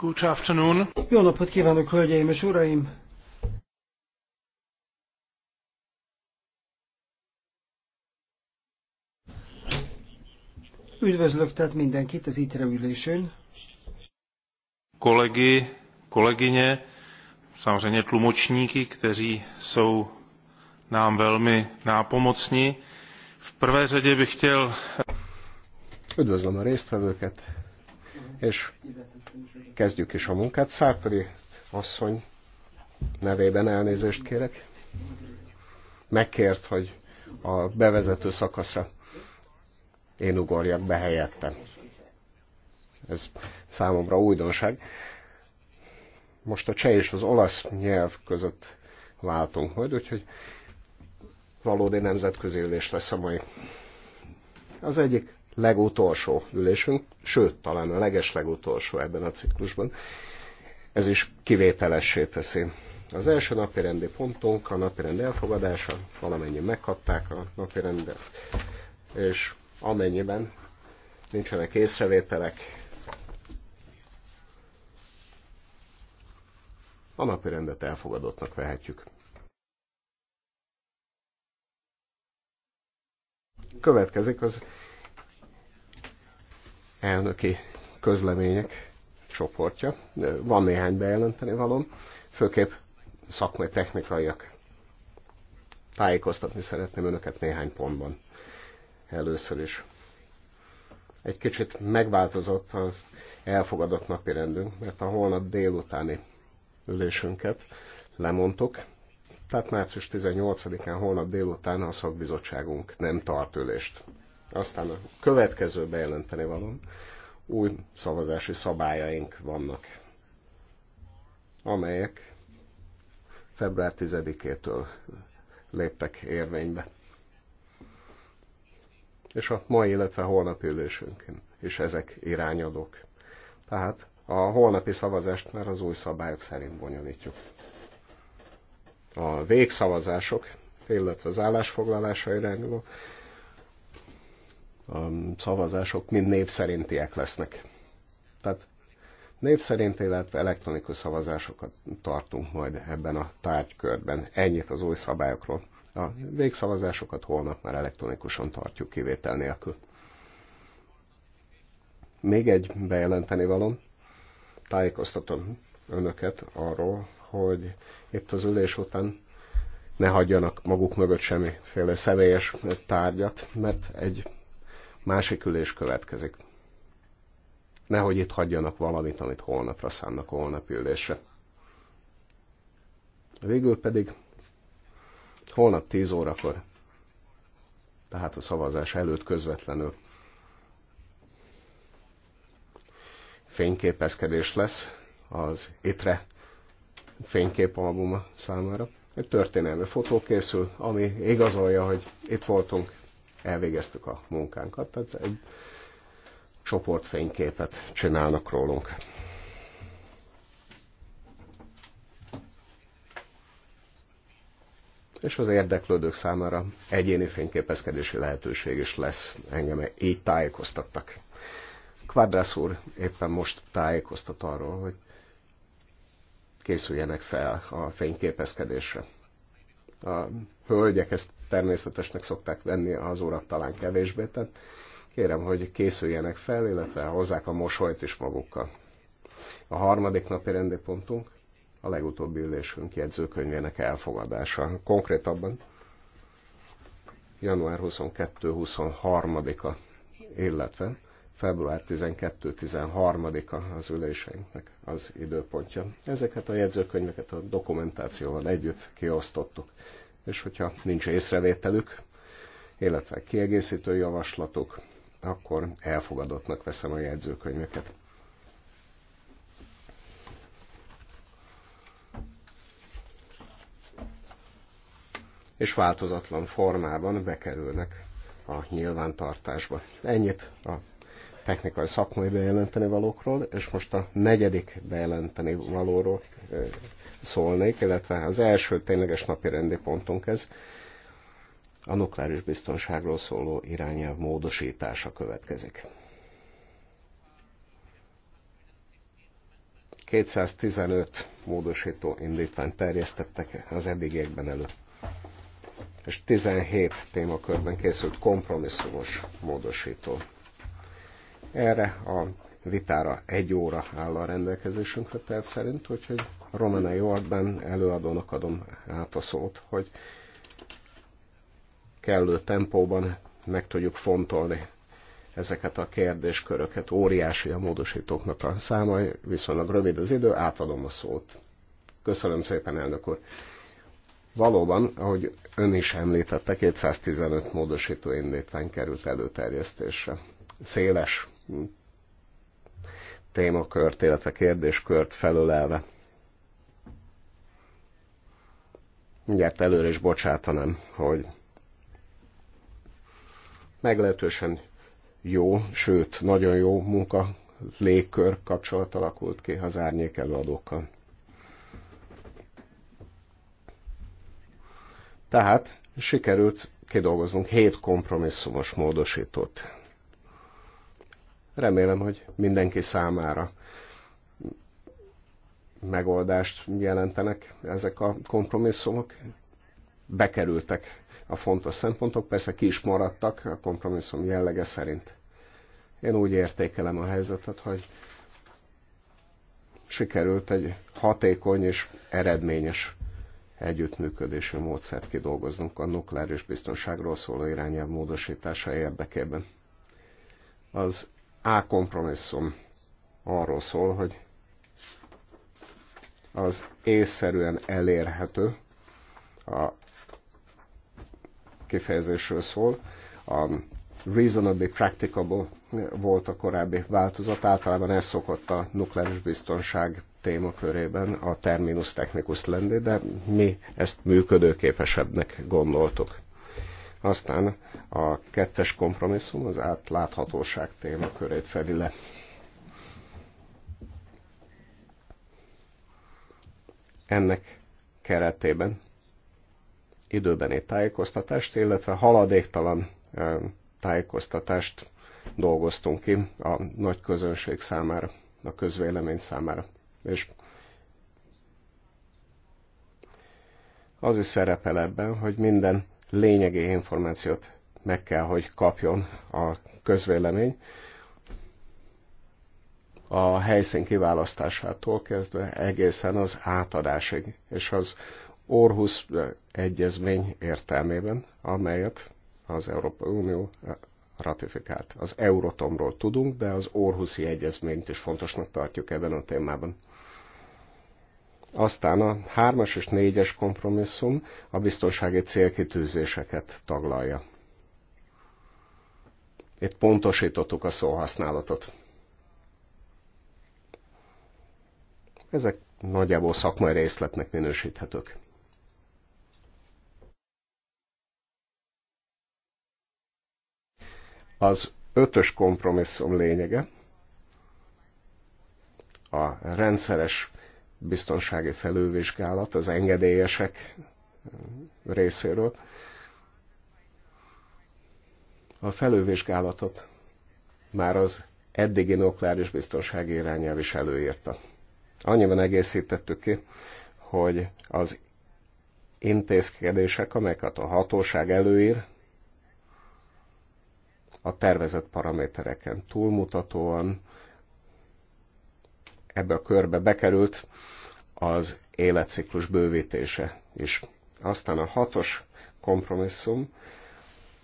Good afternoon. Jó napot kívánok, hölgyeim és uraim! Üdvözlök tehát mindenkit az itt reülésön. Kolegy, kolegyně, samozrejme tlumočníky, kteří jsou nám velmi nápomocní. V prvé řadě bych chtěl... Üdvözlöm a résztvevőket, és kezdjük is a munkát. Szártori asszony nevében elnézést kérek. Megkért, hogy a bevezető szakaszra én ugorjak be helyette. Ez számomra újdonság. Most a cseh és az olasz nyelv között váltunk majd, úgyhogy valódi nemzetközi ülés lesz a mai. Az egyik legutolsó ülésünk, sőt, talán a legeslegutolsó ebben a ciklusban. Ez is kivételessé teszi. Az első napi rendi pontunk a napi rend elfogadása, valamennyien megkapták a napi rendet, és amennyiben nincsenek észrevételek, a napi rendet elfogadottnak vehetjük. Következik az elnöki közlemények csoportja. Van néhány bejelenteni valom, főképp szakmai technikaiak. Tájékoztatni szeretném önöket néhány pontban. Először is. Egy kicsit megváltozott az elfogadott napi rendünk, mert a holnap délutáni ülésünket lemondtuk, tehát március 18-án holnap délután a szakbizottságunk nem tart ülést. Aztán a következő bejelenteni való új szavazási szabályaink vannak, amelyek február 10-től léptek érvénybe. És a mai, illetve holnap ülésünkön is ezek irányadók. Tehát a holnapi szavazást már az új szabályok szerint bonyolítjuk. A végszavazások, illetve az állásfoglalásra irányuló Um, szavazások mind név szerintiek lesznek. Tehát név szerint, illetve elektronikus szavazásokat tartunk majd ebben a tárgykörben. Ennyit az új szabályokról. A végszavazásokat holnap már elektronikusan tartjuk kivétel nélkül. Még egy bejelenteni valom. Tájékoztatom önöket arról, hogy itt az ülés után ne hagyjanak maguk mögött semmiféle személyes tárgyat, mert egy Másik ülés következik. Nehogy itt hagyjanak valamit, amit holnapra szánnak holnap ülésre. Végül pedig holnap 10 órakor, tehát a szavazás előtt közvetlenül fényképezkedés lesz az ITRE fényképalbuma számára. Egy történelmi fotó készül, ami igazolja, hogy itt voltunk elvégeztük a munkánkat, tehát egy csoportfényképet csinálnak rólunk. és az érdeklődők számára egyéni fényképezkedési lehetőség is lesz. Engem így tájékoztattak. Kvadrász úr éppen most tájékoztat arról, hogy készüljenek fel a fényképezkedésre. A hölgyek ezt természetesnek szokták venni, az urat talán kevésbé, tehát kérem, hogy készüljenek fel, illetve hozzák a mosolyt is magukkal. A harmadik napi rendi pontunk a legutóbbi ülésünk jegyzőkönyvének elfogadása. Konkrétabban január 22-23-a, illetve február 12-13-a az üléseinknek az időpontja. Ezeket a jegyzőkönyveket a dokumentációval együtt kiosztottuk. És hogyha nincs észrevételük, illetve kiegészítő javaslatuk, akkor elfogadottnak veszem a jegyzőkönyveket. És változatlan formában bekerülnek a nyilvántartásba. Ennyit a technikai szakmai bejelenteni valókról, és most a negyedik bejelenteni valóról szólnék, illetve az első tényleges napi rendi pontunk ez, a nukleáris biztonságról szóló irányelv módosítása következik. 215 módosító indítványt terjesztettek az eddigiekben elő, és 17 témakörben készült kompromisszumos módosító erre a vitára egy óra áll a rendelkezésünkre terv szerint, úgyhogy Romana Jordan előadónak adom át a szót, hogy kellő tempóban meg tudjuk fontolni ezeket a kérdésköröket. Óriási a módosítóknak a száma, viszonylag rövid az idő, átadom a szót. Köszönöm szépen, elnök úr. Valóban, ahogy ön is említette, 215 módosító indítvány került előterjesztésre. Széles témakört, illetve kérdéskört felölelve. Mindjárt előre is bocsátanám, hogy meglehetősen jó, sőt, nagyon jó munka légkör kapcsolat alakult ki az árnyék előadókkal. Tehát sikerült kidolgoznunk hét kompromisszumos módosítót. Remélem, hogy mindenki számára megoldást jelentenek ezek a kompromisszumok. Bekerültek a fontos szempontok, persze ki is maradtak a kompromisszum jellege szerint. Én úgy értékelem a helyzetet, hogy sikerült egy hatékony és eredményes együttműködési módszert kidolgoznunk a nukleáris biztonságról szóló irányelv módosítása érdekében. Az a kompromisszum arról szól, hogy az észszerűen elérhető, a kifejezésről szól, a reasonably practicable volt a korábbi változat, általában ez szokott a nukleáris biztonság témakörében a terminus technikus lenni, de mi ezt működőképesebbnek gondoltuk. Aztán a kettes kompromisszum az átláthatóság témakörét fedi le. Ennek keretében időbeni tájékoztatást, illetve haladéktalan tájékoztatást dolgoztunk ki a nagy közönség számára, a közvélemény számára. És az is szerepel ebben, hogy minden lényegi információt meg kell, hogy kapjon a közvélemény a helyszín kiválasztásától kezdve egészen az átadásig, és az Orhus egyezmény értelmében, amelyet az Európai Unió ratifikált. Az Eurotomról tudunk, de az Orhuszi egyezményt is fontosnak tartjuk ebben a témában. Aztán a 3-as és 4-es kompromisszum a biztonsági célkitűzéseket taglalja. Itt pontosítottuk a szóhasználatot. Ezek nagyjából szakmai részletnek minősíthetők. Az ötös kompromisszum lényege a rendszeres biztonsági felülvizsgálat az engedélyesek részéről. A felülvizsgálatot már az eddigi nukleáris biztonsági irányelv is előírta. Annyiban egészítettük ki, hogy az intézkedések, amelyeket a hatóság előír, a tervezett paramétereken túlmutatóan ebbe a körbe bekerült az életciklus bővítése is. Aztán a hatos kompromisszum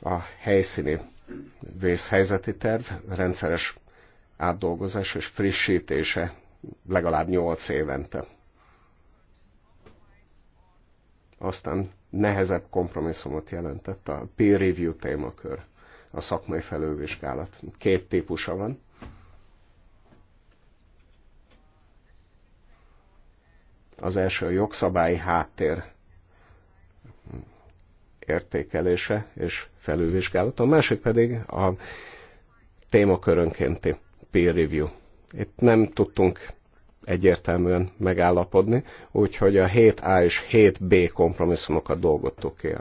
a helyszíni vészhelyzeti terv rendszeres átdolgozás és frissítése legalább 8 évente. Aztán nehezebb kompromisszumot jelentett a peer review témakör, a szakmai felővizsgálat. Két típusa van. Az első a jogszabályi háttér értékelése és felülvizsgálata, a másik pedig a témakörönkénti peer review. Itt nem tudtunk egyértelműen megállapodni, úgyhogy a 7A és 7B kompromisszumokat dolgoztuk ki.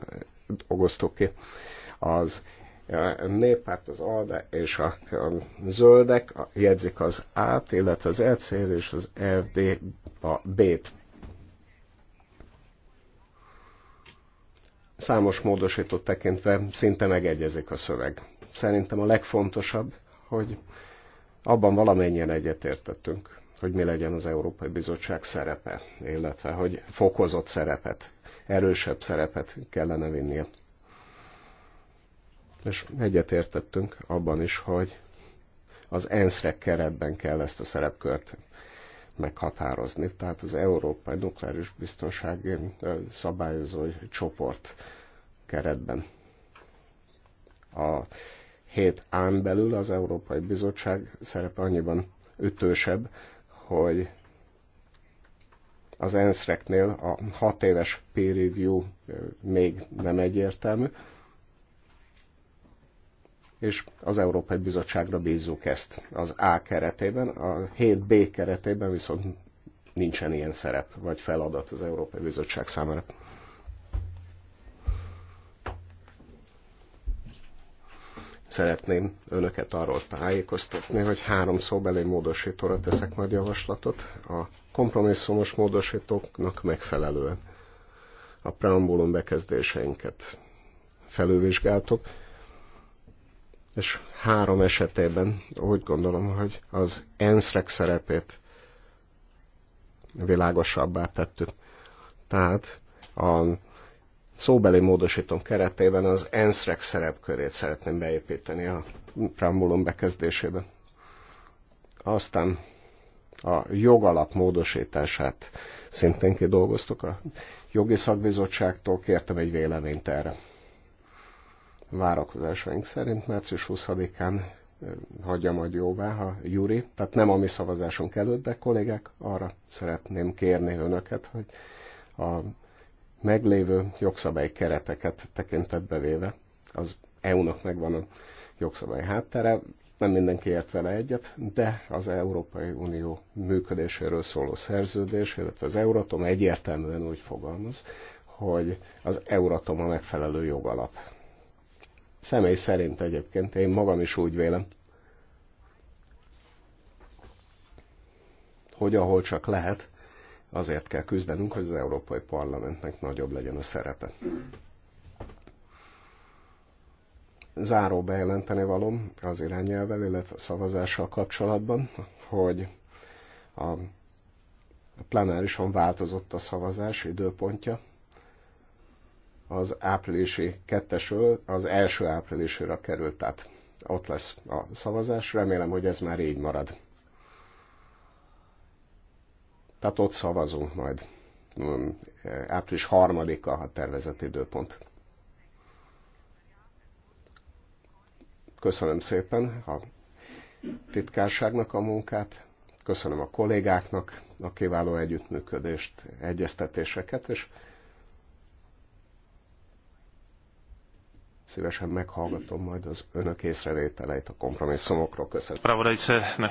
Dolgoztuk ki. Az a néppárt, az ALDE és a, a zöldek jegyzik az A-t, illetve az ECR és az FD a B-t. számos módosítót tekintve szinte megegyezik a szöveg. Szerintem a legfontosabb, hogy abban valamennyien egyetértettünk, hogy mi legyen az Európai Bizottság szerepe, illetve hogy fokozott szerepet, erősebb szerepet kellene vinnie. És egyetértettünk abban is, hogy az ENSZ-re keretben kell ezt a szerepkört meghatározni. Tehát az Európai Nukleáris Biztonsági Szabályozó Csoport keretben. A hét án belül az Európai Bizottság szerepe annyiban ütősebb, hogy az ENSZ-reknél a hat éves peer review még nem egyértelmű, és az Európai Bizottságra bízzuk ezt az A keretében, a 7B keretében viszont nincsen ilyen szerep vagy feladat az Európai Bizottság számára. Szeretném önöket arról tájékoztatni, hogy három szóbeli módosítóra teszek majd javaslatot a kompromisszumos módosítóknak megfelelően. A preambulum bekezdéseinket felülvizsgáltuk és három esetében úgy gondolom, hogy az enszrek szerepét világosabbá tettük. Tehát a szóbeli módosítom keretében az enszrek szerepkörét szeretném beépíteni a preambulum bekezdésébe. Aztán a jogalap módosítását szintén kidolgoztuk. A jogi szakbizottságtól kértem egy véleményt erre várakozásaink szerint március 20-án hagyja majd jóvá a Júri, tehát nem a mi szavazásunk előtt, de kollégák, arra szeretném kérni önöket, hogy a meglévő jogszabály kereteket tekintetbe véve, az EU-nak megvan a jogszabály háttere, nem mindenki ért vele egyet, de az Európai Unió működéséről szóló szerződés, illetve az Euratom egyértelműen úgy fogalmaz, hogy az Euratom a megfelelő jogalap Személy szerint egyébként én magam is úgy vélem, hogy ahol csak lehet, azért kell küzdenünk, hogy az Európai Parlamentnek nagyobb legyen a szerepe. Záró bejelenteni valom az irányelvel, illetve a szavazással kapcsolatban, hogy a plenárison változott a szavazás időpontja, az áprilisi kettesről az első áprilisra került, tehát ott lesz a szavazás. Remélem, hogy ez már így marad. Tehát ott szavazunk majd. Mm, április harmadika a tervezett időpont. Köszönöm szépen a titkárságnak a munkát, köszönöm a kollégáknak a kiváló együttműködést, egyeztetéseket, és szívesen meghallgatom majd az önök észrevételeit a kompromisszumokról. Köszönöm.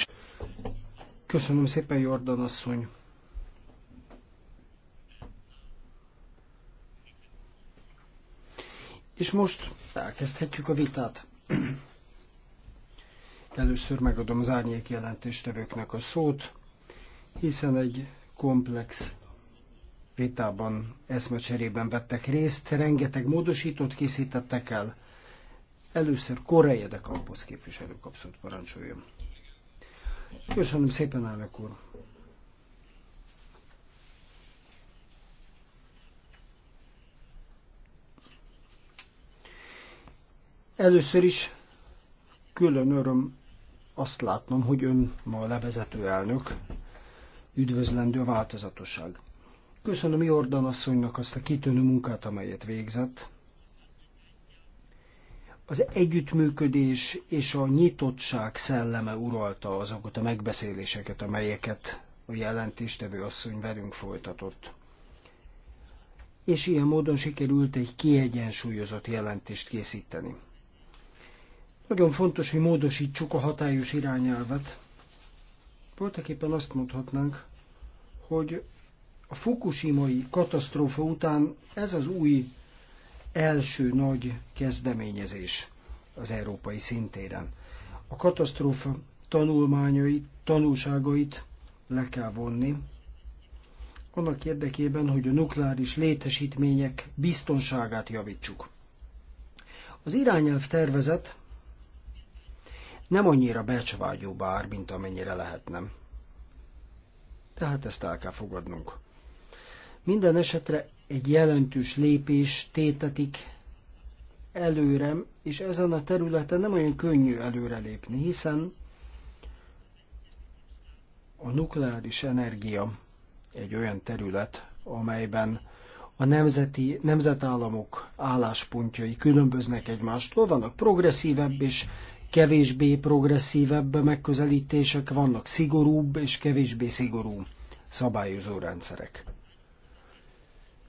Köszönöm szépen, Jordan asszony. És most elkezdhetjük a vitát. Először megadom az árnyék jelentéstevőknek a szót, hiszen egy komplex vitában, eszmecserében vettek részt, rengeteg módosítót készítettek el. Először Koreje de Campos képviselő kapszott parancsoljon. Köszönöm szépen, elnök úr! Először is külön öröm azt látnom, hogy ön ma a levezető elnök, üdvözlendő a változatosság. Köszönöm Jordan asszonynak azt a kitűnő munkát, amelyet végzett. Az együttműködés és a nyitottság szelleme uralta azokat a megbeszéléseket, amelyeket a jelentéstevő asszony velünk folytatott. És ilyen módon sikerült egy kiegyensúlyozott jelentést készíteni. Nagyon fontos, hogy módosítsuk a hatályos irányelvet. Voltaképpen azt mondhatnánk, hogy a fukushimai katasztrófa után ez az új első nagy kezdeményezés az európai szintéren. A katasztrófa tanulmányait, tanulságait le kell vonni, annak érdekében, hogy a nukleáris létesítmények biztonságát javítsuk. Az irányelv tervezet nem annyira becsvágyó bár, mint amennyire lehetne. Tehát ezt el kell fogadnunk. Minden esetre egy jelentős lépés tétetik előre, és ezen a területen nem olyan könnyű előrelépni, hiszen a nukleáris energia egy olyan terület, amelyben a nemzeti, nemzetállamok álláspontjai különböznek egymástól, vannak progresszívebb és kevésbé progresszívebb megközelítések, vannak szigorúbb és kevésbé szigorú szabályozó rendszerek.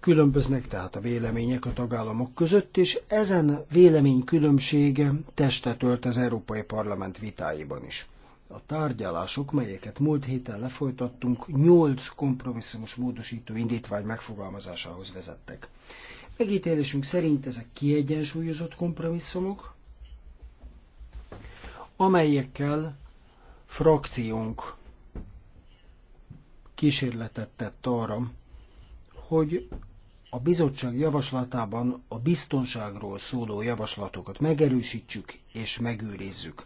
Különböznek tehát a vélemények a tagállamok között, és ezen vélemény különbsége testet ölt az Európai Parlament vitáiban is. A tárgyalások, melyeket múlt héten lefolytattunk, nyolc kompromisszumos módosító indítvány megfogalmazásához vezettek. Megítélésünk szerint ezek kiegyensúlyozott kompromisszumok, amelyekkel frakciónk kísérletet tett arra, hogy a bizottság javaslatában a biztonságról szóló javaslatokat megerősítsük és megőrizzük.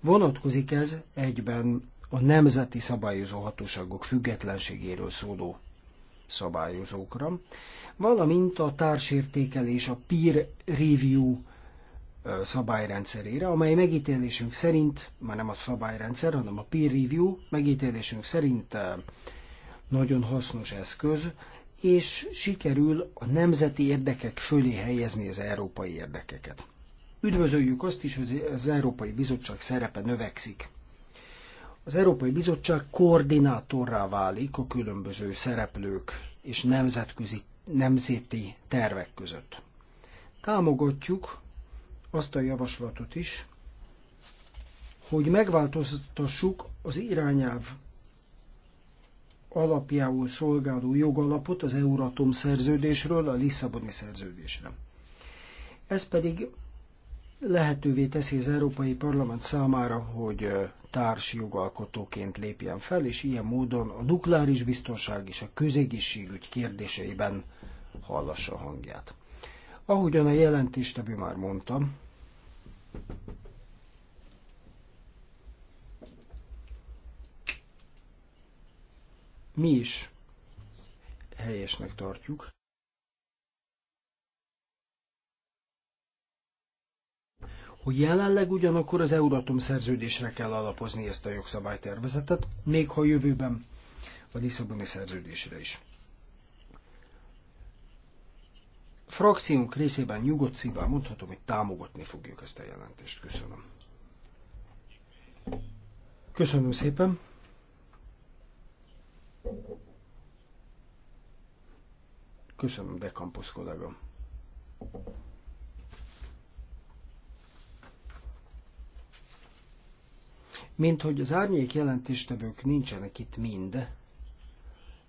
Vonatkozik ez egyben a nemzeti szabályozó hatóságok függetlenségéről szóló szabályozókra, valamint a társértékelés a peer review szabályrendszerére, amely megítélésünk szerint, már nem a szabályrendszer, hanem a peer review megítélésünk szerint nagyon hasznos eszköz, és sikerül a nemzeti érdekek fölé helyezni az európai érdekeket. Üdvözöljük azt is, hogy az Európai Bizottság szerepe növekszik. Az Európai Bizottság koordinátorrá válik a különböző szereplők és nemzetközi, nemzeti tervek között. Támogatjuk azt a javaslatot is, hogy megváltoztassuk az irányelv alapjául szolgáló jogalapot az Euratom szerződésről a Lisszaboni szerződésre. Ez pedig lehetővé teszi az Európai Parlament számára, hogy társ jogalkotóként lépjen fel, és ilyen módon a nukleáris biztonság és a közegészségügy kérdéseiben hallassa hangját. Ahogyan a jelentéstevő már mondta, mi is helyesnek tartjuk. hogy jelenleg ugyanakkor az Euratom szerződésre kell alapozni ezt a jogszabálytervezetet, még ha jövőben a Lisszaboni szerződésre is. Frakciónk részében nyugodt szívvel mondhatom, hogy támogatni fogjuk ezt a jelentést. Köszönöm. Köszönöm szépen. Köszönöm, de Campos kollega. Mint hogy az árnyék jelentéstevők nincsenek itt mind,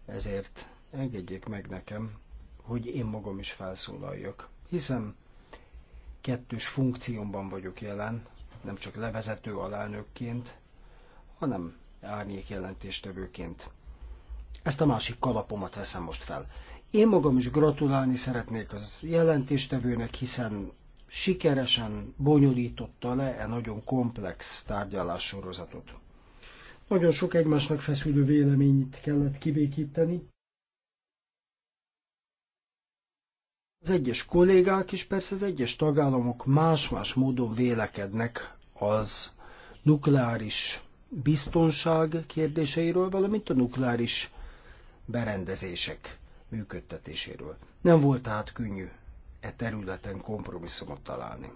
ezért engedjék meg nekem, hogy én magam is felszólaljak. Hiszen kettős funkciómban vagyok jelen, nem csak levezető alelnökként, hanem árnyék jelentéstevőként. Ezt a másik kalapomat veszem most fel. Én magam is gratulálni szeretnék az jelentéstevőnek, hiszen sikeresen bonyolította le e nagyon komplex tárgyalássorozatot. Nagyon sok egymásnak feszülő véleményt kellett kibékíteni. Az egyes kollégák is persze az egyes tagállamok más-más módon vélekednek az nukleáris biztonság kérdéseiről, valamint a nukleáris berendezések működtetéséről. Nem volt tehát könnyű e területen kompromisszumot találni.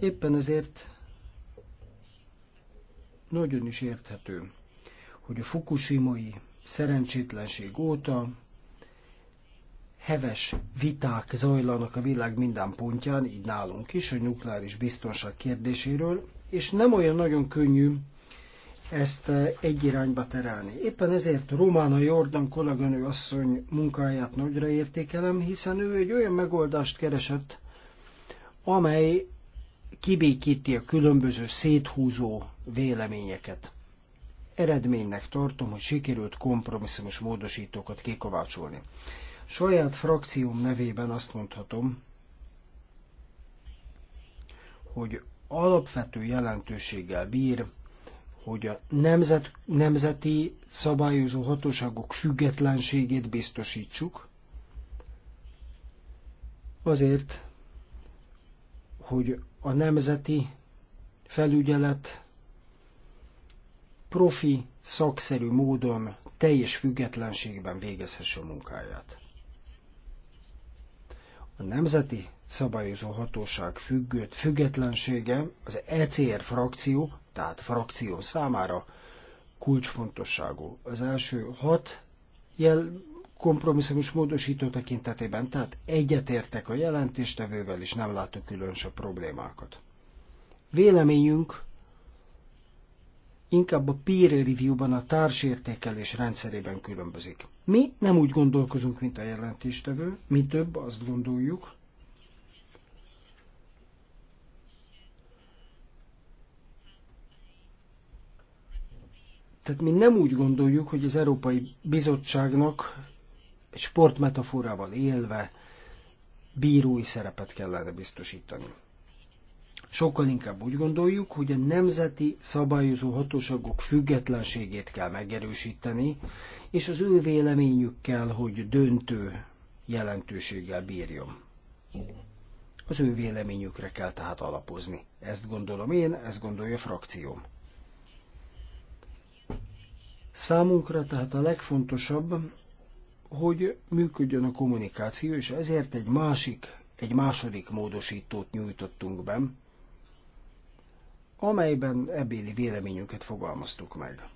Éppen ezért nagyon is érthető, hogy a fukushimai szerencsétlenség óta heves viták zajlanak a világ minden pontján, így nálunk is, a nukleáris biztonság kérdéséről, és nem olyan nagyon könnyű ezt eh, egy irányba terelni. Éppen ezért Romána Jordan kolléganő asszony munkáját nagyra értékelem, hiszen ő egy olyan megoldást keresett, amely kibékíti a különböző széthúzó véleményeket. Eredménynek tartom, hogy sikerült kompromisszumos módosítókat kikovácsolni. Saját frakcióm nevében azt mondhatom, hogy alapvető jelentőséggel bír hogy a nemzet, nemzeti szabályozó hatóságok függetlenségét biztosítsuk, azért, hogy a nemzeti felügyelet profi, szakszerű módon teljes függetlenségben végezhesse a munkáját. A Nemzeti Szabályozó Hatóság függőt, függetlensége az ECR frakció, tehát frakció számára kulcsfontosságú. Az első hat jel kompromisszumos módosító tekintetében, tehát egyetértek a jelentéstevővel, és nem látok különösebb problémákat. Véleményünk inkább a peer review-ban, a társértékelés rendszerében különbözik. Mi nem úgy gondolkozunk, mint a jelentéstevő, mi több azt gondoljuk, Tehát mi nem úgy gondoljuk, hogy az Európai Bizottságnak egy sportmetaforával élve bírói szerepet kellene biztosítani. Sokkal inkább úgy gondoljuk, hogy a nemzeti szabályozó hatóságok függetlenségét kell megerősíteni, és az ő véleményük kell, hogy döntő jelentőséggel bírjon. Az ő véleményükre kell tehát alapozni. Ezt gondolom én, ezt gondolja frakcióm. Számunkra tehát a legfontosabb, hogy működjön a kommunikáció, és ezért egy másik, egy második módosítót nyújtottunk be, amelyben ebéli véleményünket fogalmaztuk meg.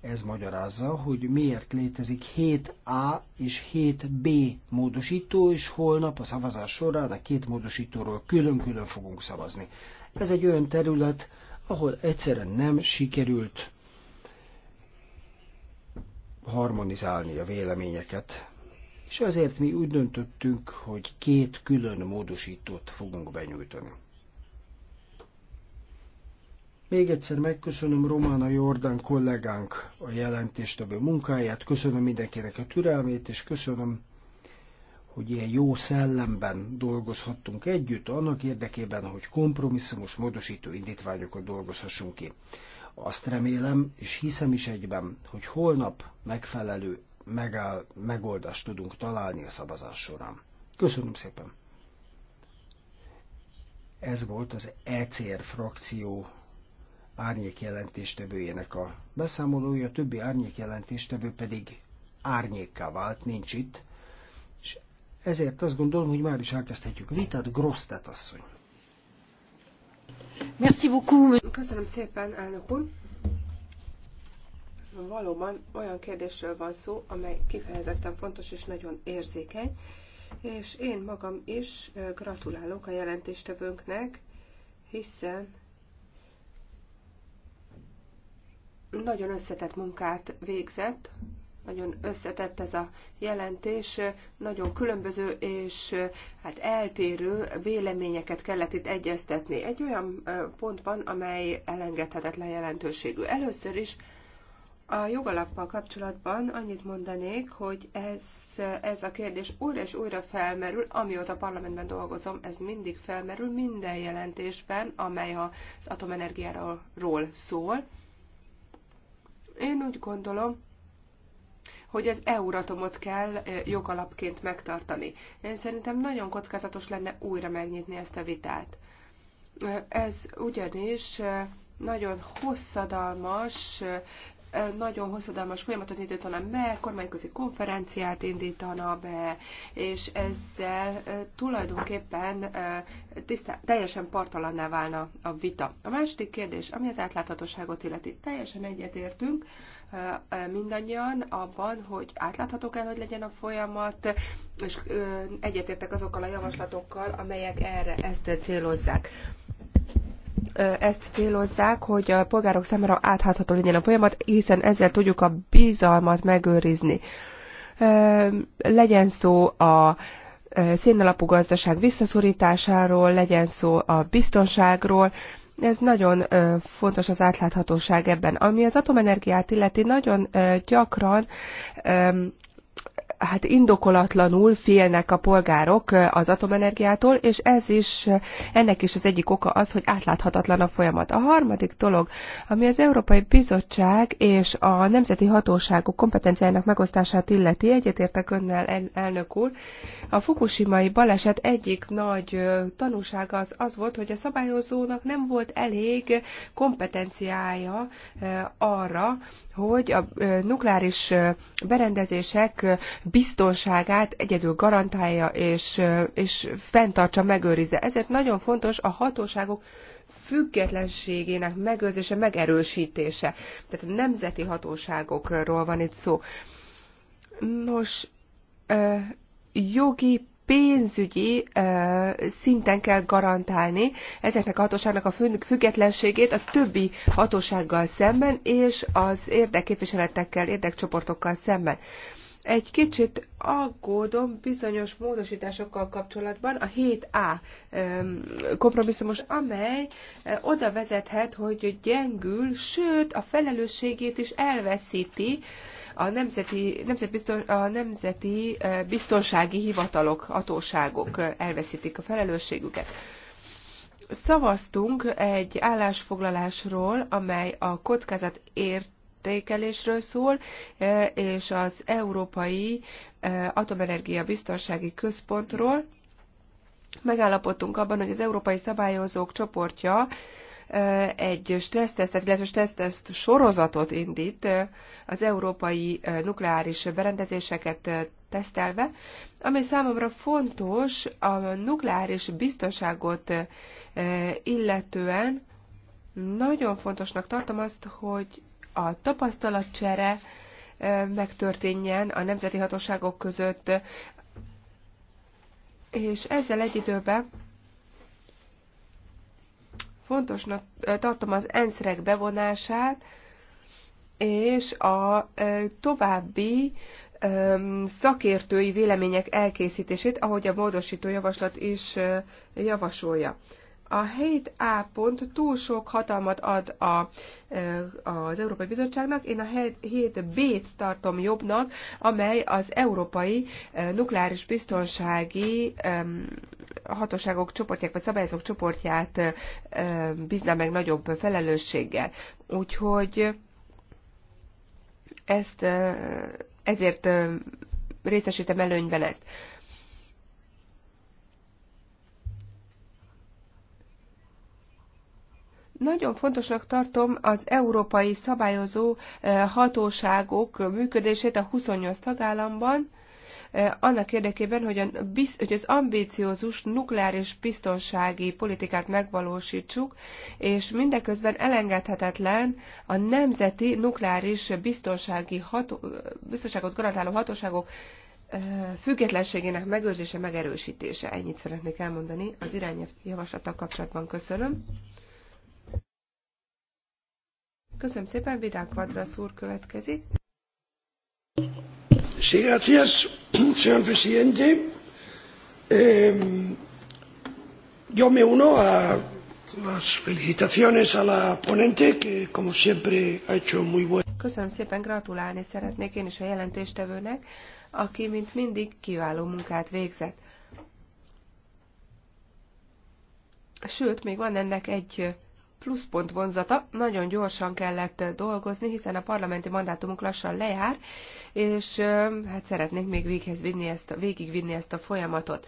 Ez magyarázza, hogy miért létezik 7A és 7B módosító, és holnap a szavazás során a két módosítóról külön-külön fogunk szavazni. Ez egy olyan terület, ahol egyszerűen nem sikerült harmonizálni a véleményeket, és ezért mi úgy döntöttünk, hogy két külön módosítót fogunk benyújtani. Még egyszer megköszönöm Romána Jordán kollégánk a jelentéstevő munkáját, köszönöm mindenkinek a türelmét, és köszönöm, hogy ilyen jó szellemben dolgozhattunk együtt, annak érdekében, hogy kompromisszumos módosító indítványokat dolgozhassunk ki. Azt remélem, és hiszem is egyben, hogy holnap megfelelő megáll, megoldást tudunk találni a szavazás során. Köszönöm szépen! Ez volt az ECR frakció árnyék jelentéstevőjének a beszámolója, többi árnyék jelentéstevő pedig árnyékká vált, nincs itt, és ezért azt gondolom, hogy már is elkezdhetjük a vitát, Grosztet asszony. Merci beaucoup. Köszönöm szépen, elnök úr. Valóban olyan kérdésről van szó, amely kifejezetten fontos és nagyon érzékeny, és én magam is gratulálok a jelentéstevőnknek, hiszen Nagyon összetett munkát végzett, nagyon összetett ez a jelentés, nagyon különböző és hát eltérő véleményeket kellett itt egyeztetni. Egy olyan pontban, amely elengedhetetlen jelentőségű. Először is a jogalappal kapcsolatban annyit mondanék, hogy ez, ez a kérdés újra és újra felmerül, amióta a parlamentben dolgozom, ez mindig felmerül minden jelentésben, amely az atomenergiáról szól én úgy gondolom, hogy az euratomot kell jogalapként megtartani. Én szerintem nagyon kockázatos lenne újra megnyitni ezt a vitát. Ez ugyanis nagyon hosszadalmas nagyon hosszadalmas folyamatot indítana be, kormányközi konferenciát indítana be, és ezzel tulajdonképpen tisztá, teljesen partalanná válna a vita. A második kérdés, ami az átláthatóságot illeti, teljesen egyetértünk mindannyian abban, hogy átlátható kell, hogy legyen a folyamat, és egyetértek azokkal a javaslatokkal, amelyek erre ezt célozzák ezt célozzák, hogy a polgárok számára áthátható legyen a folyamat, hiszen ezzel tudjuk a bizalmat megőrizni. Legyen szó a színalapú gazdaság visszaszorításáról, legyen szó a biztonságról, ez nagyon fontos az átláthatóság ebben. Ami az atomenergiát illeti, nagyon gyakran hát indokolatlanul félnek a polgárok az atomenergiától, és ez is, ennek is az egyik oka az, hogy átláthatatlan a folyamat. A harmadik dolog, ami az Európai Bizottság és a nemzeti hatóságok kompetenciájának megosztását illeti, egyetértek önnel, elnök úr, a fukushimai baleset egyik nagy tanúsága az, az volt, hogy a szabályozónak nem volt elég kompetenciája arra, hogy a nukleáris berendezések biztonságát egyedül garantálja és, és fenntartsa, megőrizze. Ezért nagyon fontos a hatóságok függetlenségének megőrzése, megerősítése. Tehát a nemzeti hatóságokról van itt szó. Nos, jogi pénzügyi szinten kell garantálni ezeknek a hatóságnak a függetlenségét a többi hatósággal szemben és az érdekképviseletekkel, érdekcsoportokkal szemben. Egy kicsit aggódom bizonyos módosításokkal kapcsolatban a 7A kompromisszumos, amely eh, oda vezethet, hogy gyengül, sőt a felelősségét is elveszíti a nemzeti, nemzetbizton, a nemzeti eh, biztonsági hivatalok, hatóságok eh, elveszítik a felelősségüket szavaztunk egy állásfoglalásról, amely a kockázat ért értékelésről szól, e, és az Európai e, Atomenergia Biztonsági Központról. Megállapodtunk abban, hogy az Európai Szabályozók csoportja e, egy stressztesztet, illetve stresszteszt sorozatot indít az európai nukleáris berendezéseket tesztelve, ami számomra fontos a nukleáris biztonságot illetően. Nagyon fontosnak tartom azt, hogy a tapasztalatcsere megtörténjen a nemzeti hatóságok között, és ezzel egy időben fontosnak tartom az ensz bevonását, és a további szakértői vélemények elkészítését, ahogy a módosító javaslat is javasolja a 7A pont túl sok hatalmat ad a, az Európai Bizottságnak, én a 7B-t tartom jobbnak, amely az Európai Nukleáris Biztonsági Hatóságok csoportját, vagy szabályozók csoportját bízna meg nagyobb felelősséggel. Úgyhogy ezt ezért részesítem előnyben ezt. Nagyon fontosnak tartom az európai szabályozó eh, hatóságok működését a 28 tagállamban, eh, annak érdekében, hogy, a, hogy az ambíciózus nukleáris biztonsági politikát megvalósítsuk, és mindeközben elengedhetetlen a nemzeti nukleáris biztonsági ható, biztonságot garantáló hatóságok eh, függetlenségének megőrzése, megerősítése. Ennyit szeretnék elmondani az irányjavaslattal kapcsolatban. Köszönöm. Köszönöm szépen, Vidán Quadras úr következik. Sí, gracias, señor presidente. Eh, yo me uno a las felicitaciones a la ponente, que como siempre ha hecho muy buen. Köszönöm szépen, gratulálni szeretnék én is a jelentéstevőnek, aki mint mindig kiváló munkát végzett. Sőt, még van ennek egy pluszpont vonzata. Nagyon gyorsan kellett dolgozni, hiszen a parlamenti mandátumunk lassan lejár, és hát szeretnék még véghez vinni ezt, végigvinni ezt a folyamatot.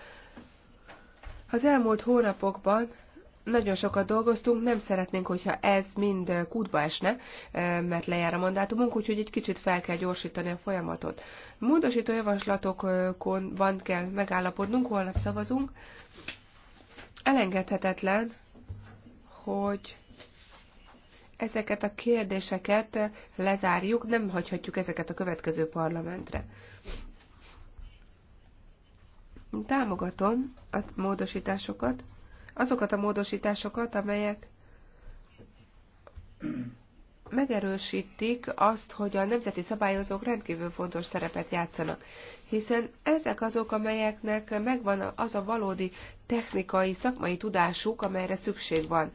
Az elmúlt hónapokban nagyon sokat dolgoztunk, nem szeretnénk, hogyha ez mind kútba esne, mert lejár a mandátumunk, úgyhogy egy kicsit fel kell gyorsítani a folyamatot. Módosító javaslatokon van kell megállapodnunk, holnap szavazunk. Elengedhetetlen, hogy ezeket a kérdéseket lezárjuk, nem hagyhatjuk ezeket a következő parlamentre. Támogatom a módosításokat, azokat a módosításokat, amelyek megerősítik azt, hogy a nemzeti szabályozók rendkívül fontos szerepet játszanak, hiszen ezek azok, amelyeknek megvan az a valódi technikai, szakmai tudásuk, amelyre szükség van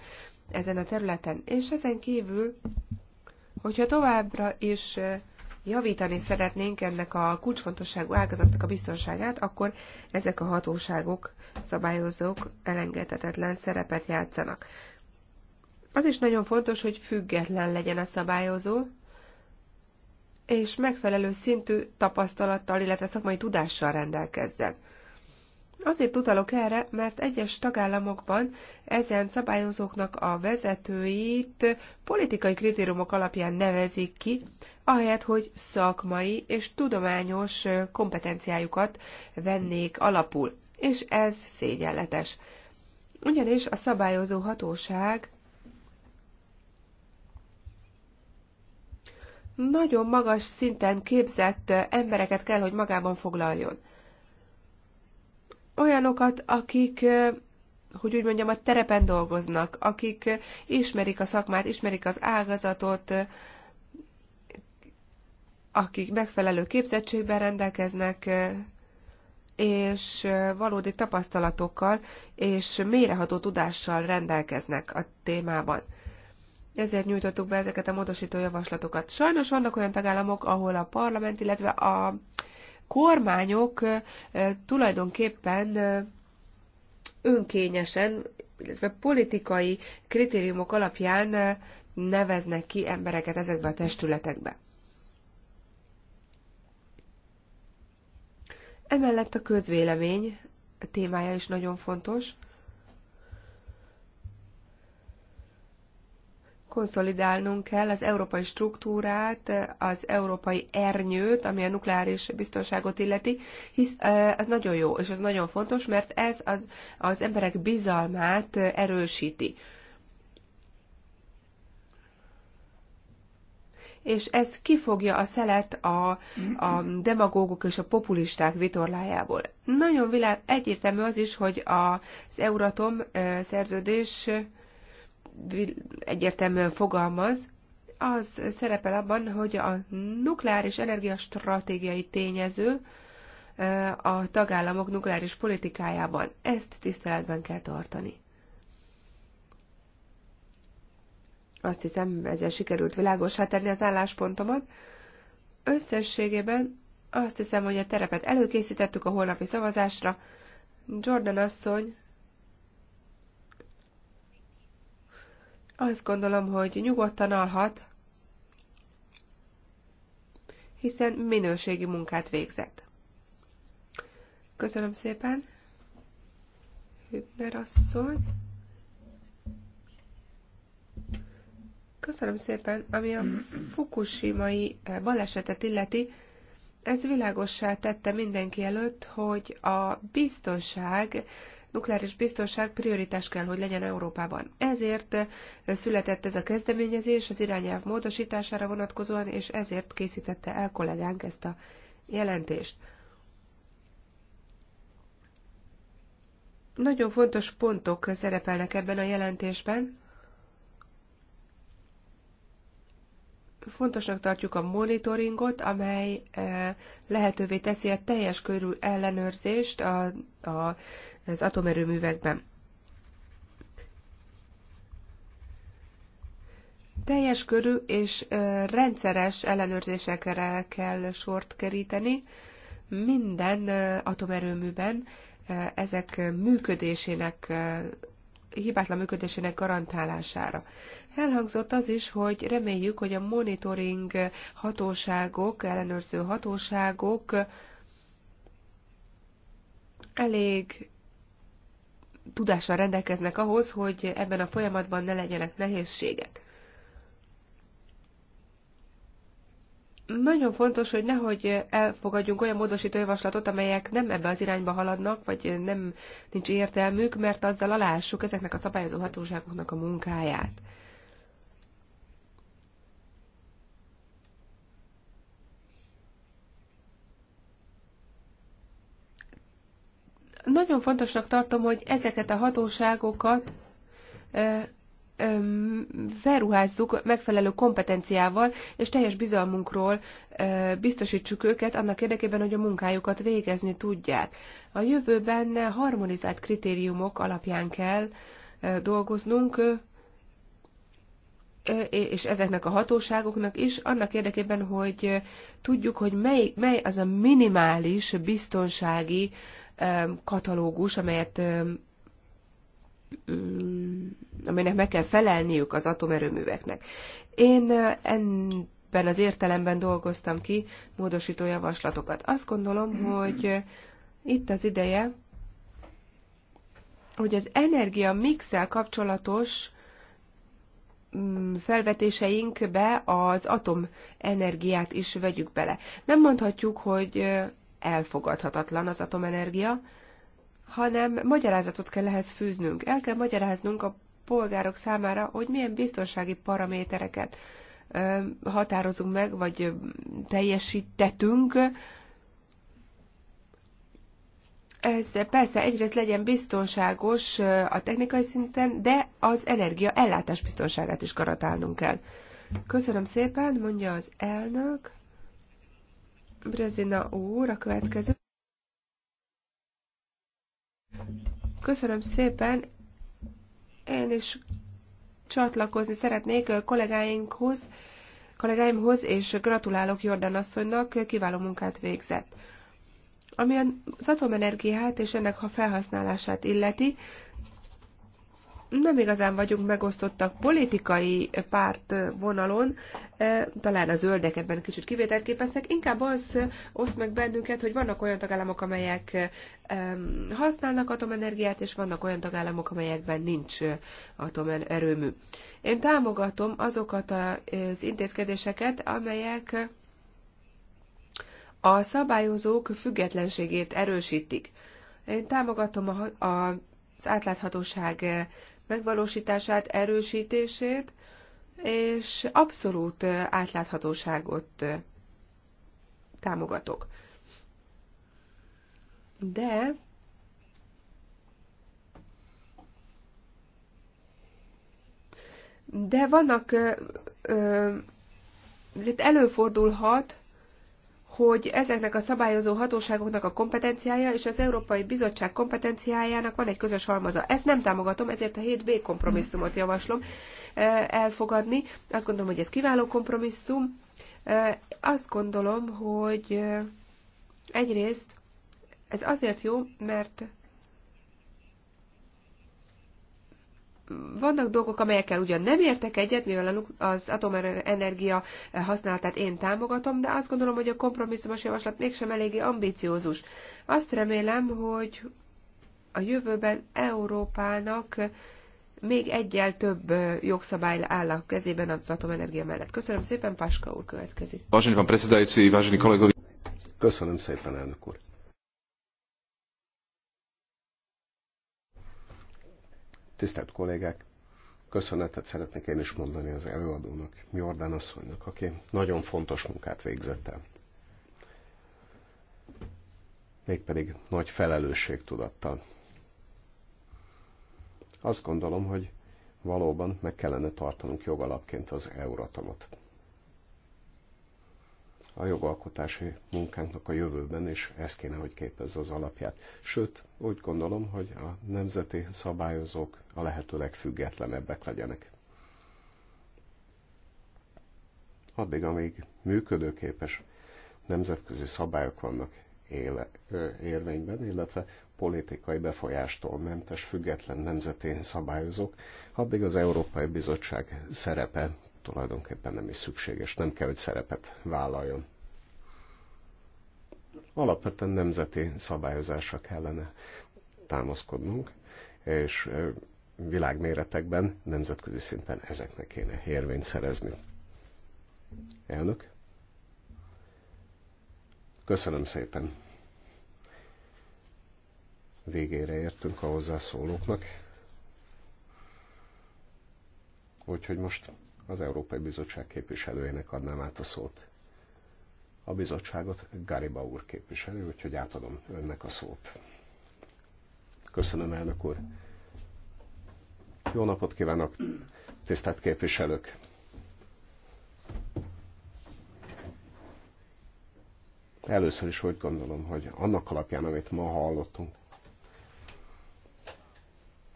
ezen a területen. És ezen kívül, hogyha továbbra is javítani szeretnénk ennek a kulcsfontosságú ágazatnak a biztonságát, akkor ezek a hatóságok, szabályozók elengedhetetlen szerepet játszanak. Az is nagyon fontos, hogy független legyen a szabályozó, és megfelelő szintű tapasztalattal, illetve szakmai tudással rendelkezzen. Azért utalok erre, mert egyes tagállamokban ezen szabályozóknak a vezetőit politikai kritériumok alapján nevezik ki, ahelyett, hogy szakmai és tudományos kompetenciájukat vennék alapul. És ez szégyenletes. Ugyanis a szabályozó hatóság nagyon magas szinten képzett embereket kell, hogy magában foglaljon olyanokat, akik hogy úgy mondjam, a terepen dolgoznak, akik ismerik a szakmát, ismerik az ágazatot, akik megfelelő képzettségben rendelkeznek, és valódi tapasztalatokkal és méreható tudással rendelkeznek a témában. Ezért nyújtottuk be ezeket a módosító javaslatokat. Sajnos vannak olyan tagállamok, ahol a parlament, illetve a kormányok tulajdonképpen önkényesen, illetve politikai kritériumok alapján neveznek ki embereket ezekbe a testületekbe. Emellett a közvélemény témája is nagyon fontos. konszolidálnunk kell az európai struktúrát, az európai ernyőt, ami a nukleáris biztonságot illeti, hisz ez nagyon jó, és ez nagyon fontos, mert ez az, az emberek bizalmát erősíti. És ez kifogja a szelet a, a demagógok és a populisták vitorlájából. Nagyon világ, egyértelmű az is, hogy az Euratom szerződés egyértelműen fogalmaz, az szerepel abban, hogy a nukleáris energia stratégiai tényező a tagállamok nukleáris politikájában. Ezt tiszteletben kell tartani. Azt hiszem, ezzel sikerült világosá tenni az álláspontomat. Összességében azt hiszem, hogy a terepet előkészítettük a holnapi szavazásra. Jordan asszony Azt gondolom, hogy nyugodtan alhat, hiszen minőségi munkát végzett. Köszönöm szépen, Hübner asszony. Köszönöm szépen, ami a fukushimai eh, balesetet illeti, ez világossá tette mindenki előtt, hogy a biztonság nukleáris biztonság prioritás kell, hogy legyen Európában. Ezért született ez a kezdeményezés az irányelv módosítására vonatkozóan, és ezért készítette el kollégánk ezt a jelentést. Nagyon fontos pontok szerepelnek ebben a jelentésben. Fontosnak tartjuk a monitoringot, amely lehetővé teszi a teljes körű ellenőrzést a, a az atomerőművekben. Teljes körű és rendszeres ellenőrzésekre kell sort keríteni minden atomerőműben ezek működésének, hibátlan működésének garantálására. Elhangzott az is, hogy reméljük, hogy a monitoring hatóságok, ellenőrző hatóságok elég tudással rendelkeznek ahhoz, hogy ebben a folyamatban ne legyenek nehézségek. Nagyon fontos, hogy nehogy elfogadjunk olyan módosító javaslatot, amelyek nem ebbe az irányba haladnak, vagy nem nincs értelmük, mert azzal alássuk ezeknek a szabályozó hatóságoknak a munkáját. Nagyon fontosnak tartom, hogy ezeket a hatóságokat felruházzuk megfelelő kompetenciával, és teljes bizalmunkról biztosítsuk őket annak érdekében, hogy a munkájukat végezni tudják. A jövőben harmonizált kritériumok alapján kell dolgoznunk, és ezeknek a hatóságoknak is, annak érdekében, hogy tudjuk, hogy mely, mely az a minimális biztonsági katalógus, amelyet amelynek meg kell felelniük az atomerőműveknek. Én ebben az értelemben dolgoztam ki módosító javaslatokat. Azt gondolom, hogy itt az ideje, hogy az energia mixel kapcsolatos felvetéseinkbe az atomenergiát is vegyük bele. Nem mondhatjuk, hogy elfogadhatatlan az atomenergia, hanem magyarázatot kell ehhez fűznünk. El kell magyaráznunk a polgárok számára, hogy milyen biztonsági paramétereket határozunk meg, vagy teljesítetünk. Ez persze egyrészt legyen biztonságos a technikai szinten, de az energia ellátás biztonságát is garantálnunk kell. Köszönöm szépen, mondja az elnök. Brezina úr, a következő. Köszönöm szépen. Én is csatlakozni szeretnék a kollégáinkhoz, kollégáimhoz, és gratulálok Jordan asszonynak, kiváló munkát végzett. Ami az atomenergiát és ennek a felhasználását illeti, nem igazán vagyunk megosztottak politikai párt vonalon, e, talán a zöldek ebben kicsit kivételt képeznek, inkább az oszt meg bennünket, hogy vannak olyan tagállamok, amelyek e, használnak atomenergiát, és vannak olyan tagállamok, amelyekben nincs atomerőmű. Én támogatom azokat az intézkedéseket, amelyek a szabályozók függetlenségét erősítik. Én támogatom a, a az átláthatóság megvalósítását, erősítését, és abszolút átláthatóságot támogatok. De de vannak, előfordulhat, hogy ezeknek a szabályozó hatóságoknak a kompetenciája és az Európai Bizottság kompetenciájának van egy közös halmaza. Ezt nem támogatom, ezért a 7B kompromisszumot javaslom eh, elfogadni. Azt gondolom, hogy ez kiváló kompromisszum. Eh, azt gondolom, hogy eh, egyrészt ez azért jó, mert vannak dolgok, amelyekkel ugyan nem értek egyet, mivel az atomenergia használatát én támogatom, de azt gondolom, hogy a kompromisszumos javaslat mégsem eléggé ambiciózus. Azt remélem, hogy a jövőben Európának még egyel több jogszabály áll a kezében az atomenergia mellett. Köszönöm szépen, Paska úr következik. Köszönöm szépen, elnök úr. Tisztelt kollégák, köszönetet szeretnék én is mondani az előadónak, Jordán asszonynak, aki nagyon fontos munkát végzett el. Mégpedig nagy felelősségtudattal. Azt gondolom, hogy valóban meg kellene tartanunk jogalapként az Euratomot a jogalkotási munkánknak a jövőben, és ez kéne, hogy képezze az alapját. Sőt, úgy gondolom, hogy a nemzeti szabályozók a lehető legfüggetlenebbek legyenek. Addig, amíg működőképes nemzetközi szabályok vannak éle, érvényben, illetve politikai befolyástól mentes független nemzeti szabályozók, addig az Európai Bizottság szerepe tulajdonképpen nem is szükséges, nem kell, hogy szerepet vállaljon. Alapvetően nemzeti szabályozásra kellene támaszkodnunk, és világméretekben, nemzetközi szinten ezeknek kéne érvényt szerezni. Elnök? Köszönöm szépen. Végére értünk a hozzászólóknak. Úgyhogy most az Európai Bizottság képviselőjének adnám át a szót. A bizottságot Gariba úr képviselő, úgyhogy átadom önnek a szót. Köszönöm, elnök úr. Jó napot kívánok, tisztelt képviselők! Először is úgy gondolom, hogy annak alapján, amit ma hallottunk,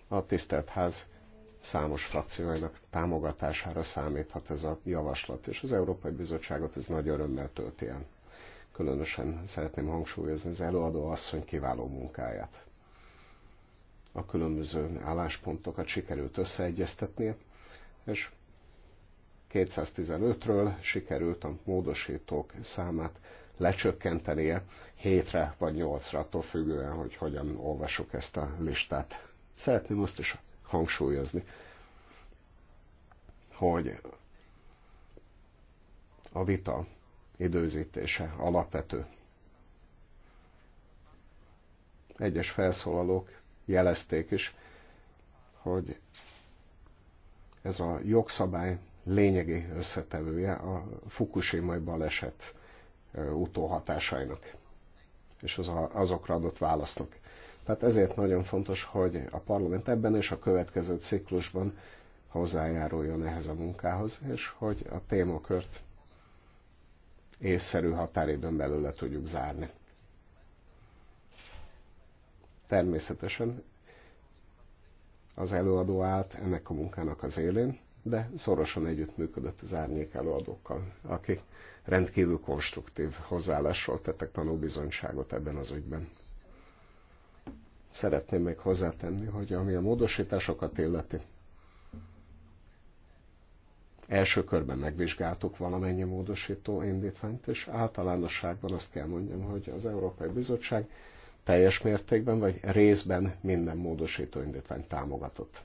a tisztelt ház számos frakciójának támogatására számíthat ez a javaslat, és az Európai Bizottságot ez nagy örömmel tölti el. Különösen szeretném hangsúlyozni az előadó asszony kiváló munkáját. A különböző álláspontokat sikerült összeegyeztetnie, és 215-ről sikerült a módosítók számát lecsökkentenie 7-re vagy 8-ra, attól függően, hogy hogyan olvasok ezt a listát. Szeretném azt is hangsúlyozni, hogy a vita időzítése alapvető. Egyes felszólalók jelezték is, hogy ez a jogszabály lényegi összetevője a fukushima baleset utóhatásainak, és az a, azokra adott válasznak. Tehát ezért nagyon fontos, hogy a parlament ebben és a következő ciklusban hozzájáruljon ehhez a munkához, és hogy a témakört észszerű határidőn belül le tudjuk zárni. Természetesen az előadó állt ennek a munkának az élén, de szorosan együttműködött az árnyék előadókkal, akik rendkívül konstruktív hozzáállással tettek tanúbizonyságot ebben az ügyben szeretném még hozzátenni, hogy ami a módosításokat illeti, első körben megvizsgáltuk valamennyi módosító indítványt, és általánosságban azt kell mondjam, hogy az Európai Bizottság teljes mértékben vagy részben minden módosító indítványt támogatott.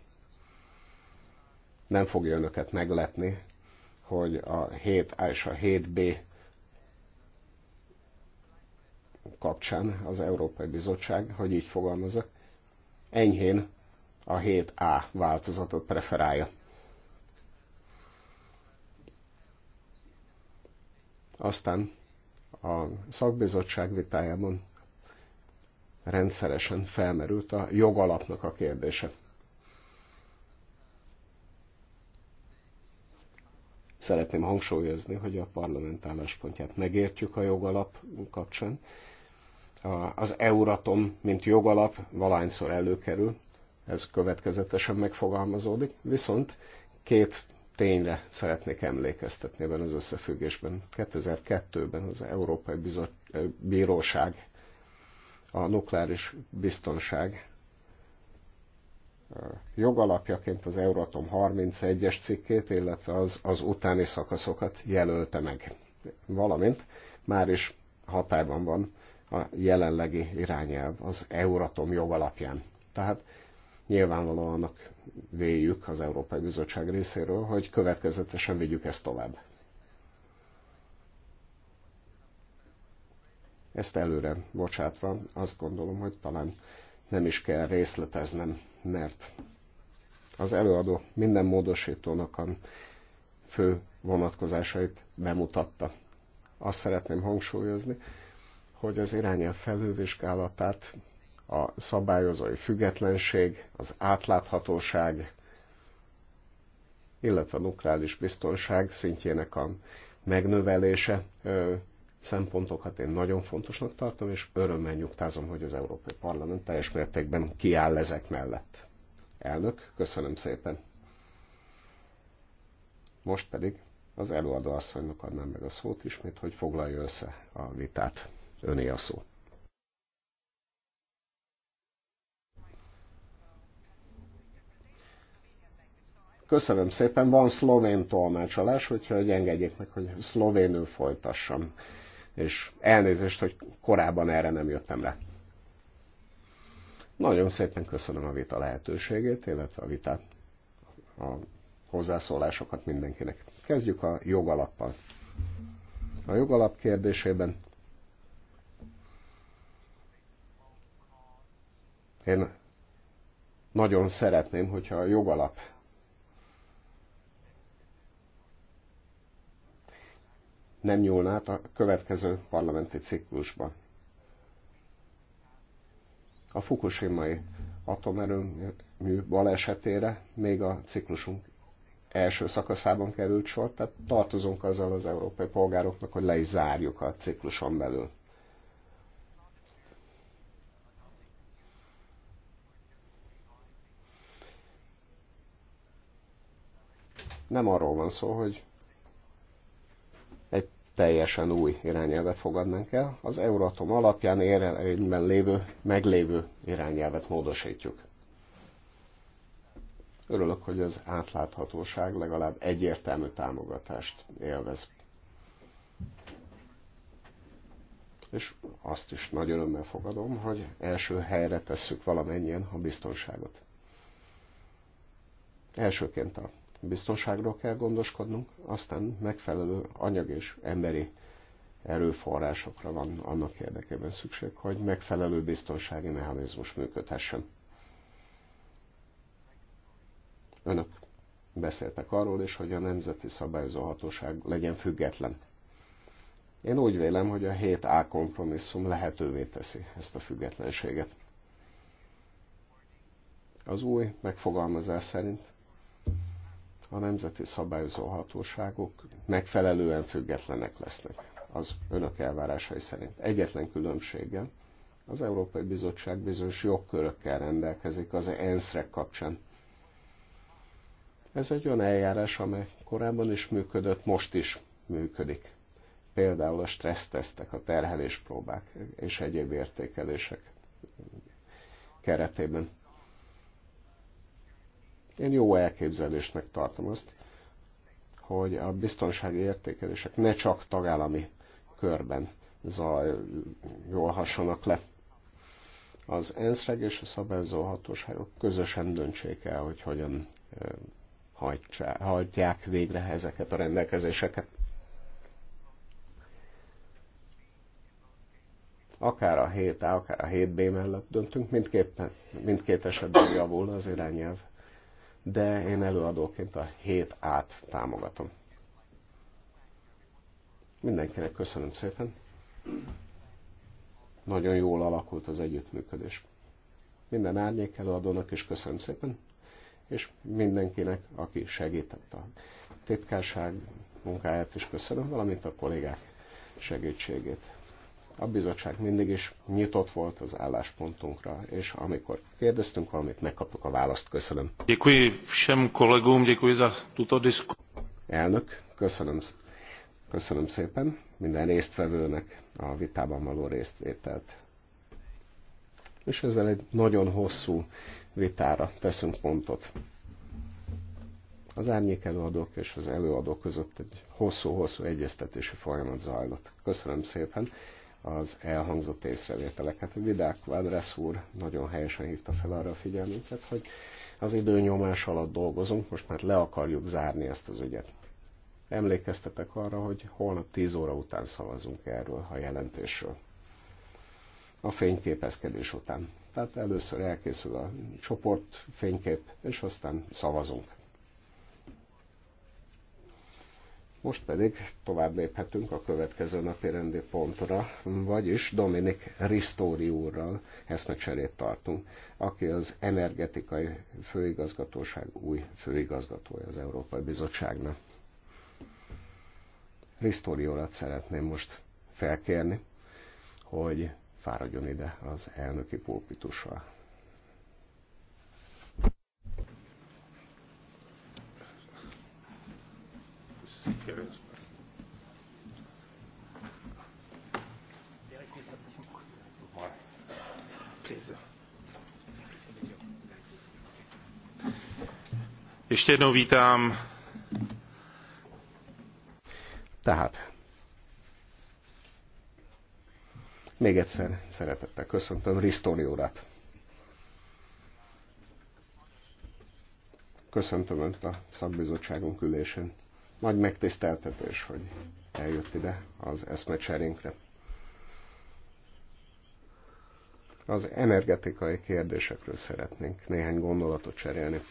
Nem fogja önöket meglepni, hogy a 7A és a 7B kapcsán az Európai Bizottság, hogy így fogalmazok, enyhén a 7A változatot preferálja. Aztán a szakbizottság vitájában rendszeresen felmerült a jogalapnak a kérdése. Szeretném hangsúlyozni, hogy a parlament álláspontját megértjük a jogalap kapcsán. Az Euratom, mint jogalap, valányszor előkerül, ez következetesen megfogalmazódik, viszont két tényre szeretnék emlékeztetni ebben az összefüggésben. 2002-ben az Európai Bizot, Bíróság a nukleáris biztonság jogalapjaként az Euratom 31-es cikkét, illetve az, az utáni szakaszokat jelölte meg. Valamint már is hatályban van a jelenlegi irányelv az Euratom jogalapján. Tehát nyilvánvalóan annak véljük az Európai Bizottság részéről, hogy következetesen vigyük ezt tovább. Ezt előre bocsátva azt gondolom, hogy talán nem is kell részleteznem mert az előadó minden módosítónak a fő vonatkozásait bemutatta. Azt szeretném hangsúlyozni, hogy az irányelv felülvizsgálatát a szabályozói függetlenség, az átláthatóság, illetve a nukleáris biztonság szintjének a megnövelése szempontokat hát én nagyon fontosnak tartom, és örömmel nyugtázom, hogy az Európai Parlament teljes mértékben kiáll ezek mellett. Elnök, köszönöm szépen. Most pedig az előadó asszonynak adnám meg a szót ismét, hogy foglalja össze a vitát. Öné a szó. Köszönöm szépen, van szlovén tolmácsolás, úgyhogy engedjék meg, hogy szlovénül folytassam és elnézést, hogy korábban erre nem jöttem rá. Nagyon szépen köszönöm a vita lehetőségét, illetve a vitát, a hozzászólásokat mindenkinek. Kezdjük a jogalappal. A jogalap kérdésében én nagyon szeretném, hogyha a jogalap nem nyúlna át a következő parlamenti ciklusban. A fukushimai atomerőmű balesetére még a ciklusunk első szakaszában került sor, tehát tartozunk azzal az európai polgároknak, hogy le is zárjuk a cikluson belül. Nem arról van szó, hogy teljesen új irányelvet fogadnánk el, az Euratom alapján érvényben lévő, meglévő irányelvet módosítjuk. Örülök, hogy az átláthatóság legalább egyértelmű támogatást élvez. És azt is nagy örömmel fogadom, hogy első helyre tesszük valamennyien a biztonságot. Elsőként a biztonságról kell gondoskodnunk, aztán megfelelő anyag és emberi erőforrásokra van annak érdekében szükség, hogy megfelelő biztonsági mechanizmus működhessen. Önök beszéltek arról is, hogy a Nemzeti Szabályozó Hatóság legyen független. Én úgy vélem, hogy a 7A kompromisszum lehetővé teszi ezt a függetlenséget. Az új megfogalmazás szerint a nemzeti szabályozó hatóságok megfelelően függetlenek lesznek az önök elvárásai szerint. Egyetlen különbséggel az Európai Bizottság bizonyos jogkörökkel rendelkezik az ensz kapcsán. Ez egy olyan eljárás, amely korábban is működött, most is működik. Például a stressztesztek, a terheléspróbák és egyéb értékelések keretében. Én jó elképzelésnek tartom azt, hogy a biztonsági értékelések ne csak tagállami körben zajolhassanak le. Az ensz és a szabályozó hatóságok közösen döntsék el, hogy hogyan hajtják végre ezeket a rendelkezéseket. Akár a 7A, akár a 7B mellett döntünk, mindképpen, mindkét esetben javul az irányelv de én előadóként a hét át támogatom. Mindenkinek köszönöm szépen. Nagyon jól alakult az együttműködés. Minden árnyék előadónak is köszönöm szépen, és mindenkinek, aki segített a titkárság munkáját is köszönöm, valamint a kollégák segítségét a bizottság mindig is nyitott volt az álláspontunkra, és amikor kérdeztünk valamit, megkaptuk a választ. Köszönöm. Děkuji všem kolegům, děkuji za tuto disku. Elnök, köszönöm, köszönöm szépen minden résztvevőnek a vitában való résztvételt. És ezzel egy nagyon hosszú vitára teszünk pontot. Az árnyék előadók és az előadók között egy hosszú-hosszú egyeztetési folyamat zajlott. Köszönöm szépen az elhangzott észrevételeket. Vidák Vádrász úr nagyon helyesen hívta fel arra a figyelmünket, hogy az időnyomás alatt dolgozunk, most már le akarjuk zárni ezt az ügyet. Emlékeztetek arra, hogy holnap 10 óra után szavazunk erről a jelentésről. A fényképezkedés után. Tehát először elkészül a csoport fénykép, és aztán szavazunk. Most pedig tovább léphetünk a következő napi rendi pontra, vagyis Dominik Risztóri úrral eszmecserét tartunk, aki az energetikai főigazgatóság új főigazgatója az Európai Bizottságnak. Risztóri urat szeretném most felkérni, hogy fáradjon ide az elnöki pulpitussal. Ještě jednou vítám. Tehát. Még egyszer szeretettel köszöntöm Risztóni urat. Köszöntöm Önt a szakbizottságunk ülésén. Nagy megtiszteltetés, hogy eljött ide az eszmecserénkre. Az energetikai kérdésekről szeretnénk néhány gondolatot cserélni. A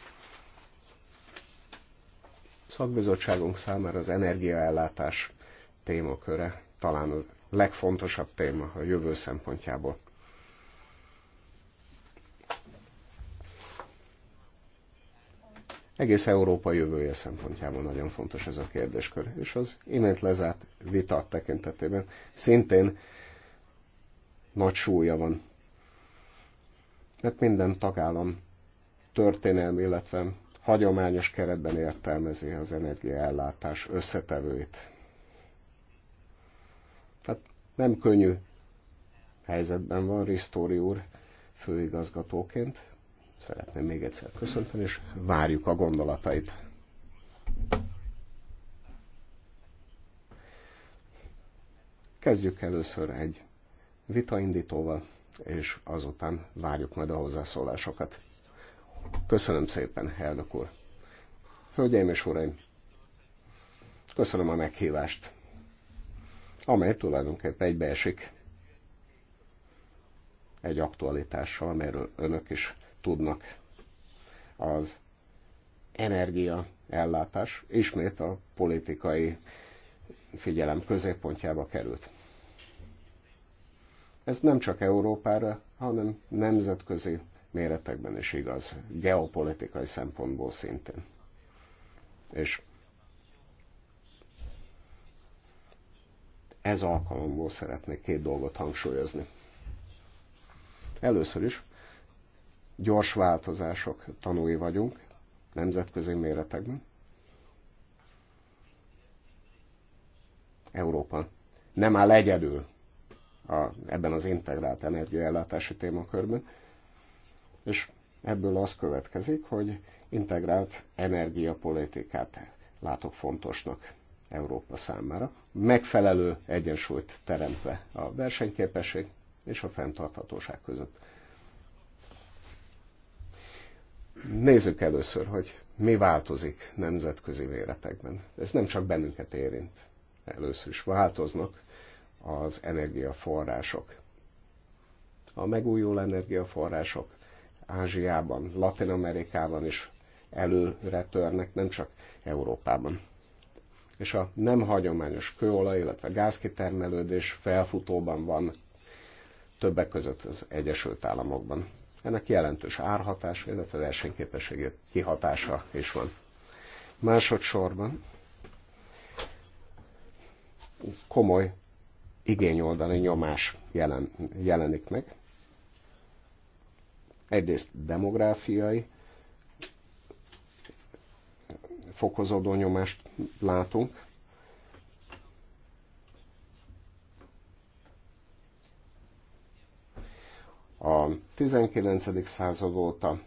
szakbizottságunk számára az energiaellátás témaköre talán a legfontosabb téma a jövő szempontjából. Egész Európa jövője szempontjában nagyon fontos ez a kérdéskör, és az imént lezárt vita tekintetében szintén nagy súlya van. Mert hát minden tagállam történelmi, illetve hagyományos keretben értelmezi az energiaellátás összetevőit. Tehát nem könnyű helyzetben van Risztóri úr főigazgatóként, szeretném még egyszer köszönteni, és várjuk a gondolatait. Kezdjük először egy vitaindítóval, és azután várjuk majd a hozzászólásokat. Köszönöm szépen, elnök úr! Hölgyeim és uraim! Köszönöm a meghívást, amely tulajdonképpen egybeesik egy aktualitással, amelyről önök is tudnak. Az energia ellátás ismét a politikai figyelem középpontjába került. Ez nem csak Európára, hanem nemzetközi méretekben is igaz, geopolitikai szempontból szintén. És ez alkalomból szeretnék két dolgot hangsúlyozni. Először is gyors változások tanúi vagyunk nemzetközi méretekben. Európa nem áll egyedül a, ebben az integrált energiaellátási témakörben, és ebből az következik, hogy integrált energiapolitikát látok fontosnak Európa számára, megfelelő egyensúlyt teremtve a versenyképesség és a fenntarthatóság között. Nézzük először, hogy mi változik nemzetközi véletekben. Ez nem csak bennünket érint. Először is változnak az energiaforrások. A megújuló energiaforrások Ázsiában, Latin Amerikában is előre törnek, nem csak Európában. És a nem hagyományos kőolaj, illetve gázkitermelődés felfutóban van többek között az Egyesült Államokban. Ennek jelentős árhatása, illetve versenyképességi kihatása is van. Másodszorban komoly igényoldani nyomás jelen, jelenik meg. Egyrészt demográfiai fokozódó nyomást látunk, a 19. század óta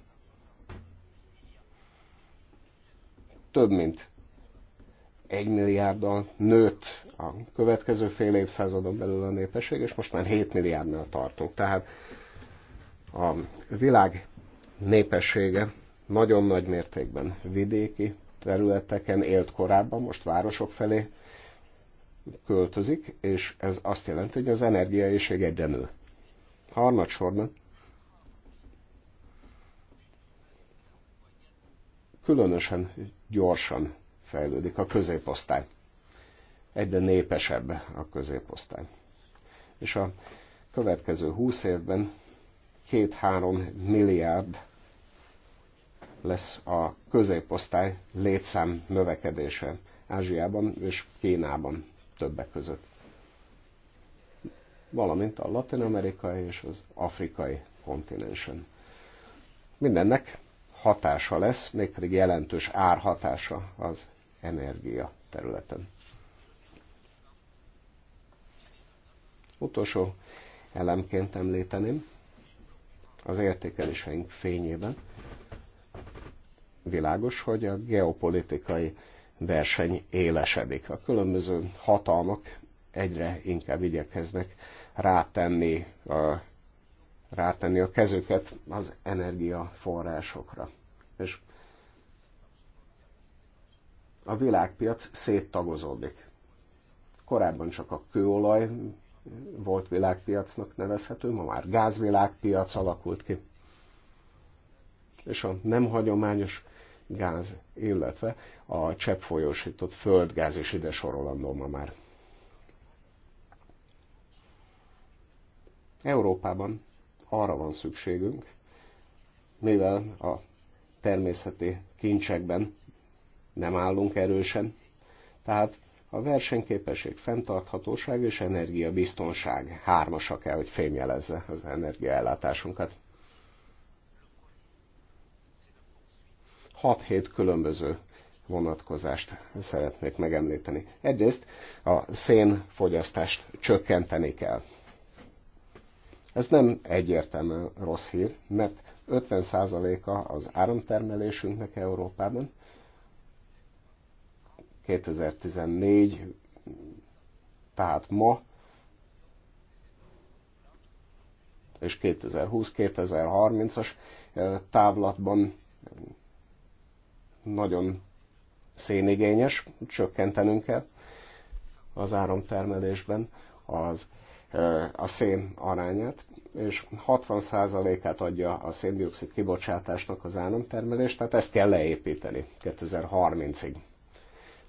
több mint egy milliárddal nőtt a következő fél évszázadon belül a népesség, és most már 7 milliárdnál tartunk. Tehát a világ népessége nagyon nagy mértékben vidéki területeken élt korábban, most városok felé költözik, és ez azt jelenti, hogy az energiaiség egyre nő. Harmadsorban különösen gyorsan fejlődik a középosztály. Egyre népesebb a középosztály. És a következő húsz évben két-három milliárd lesz a középosztály létszám növekedése Ázsiában és Kínában többek között valamint a latin-amerikai és az afrikai kontinensen. Mindennek hatása lesz, mégpedig jelentős árhatása az energia területen. Utolsó elemként említeném, az értékeléseink fényében világos, hogy a geopolitikai verseny élesedik. A különböző hatalmak egyre inkább igyekeznek rátenni a, rátenni a kezüket az energiaforrásokra. És a világpiac széttagozódik. Korábban csak a kőolaj volt világpiacnak nevezhető, ma már gázvilágpiac alakult ki. És a nem hagyományos gáz, illetve a cseppfolyósított földgáz is ide sorolandó ma már. Európában arra van szükségünk, mivel a természeti kincsekben nem állunk erősen, tehát a versenyképesség, fenntarthatóság és energiabiztonság hármasa kell, hogy fémjelezze az energiaellátásunkat. 6-7 különböző vonatkozást szeretnék megemlíteni. Egyrészt a szénfogyasztást csökkenteni kell. Ez nem egyértelmű rossz hír, mert 50%-a az áramtermelésünknek Európában 2014, tehát ma, és 2020-2030-as távlatban nagyon szénigényes, csökkentenünk kell az áramtermelésben az a szén arányát, és 60%-át adja a széndiokszid kibocsátásnak az álomtermelés, tehát ezt kell leépíteni 2030-ig.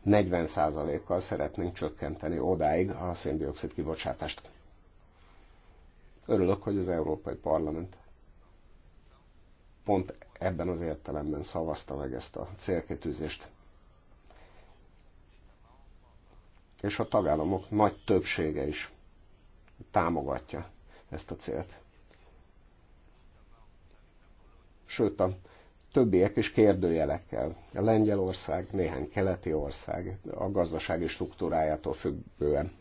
40%-kal szeretnénk csökkenteni odáig a széndiokszid kibocsátást. Örülök, hogy az Európai Parlament pont ebben az értelemben szavazta meg ezt a célkitűzést. És a tagállamok nagy többsége is támogatja ezt a célt. Sőt, a többiek is kérdőjelekkel. A Lengyelország, néhány keleti ország a gazdasági struktúrájától függően.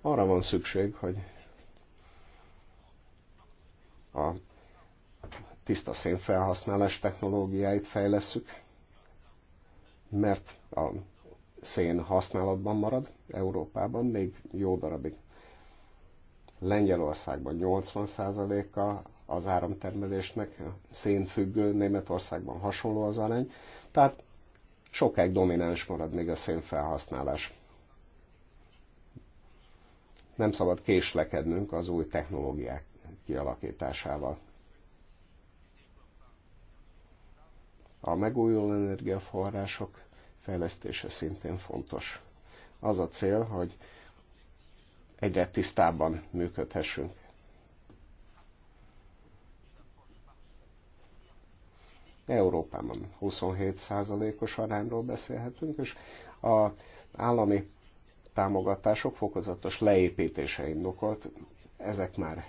Arra van szükség, hogy a tiszta szénfelhasználás technológiáit fejlesszük, mert a szén használatban marad Európában még jó darabig. Lengyelországban 80%-a az áramtermelésnek szénfüggő, Németországban hasonló az arány, tehát sokáig domináns marad még a szénfelhasználás. Nem szabad késlekednünk az új technológiák kialakításával. A megújuló energiaforrások fejlesztése szintén fontos. Az a cél, hogy egyre tisztábban működhessünk. Európában 27%-os arányról beszélhetünk, és az állami támogatások fokozatos leépítése indokolt, ezek már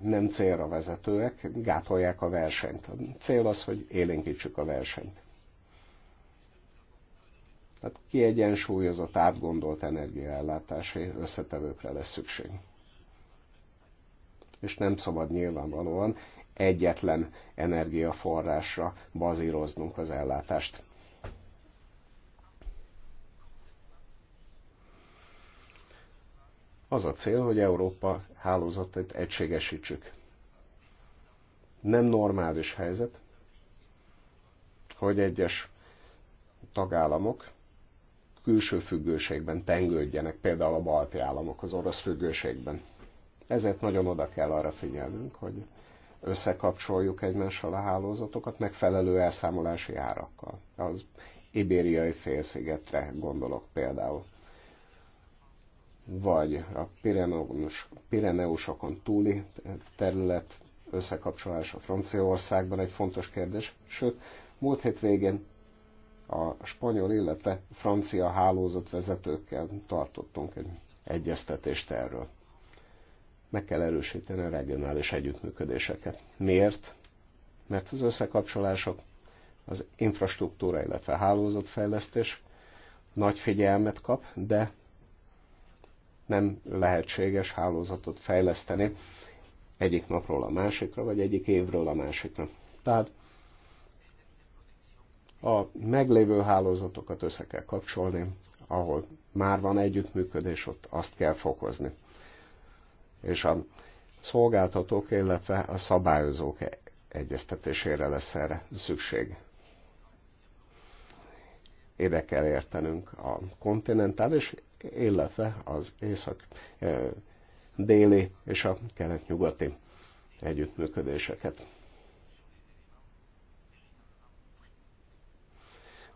nem célra vezetőek, gátolják a versenyt. A cél az, hogy élénkítsük a versenyt. Tehát kiegyensúlyozott, átgondolt energiaellátási összetevőkre lesz szükség. És nem szabad nyilvánvalóan egyetlen energiaforrásra bazíroznunk az ellátást. Az a cél, hogy Európa hálózatot egységesítsük. Nem normális helyzet, hogy egyes tagállamok külső függőségben tengődjenek, például a balti államok az orosz függőségben. Ezért nagyon oda kell arra figyelnünk, hogy összekapcsoljuk egymással a hálózatokat megfelelő elszámolási árakkal. Az ibériai félszigetre gondolok például. Vagy a Pireneus, Pireneusokon túli terület összekapcsolása Franciaországban egy fontos kérdés. Sőt, múlt hét végén a spanyol, illetve francia hálózatvezetőkkel tartottunk egy egyeztetést erről. Meg kell erősíteni a regionális együttműködéseket. Miért? Mert az összekapcsolások, az infrastruktúra, illetve hálózatfejlesztés nagy figyelmet kap, de nem lehetséges hálózatot fejleszteni egyik napról a másikra, vagy egyik évről a másikra. Tehát a meglévő hálózatokat össze kell kapcsolni, ahol már van együttműködés, ott azt kell fokozni. És a szolgáltatók, illetve a szabályozók e- egyeztetésére lesz erre szükség. Ide kell értenünk a kontinentális, illetve az észak-déli és a kelet-nyugati együttműködéseket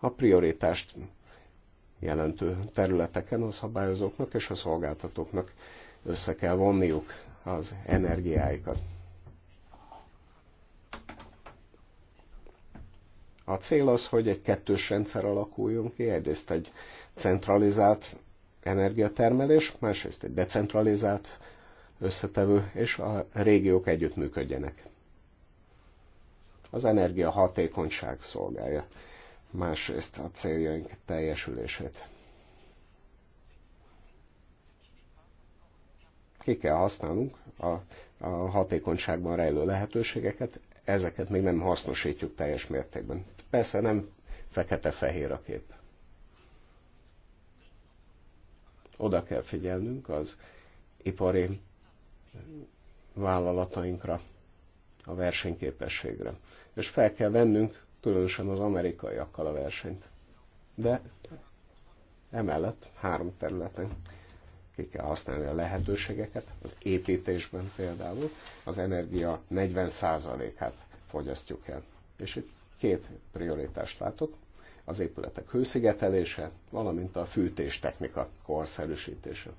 a prioritást jelentő területeken a szabályozóknak és a szolgáltatóknak össze kell vonniuk az energiáikat. A cél az, hogy egy kettős rendszer alakuljon ki, egyrészt egy centralizált energiatermelés, másrészt egy decentralizált összetevő, és a régiók együttműködjenek. Az energia hatékonyság szolgálja másrészt a céljaink teljesülését. Ki kell használnunk a, a hatékonyságban rejlő lehetőségeket, ezeket még nem hasznosítjuk teljes mértékben. Persze nem fekete-fehér a kép. Oda kell figyelnünk az ipari vállalatainkra, a versenyképességre. És fel kell vennünk különösen az amerikaiakkal a versenyt. De emellett három területen ki kell használni a lehetőségeket, az építésben például az energia 40%-át fogyasztjuk el. És itt két prioritást látok, az épületek hőszigetelése, valamint a fűtéstechnika korszerűsítése.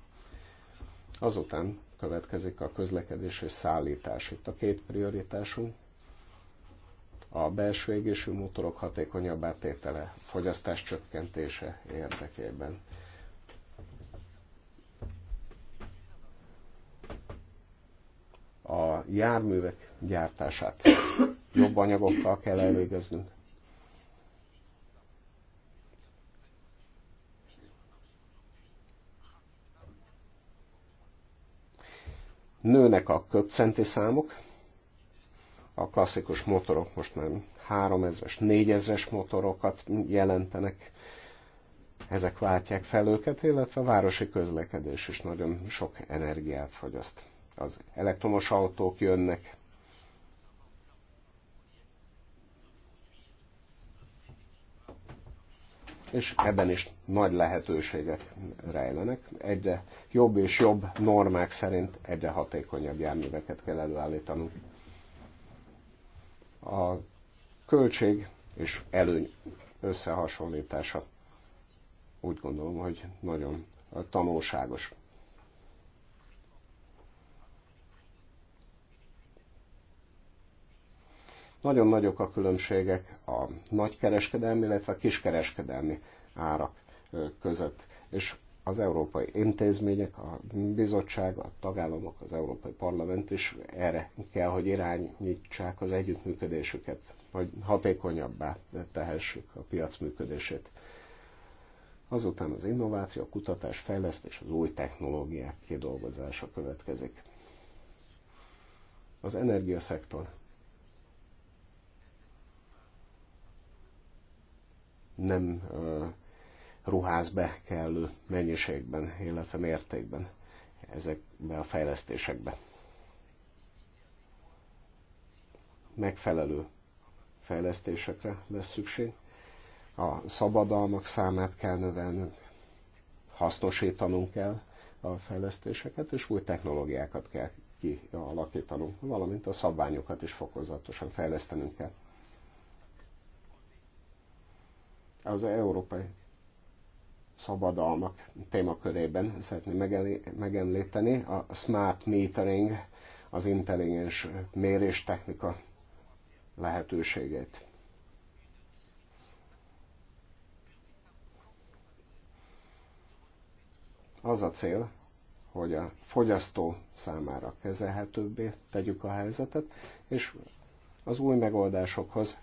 Azután következik a közlekedés és szállítás. Itt a két prioritásunk a belső égésű motorok hatékonyabb tétele, fogyasztás csökkentése érdekében. A járművek gyártását jobb anyagokkal kell elvégeznünk. Nőnek a köpcenti számok, a klasszikus motorok most már 3000-es, 4000-es motorokat jelentenek, ezek váltják fel őket, illetve a városi közlekedés is nagyon sok energiát fogyaszt. Az elektromos autók jönnek, és ebben is nagy lehetőségek rejlenek. Egyre jobb és jobb normák szerint egyre hatékonyabb járműveket kell előállítanunk a költség és előny összehasonlítása úgy gondolom, hogy nagyon tanulságos. Nagyon nagyok a különbségek a nagykereskedelmi, illetve a kiskereskedelmi árak között, és az európai intézmények, a bizottság, a tagállamok, az európai parlament is erre kell, hogy irányítsák az együttműködésüket, hogy hatékonyabbá tehessük a piac működését. Azután az innováció, a kutatás, fejlesztés, az új technológiák kidolgozása következik. Az energiaszektor nem ruház be kellő mennyiségben, illetve mértékben ezekbe a fejlesztésekbe. Megfelelő fejlesztésekre lesz szükség. A szabadalmak számát kell növelnünk, hasznosítanunk kell a fejlesztéseket, és új technológiákat kell kialakítanunk, valamint a szabványokat is fokozatosan fejlesztenünk kell. Az Európai szabadalmak témakörében szeretném megemlíteni a smart metering, az intelligens technika lehetőségét. Az a cél, hogy a fogyasztó számára kezelhetőbbé tegyük a helyzetet, és az új megoldásokhoz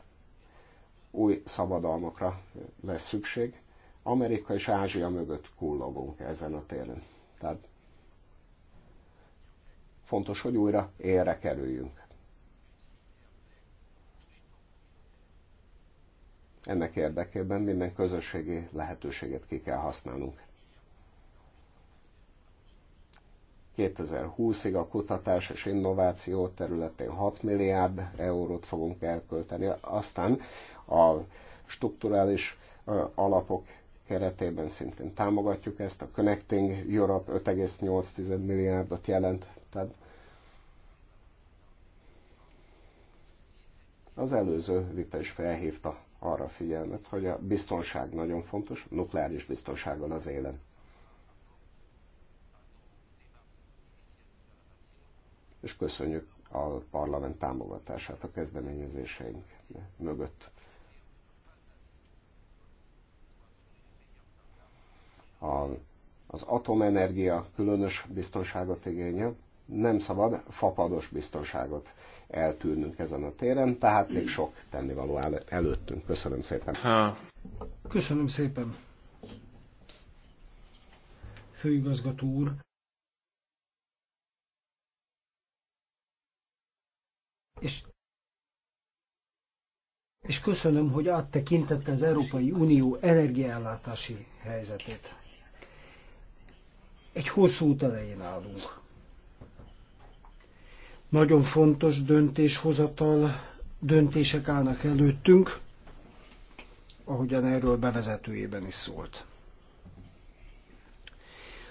új szabadalmakra lesz szükség, Amerika és Ázsia mögött kullogunk ezen a téren. Tehát fontos, hogy újra élre kerüljünk. Ennek érdekében minden közösségi lehetőséget ki kell használnunk. 2020-ig a kutatás és innováció területén 6 milliárd eurót fogunk elkölteni, aztán a strukturális alapok keretében szintén támogatjuk ezt, a Connecting Europe 5,8 milliárdot jelent. Tehát az előző vita is felhívta arra a figyelmet, hogy a biztonság nagyon fontos, a nukleáris biztonság van az élen. És köszönjük a parlament támogatását a kezdeményezéseink mögött. a, az atomenergia különös biztonságot igényel, nem szabad fapados biztonságot eltűrnünk ezen a téren, tehát még sok tennivaló előttünk. Köszönöm szépen. Ha. Köszönöm szépen. Főigazgató úr. És, és köszönöm, hogy áttekintette az Európai Unió energiaellátási helyzetét. Egy hosszú út elején állunk. Nagyon fontos döntéshozatal, döntések állnak előttünk, ahogyan erről bevezetőjében is szólt.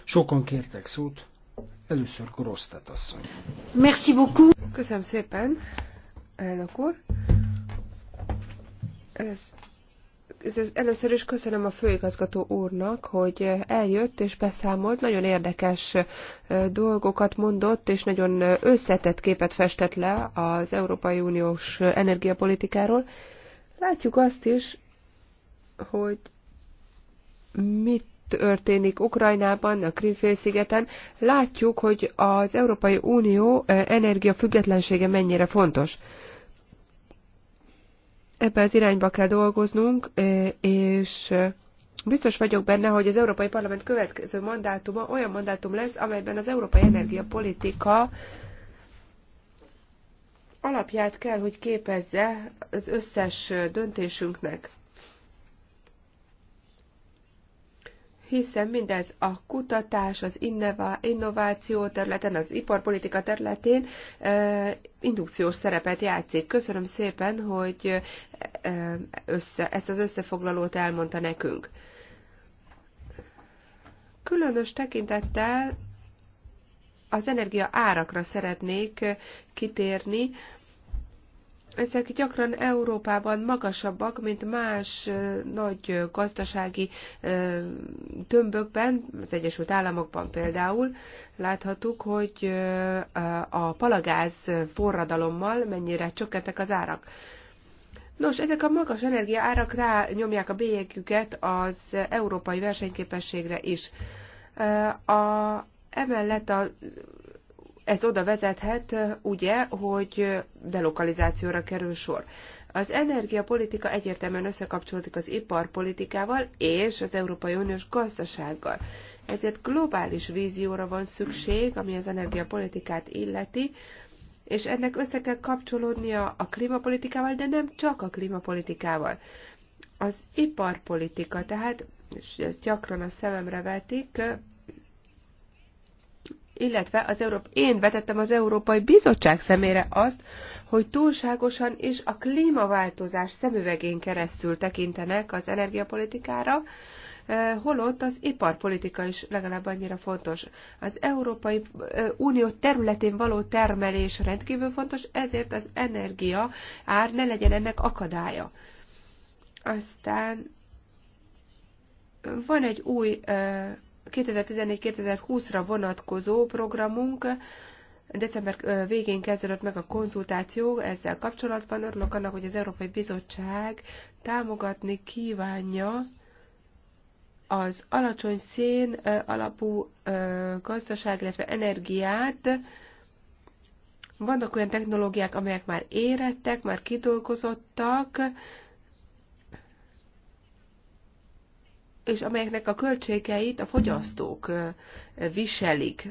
Sokan kértek szót, először Grosztet asszony. Merci beaucoup. Köszönöm szépen, elnök úr. Ez Először is köszönöm a főigazgató úrnak, hogy eljött és beszámolt, nagyon érdekes dolgokat mondott, és nagyon összetett képet festett le az Európai Uniós energiapolitikáról. Látjuk azt is, hogy mit történik Ukrajnában, a Krimfélszigeten. Látjuk, hogy az Európai Unió energiafüggetlensége mennyire fontos ebbe az irányba kell dolgoznunk, és biztos vagyok benne, hogy az Európai Parlament következő mandátuma olyan mandátum lesz, amelyben az európai energiapolitika alapját kell, hogy képezze az összes döntésünknek. hiszen mindez a kutatás, az innováció területen, az iparpolitika területén indukciós szerepet játszik. Köszönöm szépen, hogy össze, ezt az összefoglalót elmondta nekünk. Különös tekintettel az energia árakra szeretnék kitérni ezek gyakran Európában magasabbak, mint más nagy gazdasági tömbökben, az Egyesült Államokban például. Láthattuk, hogy a palagáz forradalommal mennyire csökkentek az árak. Nos, ezek a magas energiaárak rányomják a bélyegüket az európai versenyképességre is. A, emellett a ez oda vezethet, ugye, hogy delokalizációra kerül sor. Az energiapolitika egyértelműen összekapcsolódik az iparpolitikával és az Európai Uniós gazdasággal. Ezért globális vízióra van szükség, ami az energiapolitikát illeti, és ennek össze kell kapcsolódnia a klímapolitikával, de nem csak a klímapolitikával. Az iparpolitika, tehát, és ezt gyakran a szememre vetik, illetve az Európa, én vetettem az Európai Bizottság szemére azt, hogy túlságosan is a klímaváltozás szemüvegén keresztül tekintenek az energiapolitikára, eh, holott az iparpolitika is legalább annyira fontos. Az Európai eh, Unió területén való termelés rendkívül fontos, ezért az energia ár ne legyen ennek akadálya. Aztán van egy új eh, 2014-2020-ra vonatkozó programunk december végén kezdődött meg a konzultáció ezzel kapcsolatban. Örülök annak, hogy az Európai Bizottság támogatni kívánja az alacsony szén alapú gazdaság, illetve energiát. Vannak olyan technológiák, amelyek már érettek, már kidolgozottak, és amelyeknek a költségeit a fogyasztók viselik.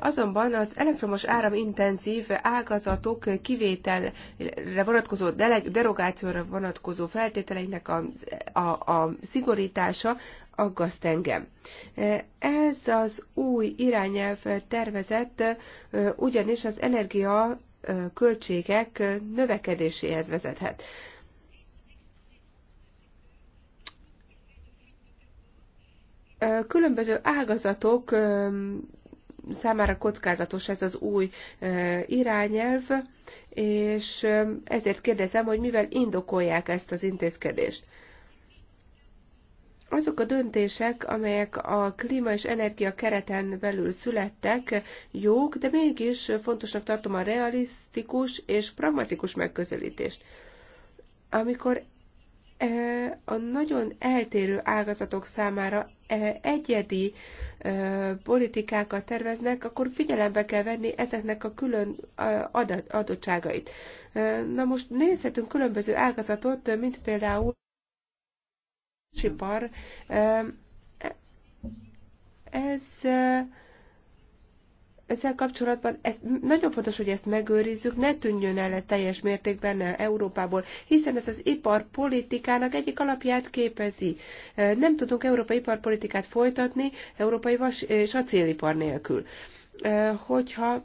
Azonban az elektromos áramintenzív ágazatok kivételre vonatkozó, derogációra vonatkozó feltételeinek a, a, a szigorítása aggaszt engem. Ez az új irányelv tervezett ugyanis az energia költségek növekedéséhez vezethet. különböző ágazatok számára kockázatos ez az új irányelv, és ezért kérdezem, hogy mivel indokolják ezt az intézkedést. Azok a döntések, amelyek a klíma és energia kereten belül születtek, jók, de mégis fontosnak tartom a realisztikus és pragmatikus megközelítést. Amikor a nagyon eltérő ágazatok számára egyedi politikákat terveznek, akkor figyelembe kell venni ezeknek a külön adottságait. Na most nézhetünk különböző ágazatot, mint például sipar. E, ez ezzel kapcsolatban ezt, nagyon fontos, hogy ezt megőrizzük, ne tűnjön el ez teljes mértékben Európából, hiszen ez az iparpolitikának egyik alapját képezi. Nem tudunk európai iparpolitikát folytatni európai vas és acélipar nélkül. Hogyha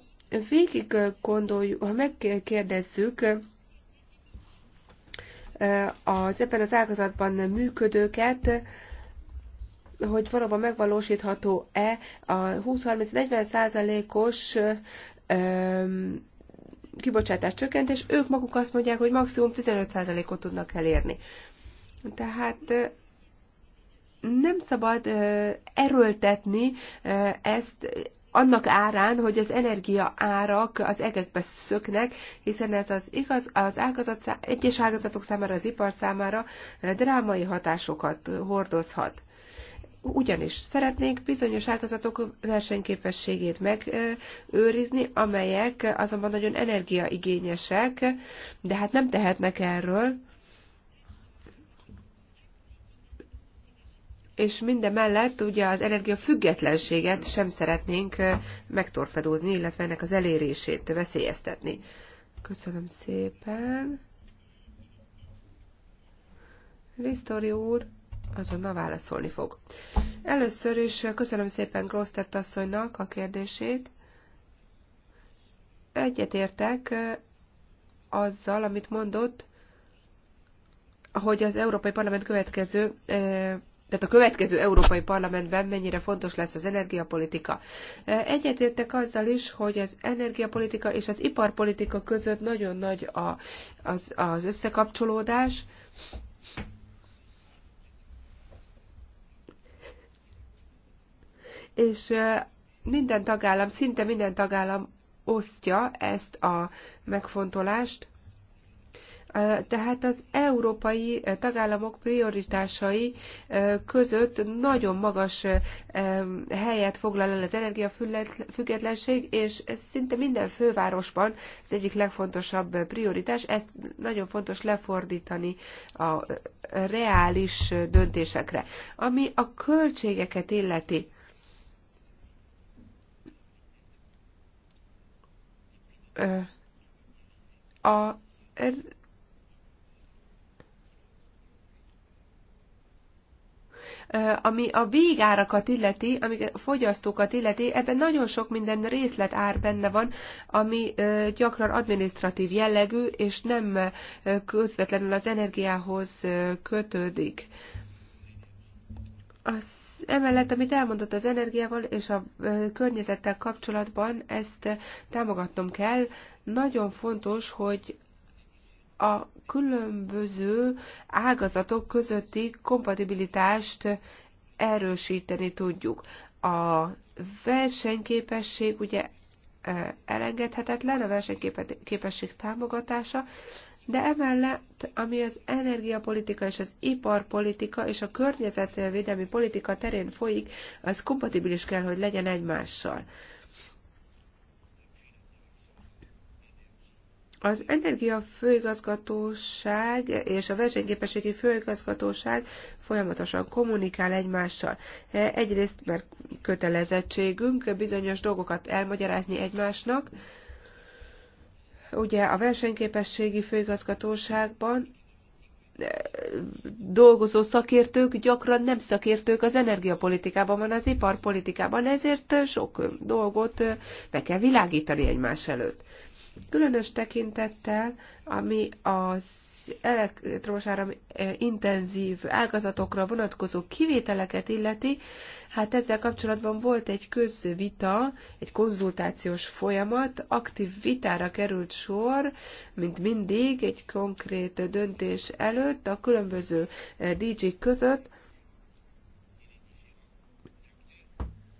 végig gondoljuk, ha megkérdezzük, az ebben az ágazatban működőket, hogy valóban megvalósítható-e a 20-30-40 százalékos kibocsátás csökkentés, ők maguk azt mondják, hogy maximum 15%-ot tudnak elérni. Tehát nem szabad erőltetni ezt annak árán, hogy az energia árak az egekbe szöknek, hiszen ez az igaz, az ágazat, egyes ágazatok számára, az ipar számára drámai hatásokat hordozhat ugyanis szeretnénk bizonyos ágazatok versenyképességét megőrizni, amelyek azonban nagyon energiaigényesek, de hát nem tehetnek erről, és minden mellett ugye az energiafüggetlenséget sem szeretnénk megtorpedózni, illetve ennek az elérését veszélyeztetni. Köszönöm szépen. Risztori úr azonnal válaszolni fog. Először is köszönöm szépen Grosztett asszonynak a kérdését. Egyetértek azzal, amit mondott, hogy az Európai Parlament következő, tehát a következő Európai Parlamentben mennyire fontos lesz az energiapolitika. Egyetértek azzal is, hogy az energiapolitika és az iparpolitika között nagyon nagy az, az összekapcsolódás, és minden tagállam, szinte minden tagállam osztja ezt a megfontolást. Tehát az európai tagállamok prioritásai között nagyon magas helyet foglal el az energiafüggetlenség, és ez szinte minden fővárosban az egyik legfontosabb prioritás. Ezt nagyon fontos lefordítani a reális döntésekre. Ami a költségeket illeti, a ami a végárakat illeti, ami a fogyasztókat illeti, ebben nagyon sok minden részlet ár benne van, ami gyakran administratív jellegű, és nem közvetlenül az energiához kötődik. Az emellett, amit elmondott az energiával és a környezettel kapcsolatban, ezt támogatnom kell. Nagyon fontos, hogy a különböző ágazatok közötti kompatibilitást erősíteni tudjuk. A versenyképesség ugye elengedhetetlen, a versenyképesség támogatása, de emellett, ami az energiapolitika és az iparpolitika és a környezetvédelmi politika terén folyik, az kompatibilis kell, hogy legyen egymással. Az energiafőigazgatóság és a versenyképességi főigazgatóság folyamatosan kommunikál egymással. Egyrészt, mert kötelezettségünk bizonyos dolgokat elmagyarázni egymásnak, Ugye a versenyképességi főigazgatóságban eh, dolgozó szakértők gyakran nem szakértők az energiapolitikában, van az iparpolitikában, ezért sok dolgot meg eh, kell világítani egymás előtt. Különös tekintettel, ami az az elektromos áram e, intenzív ágazatokra vonatkozó kivételeket illeti, hát ezzel kapcsolatban volt egy közvita, egy konzultációs folyamat, aktív vitára került sor, mint mindig, egy konkrét döntés előtt a különböző e, dj között,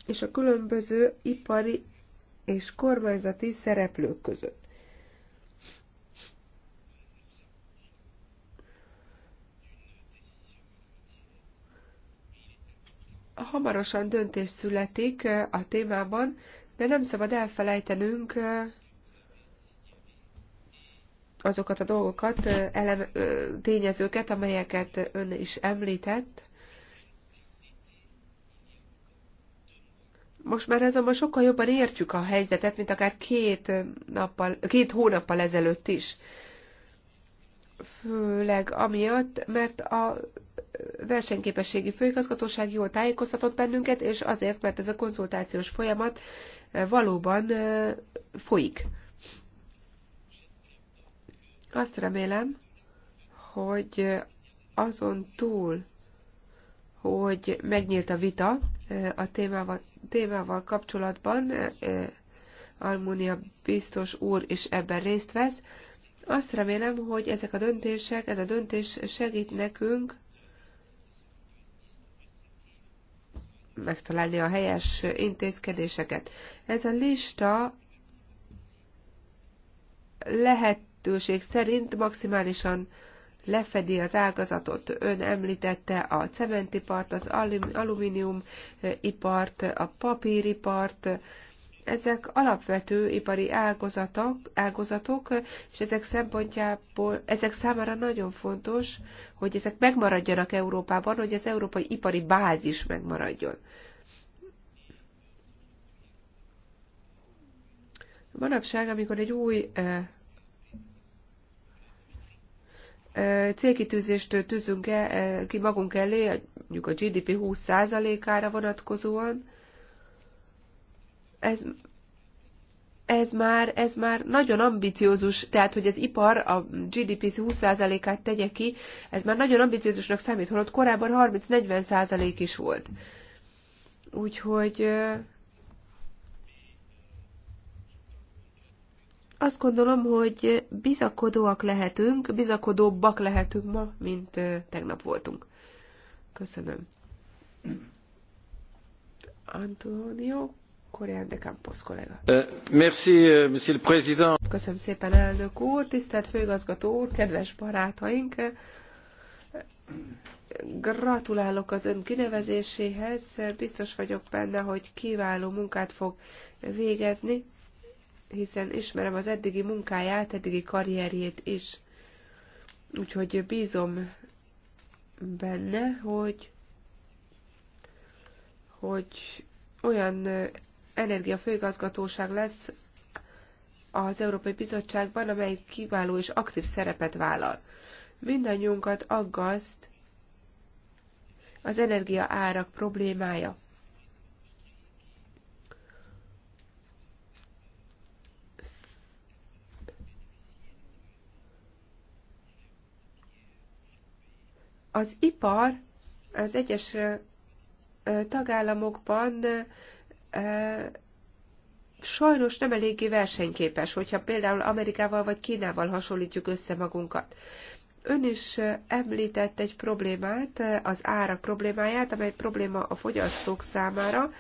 és a különböző ipari és kormányzati szereplők között. hamarosan döntés születik a témában, de nem szabad elfelejtenünk azokat a dolgokat, elem, tényezőket, amelyeket ön is említett. Most már azonban sokkal jobban értjük a helyzetet, mint akár két, nappal, két hónappal ezelőtt is főleg amiatt, mert a versenyképességi főigazgatóság jól tájékoztatott bennünket, és azért, mert ez a konzultációs folyamat eh, valóban eh, folyik. Azt remélem, hogy azon túl, hogy megnyílt a vita eh, a témával, témával kapcsolatban, Almunia biztos úr is ebben részt vesz, azt remélem, hogy ezek a döntések, ez a döntés segít nekünk megtalálni a helyes intézkedéseket. Ez a lista lehetőség szerint maximálisan lefedi az ágazatot. Ön említette a cementipart, az alumíniumipart, a papíripart, ezek alapvető ipari ágazatok, ágazatok, és ezek szempontjából, ezek számára nagyon fontos, hogy ezek megmaradjanak Európában, hogy az európai ipari bázis megmaradjon. Manapság, amikor egy új célkitűzést tűzünk ki magunk elé, mondjuk a GDP 20%-ára vonatkozóan, ez, ez már, ez már nagyon ambiciózus, tehát hogy az ipar a GDP 20%-át tegye ki, ez már nagyon ambiciózusnak számít, holott korábban 30-40% is volt. Úgyhogy azt gondolom, hogy bizakodóak lehetünk, bizakodóbbak lehetünk ma, mint tegnap voltunk. Köszönöm. Antonio de kollega. Merci, monsieur le président. Köszönöm szépen, elnök úr, tisztelt főigazgató úr, kedves barátaink. Gratulálok az ön kinevezéséhez, biztos vagyok benne, hogy kiváló munkát fog végezni, hiszen ismerem az eddigi munkáját, eddigi karrierjét is. Úgyhogy bízom benne, hogy, hogy olyan energiafőigazgatóság lesz az Európai Bizottságban, amely kiváló és aktív szerepet vállal. Mindannyiunkat aggaszt az energia árak problémája. Az ipar az egyes tagállamokban sajnos nem eléggé versenyképes, hogyha például Amerikával vagy Kínával hasonlítjuk össze magunkat. Ön is említett egy problémát, az árak problémáját, amely probléma a fogyasztók számára.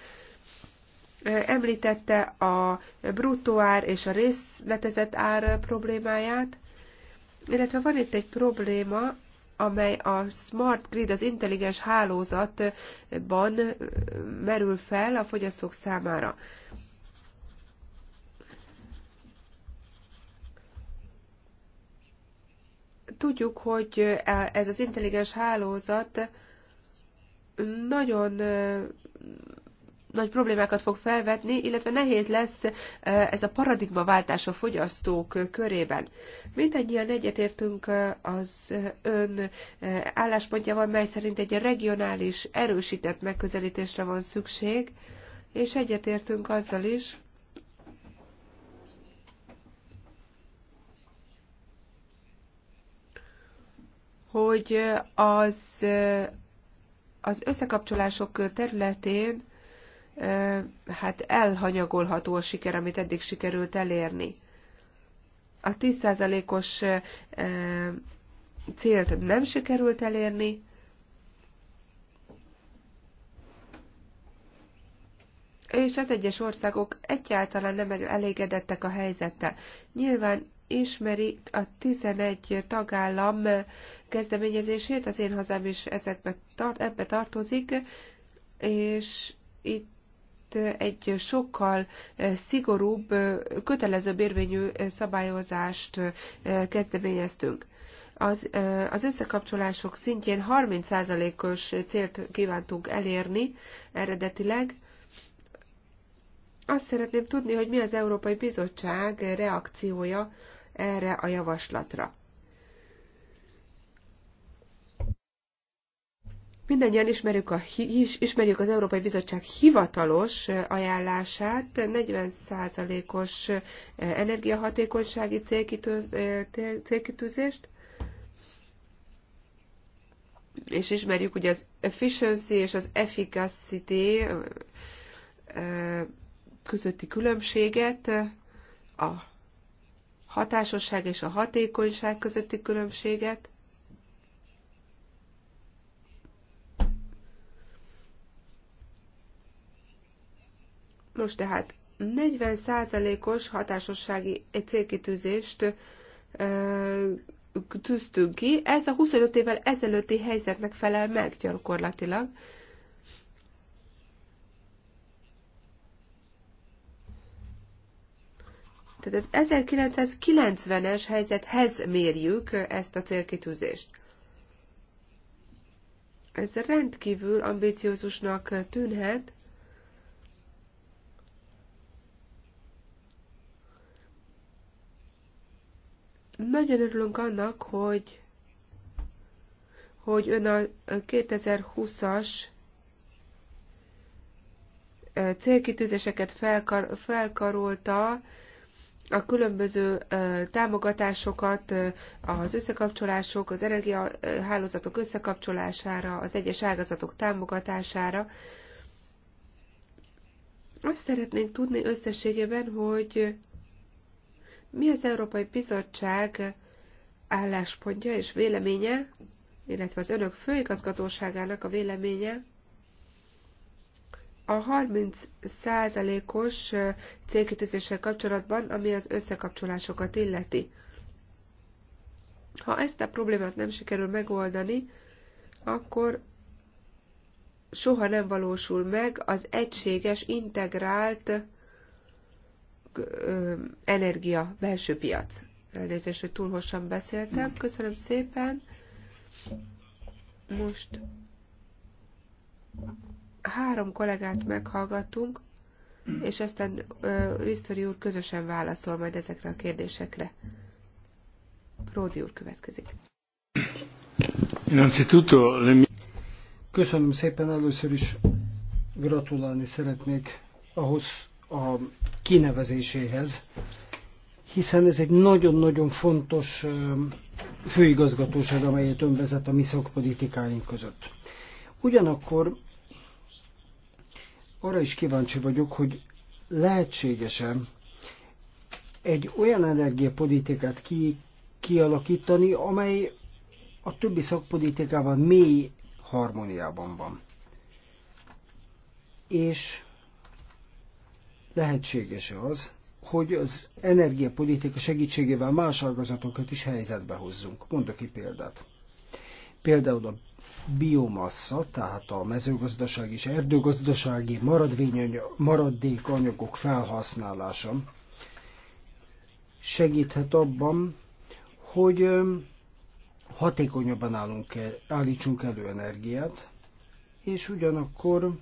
Említette a bruttóár és a részletezett ár problémáját, illetve van itt egy probléma, amely a smart grid, az intelligens hálózatban merül fel a fogyasztók számára. Tudjuk, hogy ez az intelligens hálózat nagyon nagy problémákat fog felvetni, illetve nehéz lesz eh, ez a paradigmaváltás a fogyasztók körében. Mindennyian egyetértünk eh, az eh, ön álláspontjával, mely szerint egy regionális, erősített megközelítésre van szükség, és egyetértünk azzal is, hogy az, az összekapcsolások területén hát elhanyagolható a siker, amit eddig sikerült elérni. A 10%-os célt nem sikerült elérni, és az egyes országok egyáltalán nem elégedettek a helyzettel. Nyilván ismeri a 11 tagállam kezdeményezését, az én hazám is ezekbe, ebbe tartozik, és itt egy sokkal szigorúbb, kötelezőbb érvényű szabályozást kezdeményeztünk. Az, az összekapcsolások szintjén 30%-os célt kívántunk elérni eredetileg. Azt szeretném tudni, hogy mi az Európai Bizottság reakciója erre a javaslatra. Mindennyian ismerjük, a, ismerjük az Európai Bizottság hivatalos ajánlását, 40%-os energiahatékonysági célkitűzést, és ismerjük ugye az efficiency és az efficacy közötti különbséget, a hatásosság és a hatékonyság közötti különbséget, Most tehát 40%-os hatásossági célkitűzést tűztünk ki. Ez a 25 évvel ezelőtti helyzetnek felel meg gyakorlatilag. Tehát az 1990-es helyzethez mérjük ezt a célkitűzést. Ez rendkívül ambiciózusnak tűnhet, Nagyon örülünk annak, hogy, hogy ön a 2020-as célkitűzéseket felkar, felkarolta, a különböző támogatásokat, az összekapcsolások, az energiahálózatok összekapcsolására, az egyes ágazatok támogatására. Azt szeretnénk tudni összességében, hogy mi az Európai Bizottság álláspontja és véleménye, illetve az önök főigazgatóságának a véleménye a 30%-os célkitűzéssel kapcsolatban, ami az összekapcsolásokat illeti. Ha ezt a problémát nem sikerül megoldani, akkor soha nem valósul meg az egységes, integrált energia belső piac. Elnézést, hogy túl hosszan beszéltem. Köszönöm szépen. Most három kollégát meghallgattunk, és aztán Risztori úr közösen válaszol majd ezekre a kérdésekre. Pródi úr következik. Köszönöm szépen, először is gratulálni szeretnék ahhoz, a kinevezéséhez, hiszen ez egy nagyon-nagyon fontos főigazgatóság, amelyet önvezet a mi szakpolitikáink között. Ugyanakkor arra is kíváncsi vagyok, hogy lehetségesen egy olyan energiapolitikát ki, kialakítani, amely a többi szakpolitikával mély harmóniában van. És lehetséges az, hogy az energiapolitika segítségével más ágazatokat is helyzetbe hozzunk. Mondok egy példát. Például a biomassa, tehát a mezőgazdasági, és erdőgazdasági maradékanyagok felhasználása segíthet abban, hogy hatékonyabban állunk el, állítsunk elő energiát, és ugyanakkor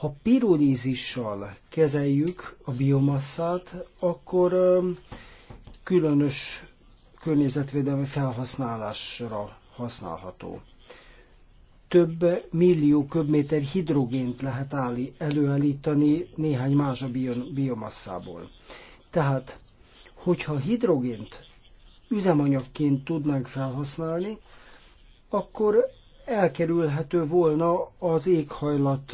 Ha pirulízissal kezeljük a biomasszát, akkor különös környezetvédelmi felhasználásra használható. Több millió köbméter hidrogént lehet állí, előállítani néhány más a biomasszából. Tehát, hogyha hidrogént üzemanyagként tudnánk felhasználni, akkor elkerülhető volna az éghajlat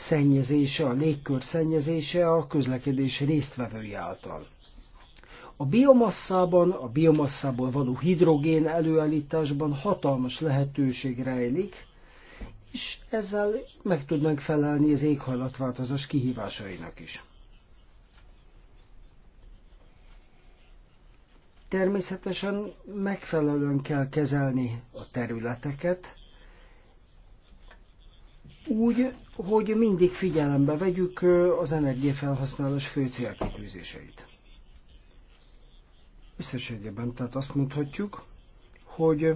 szennyezése, a légkör szennyezése a közlekedés résztvevői által. A biomasszában, a biomasszából való hidrogén előállításban hatalmas lehetőség rejlik, és ezzel meg tudnánk felelni az éghajlatváltozás kihívásainak is. Természetesen megfelelően kell kezelni a területeket, úgy, hogy mindig figyelembe vegyük az energiafelhasználás fő célkitűzéseit. Összességében tehát azt mondhatjuk, hogy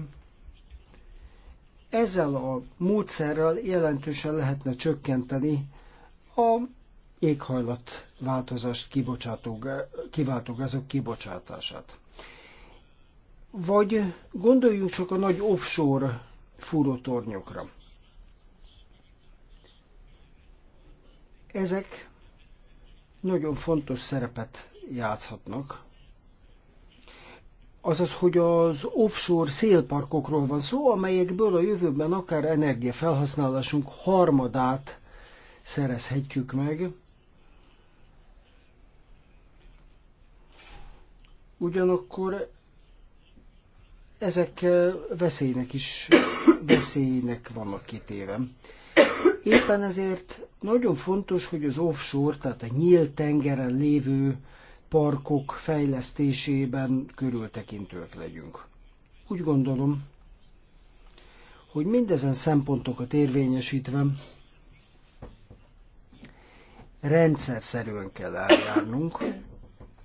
ezzel a módszerrel jelentősen lehetne csökkenteni a éghajlatváltozást kibocsátó, kiváltó gázok kibocsátását. Vagy gondoljunk csak a nagy offshore fúrótornyokra. Ezek nagyon fontos szerepet játszhatnak. Azaz, hogy az offshore szélparkokról van szó, amelyekből a jövőben akár energiafelhasználásunk harmadát szerezhetjük meg. Ugyanakkor ezek veszélynek is veszélynek vannak kitéve. Éppen ezért nagyon fontos, hogy az offshore, tehát a nyílt tengeren lévő parkok fejlesztésében körültekintőek legyünk. Úgy gondolom, hogy mindezen szempontokat érvényesítve rendszer szerűen kell eljárnunk,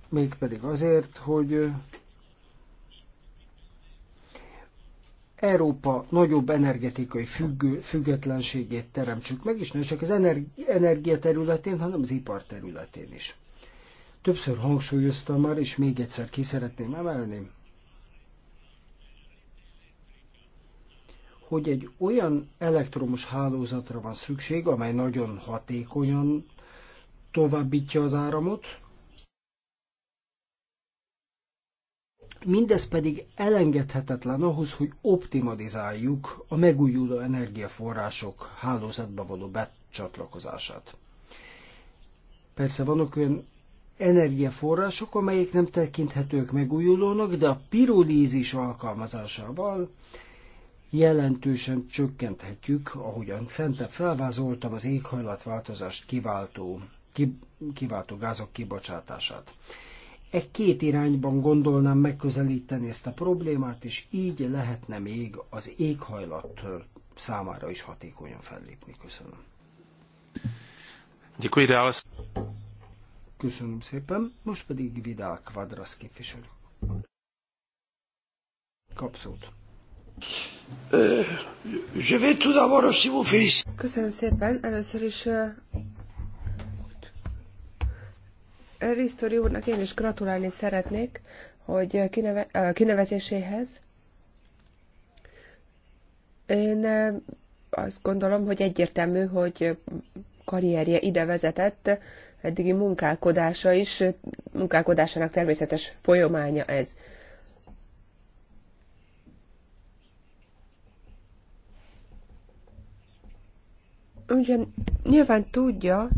mégpedig azért, hogy Európa nagyobb energetikai függő, függetlenségét teremtsük meg, és nem csak az energi, energia területén, hanem az ipar területén is. Többször hangsúlyoztam már, és még egyszer ki szeretném emelni, hogy egy olyan elektromos hálózatra van szükség, amely nagyon hatékonyan továbbítja az áramot, Mindez pedig elengedhetetlen ahhoz, hogy optimalizáljuk a megújuló energiaforrások hálózatba való becsatlakozását. Persze vannak olyan energiaforrások, amelyek nem tekinthetők megújulónak, de a pirolízis alkalmazásával jelentősen csökkenthetjük, ahogyan fentebb felvázoltam, az éghajlatváltozást kiváltó, ki, kiváltó gázok kibocsátását e két irányban gondolnám megközelíteni ezt a problémát, és így lehetne még az éghajlat számára is hatékonyan fellépni. Köszönöm. Děkuji Köszönöm szépen. Most pedig Vidal Kvadrasz képviselő. Kapszót. Köszönöm szépen. Először is Risztori úrnak én is gratulálni szeretnék, hogy kineve, kinevezéséhez. Én azt gondolom, hogy egyértelmű, hogy karrierje ide vezetett, eddigi munkálkodása is, munkálkodásának természetes folyománya ez. Ugyan nyilván tudja,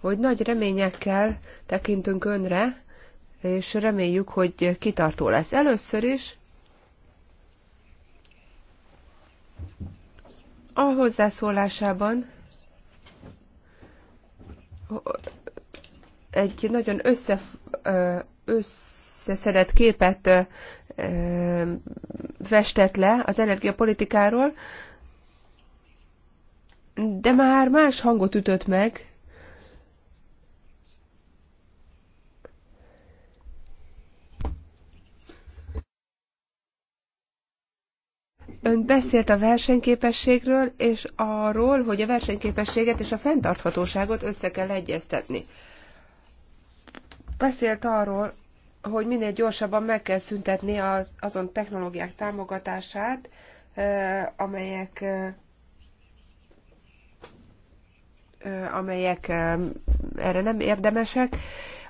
hogy nagy reményekkel tekintünk önre, és reméljük, hogy kitartó lesz. Először is a hozzászólásában egy nagyon össze, összeszedett képet festett le az energiapolitikáról, de már más hangot ütött meg, Ön beszélt a versenyképességről, és arról, hogy a versenyképességet és a fenntarthatóságot össze kell egyeztetni. Beszélt arról, hogy minél gyorsabban meg kell szüntetni az, azon technológiák támogatását, amelyek amelyek erre nem érdemesek,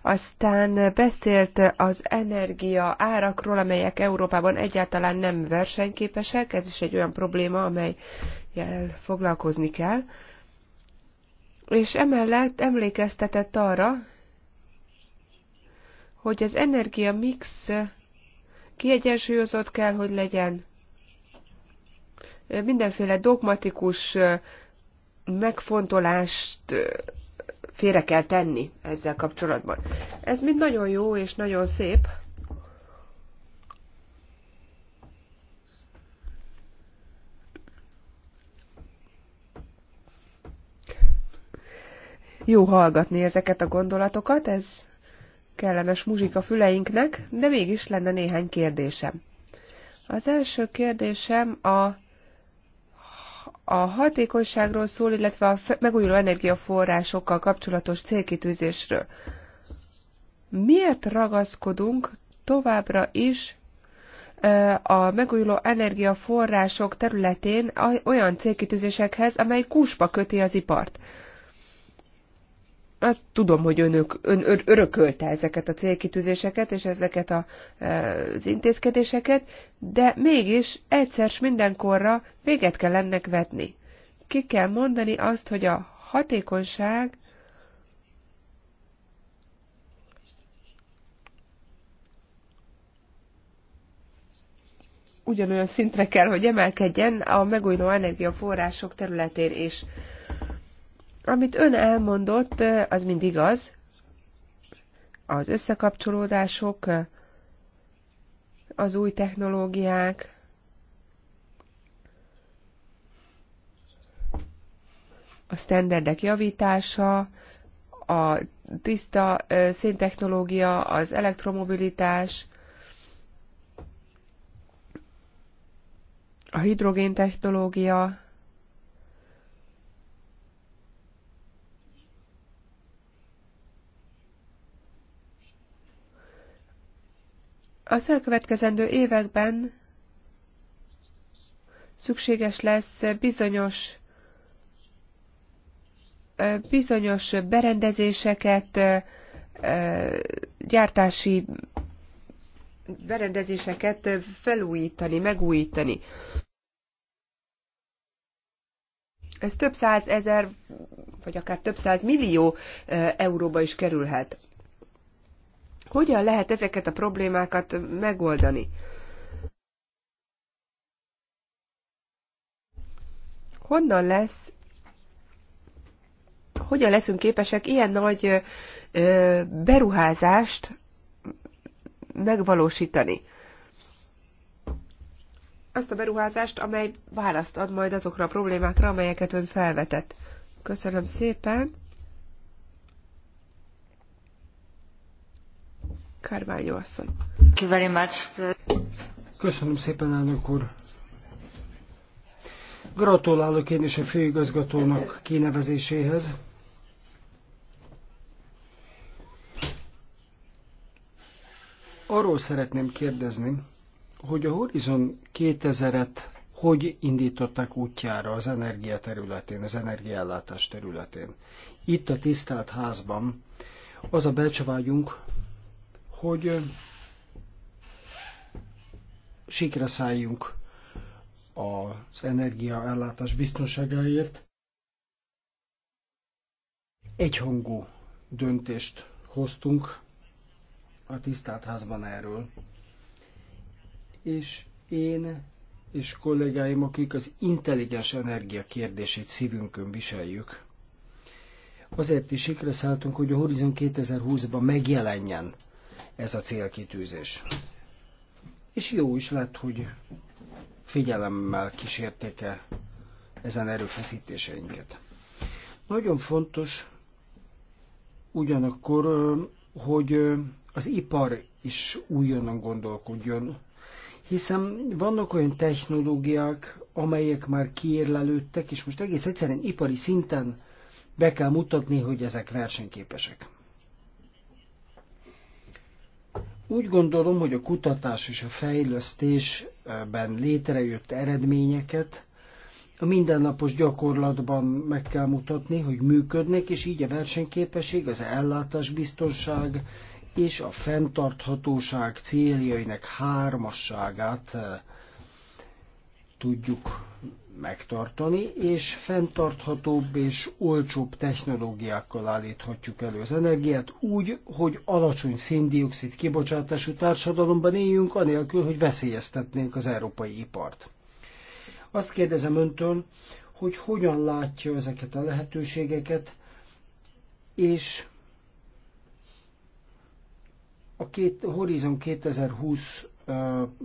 aztán beszélt az energia árakról, amelyek Európában egyáltalán nem versenyképesek. Ez is egy olyan probléma, amelyel foglalkozni kell. És emellett emlékeztetett arra, hogy az energia mix kiegyensúlyozott kell, hogy legyen. Mindenféle dogmatikus megfontolást félre kell tenni ezzel kapcsolatban. Ez mind nagyon jó és nagyon szép. Jó hallgatni ezeket a gondolatokat, ez kellemes muzsika füleinknek, de mégis lenne néhány kérdésem. Az első kérdésem a a hatékonyságról szól, illetve a megújuló energiaforrásokkal kapcsolatos célkitűzésről. Miért ragaszkodunk továbbra is a megújuló energiaforrások területén olyan célkitűzésekhez, amely kúspa köti az ipart? azt tudom, hogy önök ön, ön, örökölte ezeket a célkitűzéseket és ezeket a, e, az intézkedéseket, de mégis egyszer s mindenkorra véget kell ennek vetni. Ki kell mondani azt, hogy a hatékonyság ugyanolyan szintre kell, hogy emelkedjen a megújuló energiaforrások területén is. Amit ön elmondott, az mindig az, az összekapcsolódások, az új technológiák, a sztenderdek javítása, a tiszta széntechnológia, az elektromobilitás, a hidrogéntechnológia, Az elkövetkezendő években szükséges lesz bizonyos bizonyos berendezéseket, gyártási berendezéseket felújítani, megújítani. Ez több száz ezer, vagy akár több száz millió euróba is kerülhet. Hogyan lehet ezeket a problémákat megoldani? Honnan lesz, hogyan leszünk képesek ilyen nagy beruházást megvalósítani? azt a beruházást, amely választ ad majd azokra a problémákra, amelyeket ön felvetett. Köszönöm szépen! Kárványó asszony. Köszönöm szépen, elnök úr. Gratulálok én is a főigazgatónak kinevezéséhez. Arról szeretném kérdezni, hogy a Horizon 2000-et hogy indították útjára az energia területén, az energiállátás területén. Itt a tisztelt házban az a belcsavágyunk, hogy sikre szálljunk az energiaellátás biztonságáért. Egyhangú döntést hoztunk a tisztelt házban erről, és én és kollégáim, akik az intelligens energia kérdését szívünkön viseljük, azért is sikre szálltunk, hogy a Horizon 2020-ban megjelenjen ez a célkitűzés. És jó is lett, hogy figyelemmel kísértéke ezen erőfeszítéseinket. Nagyon fontos ugyanakkor, hogy az ipar is újonnan gondolkodjon, hiszen vannak olyan technológiák, amelyek már kiérlelődtek, és most egész egyszerűen ipari szinten be kell mutatni, hogy ezek versenyképesek. Úgy gondolom, hogy a kutatás és a fejlesztésben létrejött eredményeket a mindennapos gyakorlatban meg kell mutatni, hogy működnek, és így a versenyképesség, az ellátásbiztonság és a fenntarthatóság céljainak hármasságát eh, tudjuk megtartani, és fenntarthatóbb és olcsóbb technológiákkal állíthatjuk elő az energiát, úgy, hogy alacsony széndiokszid kibocsátású társadalomban éljünk, anélkül, hogy veszélyeztetnénk az európai ipart. Azt kérdezem öntől, hogy hogyan látja ezeket a lehetőségeket, és a két, Horizon 2020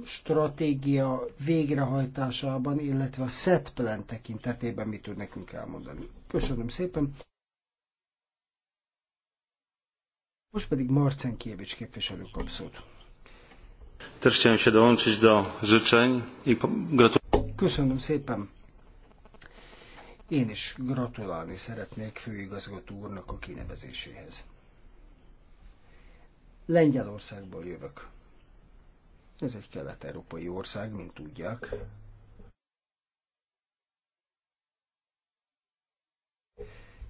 stratégia végrehajtásában, illetve a set plan tekintetében mit tud nekünk elmondani. Köszönöm szépen! Most pedig Marcen Kievics képviselő kap szót. Köszönöm szépen! Én is gratulálni szeretnék főigazgató úrnak a kinevezéséhez. Lengyelországból jövök. Ez egy kelet-európai ország, mint tudják.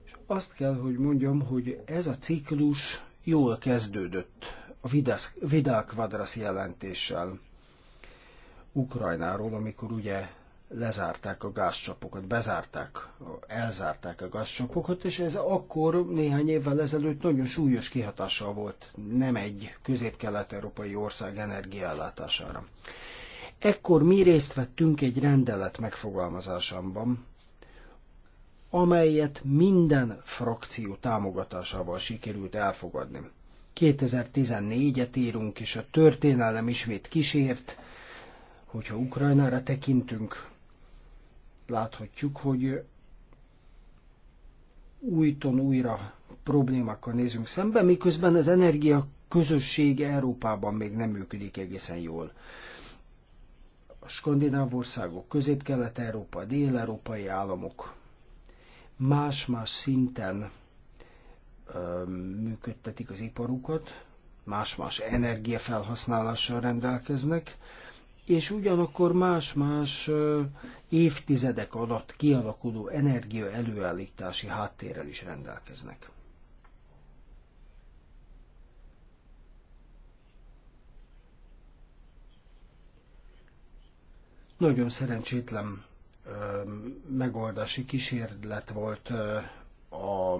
És azt kell, hogy mondjam, hogy ez a ciklus jól kezdődött a vidák Vadrasz jelentéssel Ukrajnáról, amikor ugye lezárták a gázcsapokat, bezárták, elzárták a gázcsapokat, és ez akkor néhány évvel ezelőtt nagyon súlyos kihatással volt nem egy közép-kelet-európai ország energiállátására. Ekkor mi részt vettünk egy rendelet megfogalmazásában, amelyet minden frakció támogatásával sikerült elfogadni. 2014-et írunk, és a történelem ismét kísért, hogyha Ukrajnára tekintünk, láthatjuk, hogy újton újra problémákkal nézünk szembe, miközben az energia közösség Európában még nem működik egészen jól. A skandináv országok, közép-kelet-európa, dél-európai államok más-más szinten ö, működtetik az iparukat, más-más energiafelhasználással rendelkeznek, és ugyanakkor más-más évtizedek alatt kialakuló energia előállítási háttérrel is rendelkeznek. Nagyon szerencsétlen megoldási kísérlet volt a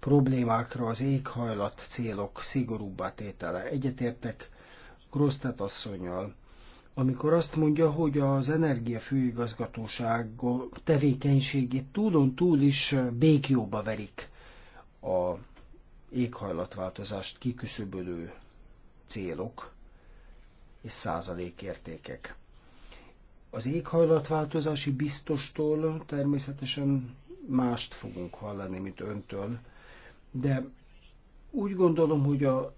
problémákra az éghajlat célok szigorúbbá tétele. Egyetértek Grosztet asszonyjal, amikor azt mondja, hogy az főigazgatóság tevékenységét tudon túl is békjóba verik a éghajlatváltozást kiküszöbölő célok és százalékértékek. Az éghajlatváltozási biztostól természetesen mást fogunk hallani, mint öntől, de úgy gondolom, hogy a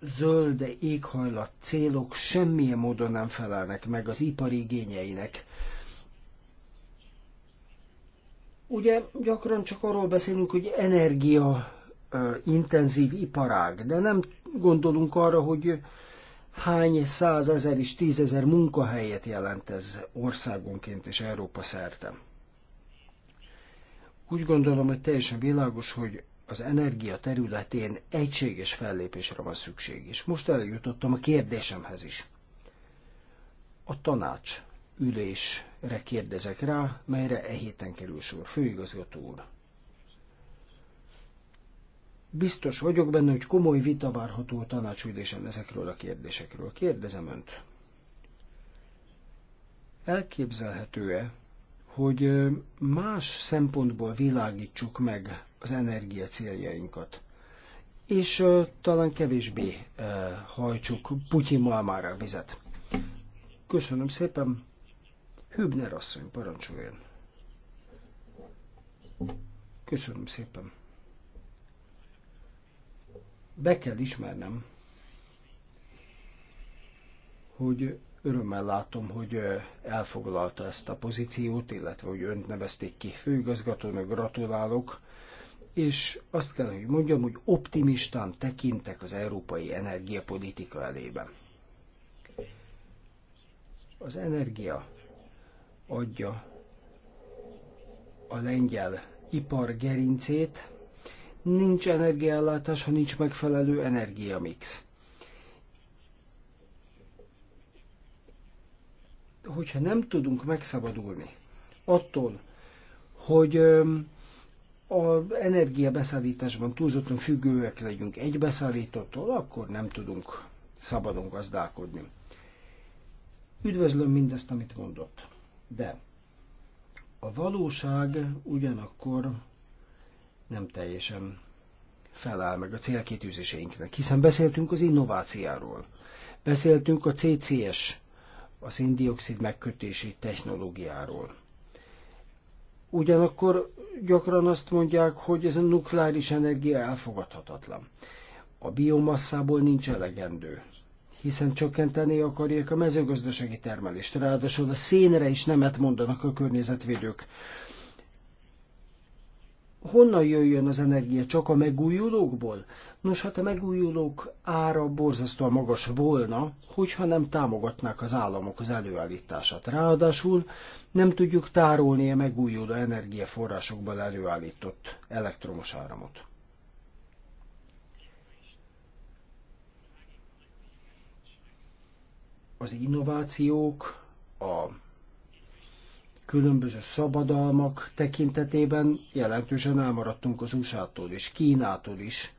zöld éghajlat célok semmilyen módon nem felelnek meg az ipari igényeinek. Ugye gyakran csak arról beszélünk, hogy energia intenzív iparág, de nem gondolunk arra, hogy hány százezer és tízezer munkahelyet jelent ez országonként és Európa szerte. Úgy gondolom, hogy teljesen világos, hogy az energia területén egységes fellépésre van szükség, és most eljutottam a kérdésemhez is. A tanács ülésre kérdezek rá, melyre e héten kerül sor. Főigazgató úr. Biztos vagyok benne, hogy komoly vita várható a tanácsülésen ezekről a kérdésekről. Kérdezem önt. Elképzelhető-e, hogy más szempontból világítsuk meg az energia céljainkat. És uh, talán kevésbé uh, hajtsuk Putyin malmára a vizet. Köszönöm szépen. Hübner asszony, parancsoljon. Köszönöm szépen. Be kell ismernem, hogy örömmel látom, hogy elfoglalta ezt a pozíciót, illetve hogy önt nevezték ki főigazgatónak, gratulálok és azt kell, hogy mondjam, hogy optimistán tekintek az európai energiapolitika elében. Az energia adja a lengyel ipar gerincét, nincs energiállátás, ha nincs megfelelő energiamix. Hogyha nem tudunk megszabadulni attól, hogy a energiabeszállításban túlzottan függőek legyünk egy beszállítótól, akkor nem tudunk szabadon gazdálkodni. Üdvözlöm mindezt, amit mondott. De a valóság ugyanakkor nem teljesen feláll meg a célkitűzéseinknek, hiszen beszéltünk az innovációról, beszéltünk a CCS, a széndiokszid megkötési technológiáról. Ugyanakkor gyakran azt mondják, hogy ez a nukleáris energia elfogadhatatlan. A biomasszából nincs elegendő, hiszen csökkenteni akarják a mezőgazdasági termelést. Ráadásul a szénre is nemet mondanak a környezetvédők honnan jöjjön az energia? Csak a megújulókból? Nos, hát a megújulók ára borzasztóan magas volna, hogyha nem támogatnák az államok az előállítását. Ráadásul nem tudjuk tárolni a megújuló energiaforrásokból előállított elektromos áramot. Az innovációk, a különböző szabadalmak tekintetében jelentősen elmaradtunk az USA-tól és Kínától is.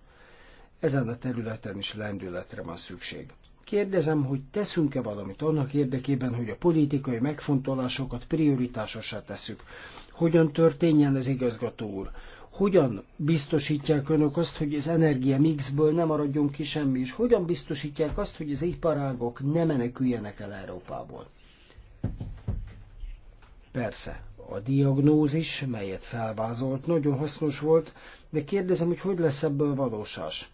Ezen a területen is lendületre van szükség. Kérdezem, hogy teszünk-e valamit annak érdekében, hogy a politikai megfontolásokat prioritásosá tesszük. Hogyan történjen ez igazgató úr? Hogyan biztosítják önök azt, hogy az energia mixből nem maradjon ki semmi, és hogyan biztosítják azt, hogy az iparágok ne meneküljenek el Európából? Persze, a diagnózis, melyet felvázolt, nagyon hasznos volt, de kérdezem, hogy hogy lesz ebből valósás?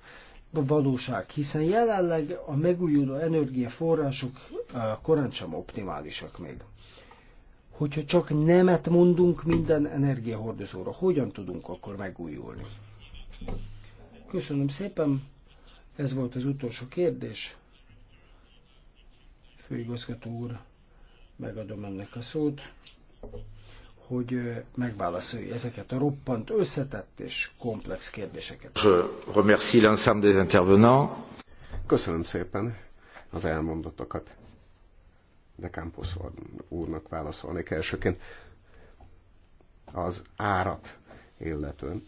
valóság, hiszen jelenleg a megújuló energiaforrások eh, korán sem optimálisak még. Hogyha csak nemet mondunk minden energiahordozóra, hogyan tudunk akkor megújulni? Köszönöm szépen, ez volt az utolsó kérdés. Főigazgató úr, megadom ennek a szót hogy megválaszolja ezeket a roppant összetett és komplex kérdéseket. Je remercie l'ensemble des intervenants. Köszönöm szépen az elmondottakat. De Campos úrnak válaszolnék elsőként az árat illetően.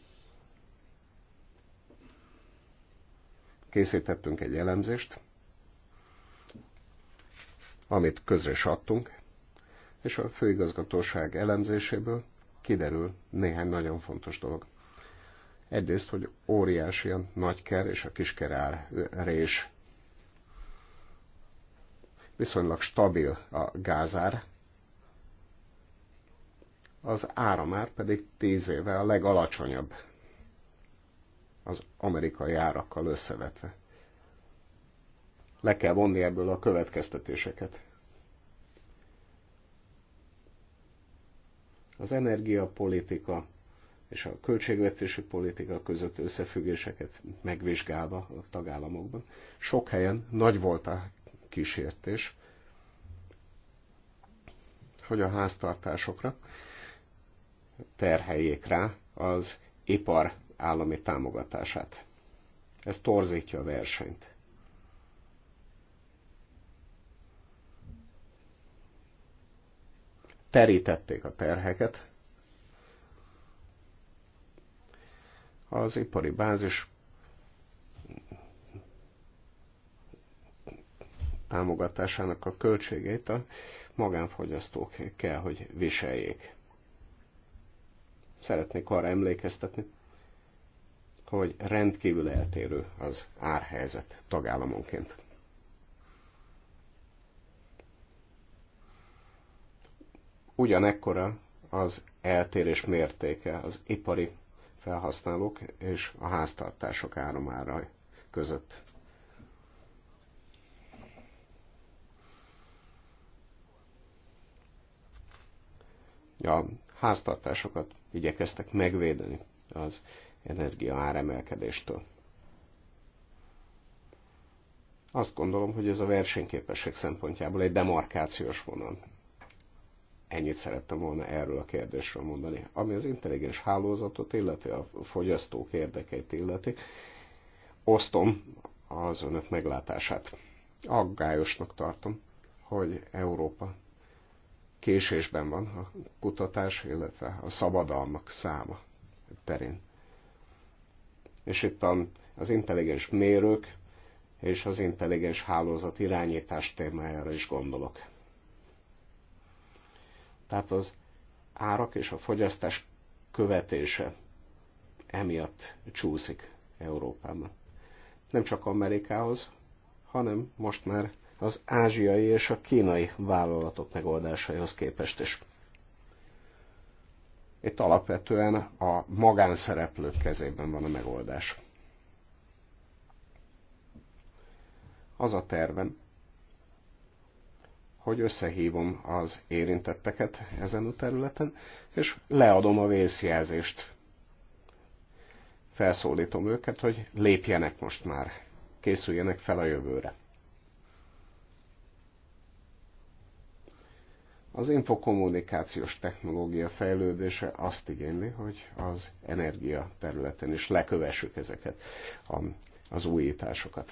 Készítettünk egy elemzést, amit közre adtunk, és a főigazgatóság elemzéséből kiderül néhány nagyon fontos dolog. Egyrészt, hogy óriási a nagyker és a kisker rés. Viszonylag stabil a gázár, az áramár pedig tíz éve a legalacsonyabb az amerikai árakkal összevetve. Le kell vonni ebből a következtetéseket. az energiapolitika és a költségvetési politika között összefüggéseket megvizsgálva a tagállamokban. Sok helyen nagy volt a kísértés, hogy a háztartásokra terheljék rá az ipar állami támogatását. Ez torzítja a versenyt. terítették a terheket. Az ipari bázis támogatásának a költségét a magánfogyasztók kell, hogy viseljék. Szeretnék arra emlékeztetni, hogy rendkívül eltérő az árhelyzet tagállamonként. ugyanekkora az eltérés mértéke az ipari felhasználók és a háztartások áramára között. A háztartásokat igyekeztek megvédeni az energia áremelkedéstől. Azt gondolom, hogy ez a versenyképesség szempontjából egy demarkációs vonal. Ennyit szerettem volna erről a kérdésről mondani. Ami az intelligens hálózatot illeti, a fogyasztók érdekeit illeti, osztom az önök meglátását. Aggályosnak tartom, hogy Európa késésben van a kutatás, illetve a szabadalmak száma terén. És itt az intelligens mérők és az intelligens hálózat irányítás témájára is gondolok. Tehát az árak és a fogyasztás követése emiatt csúszik Európában. Nem csak Amerikához, hanem most már az ázsiai és a kínai vállalatok megoldásaihoz képest is. Itt alapvetően a magánszereplők kezében van a megoldás. Az a tervem, hogy összehívom az érintetteket ezen a területen, és leadom a vészjelzést. Felszólítom őket, hogy lépjenek most már, készüljenek fel a jövőre. Az infokommunikációs technológia fejlődése azt igényli, hogy az energia területen is lekövessük ezeket az újításokat.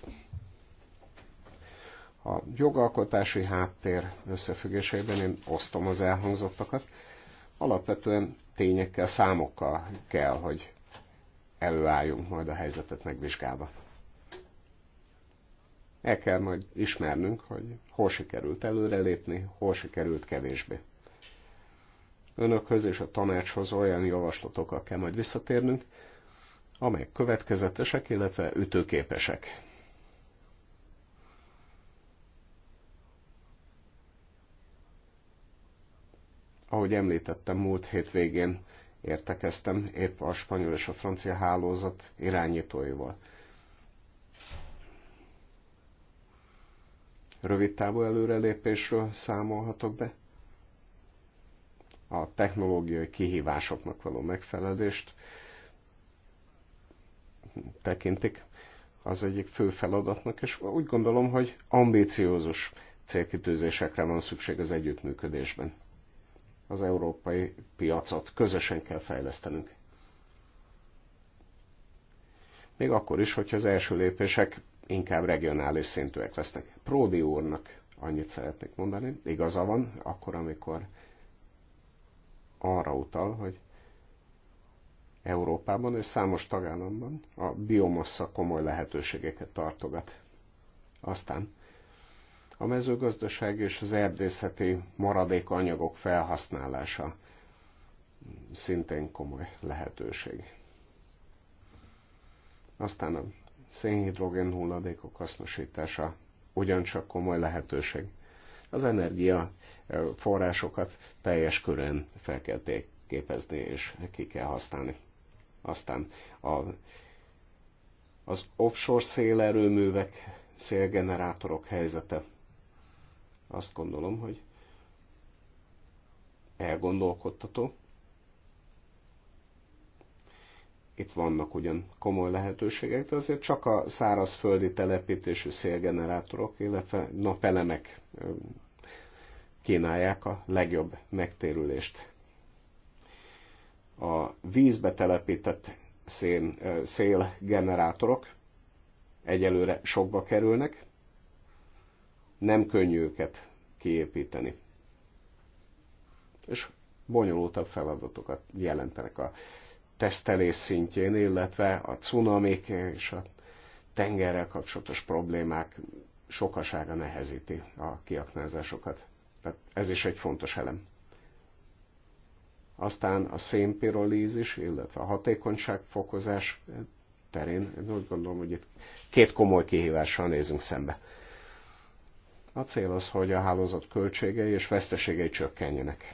A jogalkotási háttér összefüggésében én osztom az elhangzottakat. Alapvetően tényekkel, számokkal kell, hogy előálljunk majd a helyzetet megvizsgálva. El kell majd ismernünk, hogy hol sikerült előrelépni, hol sikerült kevésbé. Önökhöz és a tanácshoz olyan javaslatokkal kell majd visszatérnünk, amelyek következetesek, illetve ütőképesek. Ahogy említettem, múlt hétvégén értekeztem épp a spanyol és a francia hálózat irányítóival. Rövid távú előrelépésről számolhatok be. A technológiai kihívásoknak való megfelelést tekintik az egyik fő feladatnak, és úgy gondolom, hogy ambíciózus célkitűzésekre van szükség az együttműködésben az európai piacot közösen kell fejlesztenünk. Még akkor is, hogyha az első lépések inkább regionális szintűek lesznek. Pródi úrnak annyit szeretnék mondani, igaza van, akkor, amikor arra utal, hogy Európában és számos tagállamban a biomassa komoly lehetőségeket tartogat. Aztán a mezőgazdaság és az erdészeti maradékanyagok felhasználása szintén komoly lehetőség. Aztán a szénhidrogén hulladékok hasznosítása ugyancsak komoly lehetőség. Az energia forrásokat teljes körön fel kell képezni és ki kell használni. Aztán a, az offshore szélerőművek, szélgenerátorok helyzete azt gondolom, hogy elgondolkodtató. Itt vannak ugyan komoly lehetőségek, de azért csak a szárazföldi telepítésű szélgenerátorok, illetve napelemek kínálják a legjobb megtérülést. A vízbe telepített szén, szélgenerátorok egyelőre sokba kerülnek, nem könnyű őket kiépíteni. És bonyolultabb feladatokat jelentenek a tesztelés szintjén, illetve a cunamik és a tengerrel kapcsolatos problémák sokasága nehezíti a kiaknázásokat. Tehát ez is egy fontos elem. Aztán a szénpirolízis, illetve a hatékonyságfokozás terén, én úgy gondolom, hogy itt két komoly kihívással nézünk szembe. A cél az, hogy a hálózat költségei és veszteségei csökkenjenek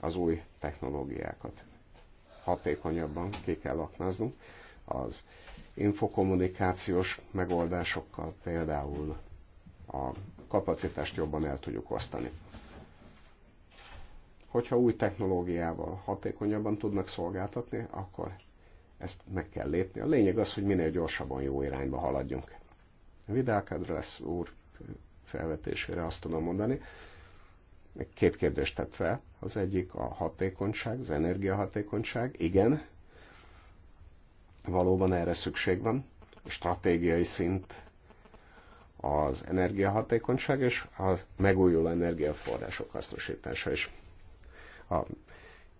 az új technológiákat. Hatékonyabban ki kell aknáznunk az infokommunikációs megoldásokkal például a kapacitást jobban el tudjuk osztani. Hogyha új technológiával hatékonyabban tudnak szolgáltatni, akkor ezt meg kell lépni. A lényeg az, hogy minél gyorsabban jó irányba haladjunk. Vidal lesz úr felvetésére azt tudom mondani. Két kérdést tett fel. Az egyik a hatékonyság, az energiahatékonyság. Igen, valóban erre szükség van. A stratégiai szint az energiahatékonyság és a megújuló energiaforrások hasznosítása is. A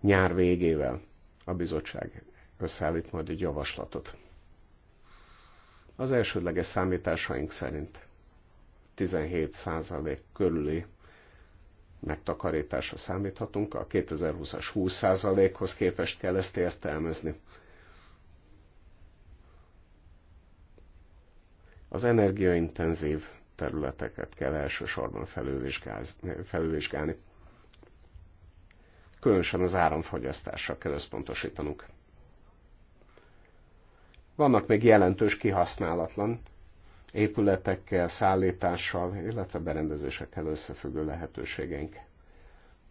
nyár végével a bizottság összeállít majd egy javaslatot. Az elsődleges számításaink szerint 17% körüli megtakarításra számíthatunk, a 2020-as 20%-hoz képest kell ezt értelmezni. Az energiaintenzív területeket kell elsősorban felülvizsgálni. Különösen az áramfogyasztásra kell összpontosítanunk. Vannak még jelentős kihasználatlan épületekkel, szállítással, illetve berendezésekkel összefüggő lehetőségeink.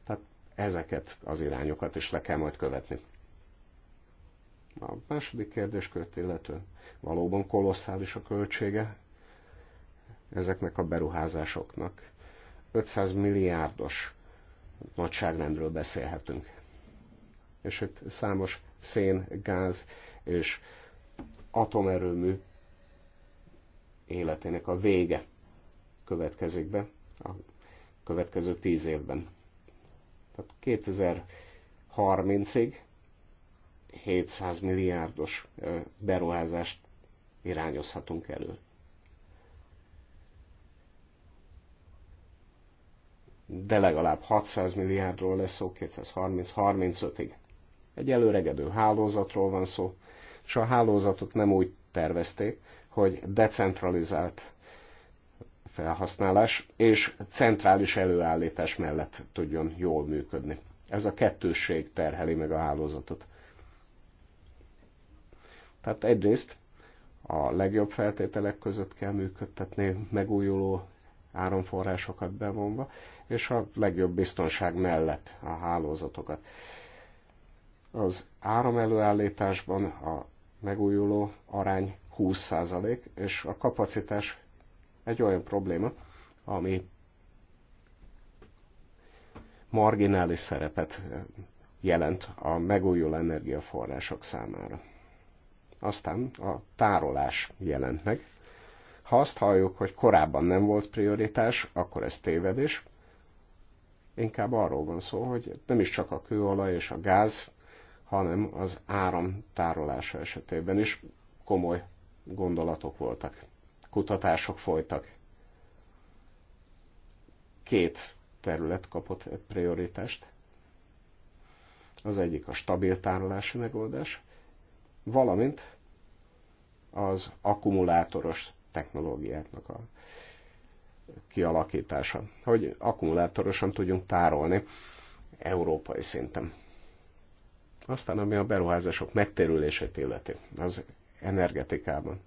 Tehát ezeket az irányokat is le kell majd követni. A második kérdéskört illető valóban kolosszális a költsége ezeknek a beruházásoknak. 500 milliárdos nagyságrendről beszélhetünk. És itt számos szén, gáz és atomerőmű életének a vége következik be a következő tíz évben. Tehát 2030-ig 700 milliárdos beruházást irányozhatunk elő. De legalább 600 milliárdról lesz szó 2030-35-ig. Egy előregedő hálózatról van szó, és a hálózatot nem úgy tervezték, hogy decentralizált felhasználás és centrális előállítás mellett tudjon jól működni. Ez a kettősség terheli meg a hálózatot. Tehát egyrészt a legjobb feltételek között kell működtetni megújuló áramforrásokat bevonva, és a legjobb biztonság mellett a hálózatokat. Az áramelőállításban a megújuló arány 20%, és a kapacitás egy olyan probléma, ami marginális szerepet jelent a megújuló energiaforrások számára. Aztán a tárolás jelent meg. Ha azt halljuk, hogy korábban nem volt prioritás, akkor ez tévedés. Inkább arról van szó, hogy nem is csak a kőolaj és a gáz, hanem az áram tárolása esetében is komoly gondolatok voltak, kutatások folytak. Két terület kapott prioritást. Az egyik a stabil tárolási megoldás, valamint az akkumulátoros technológiáknak a kialakítása, hogy akkumulátorosan tudjunk tárolni európai szinten. Aztán, ami a beruházások megtérülését illeti, az energetikában.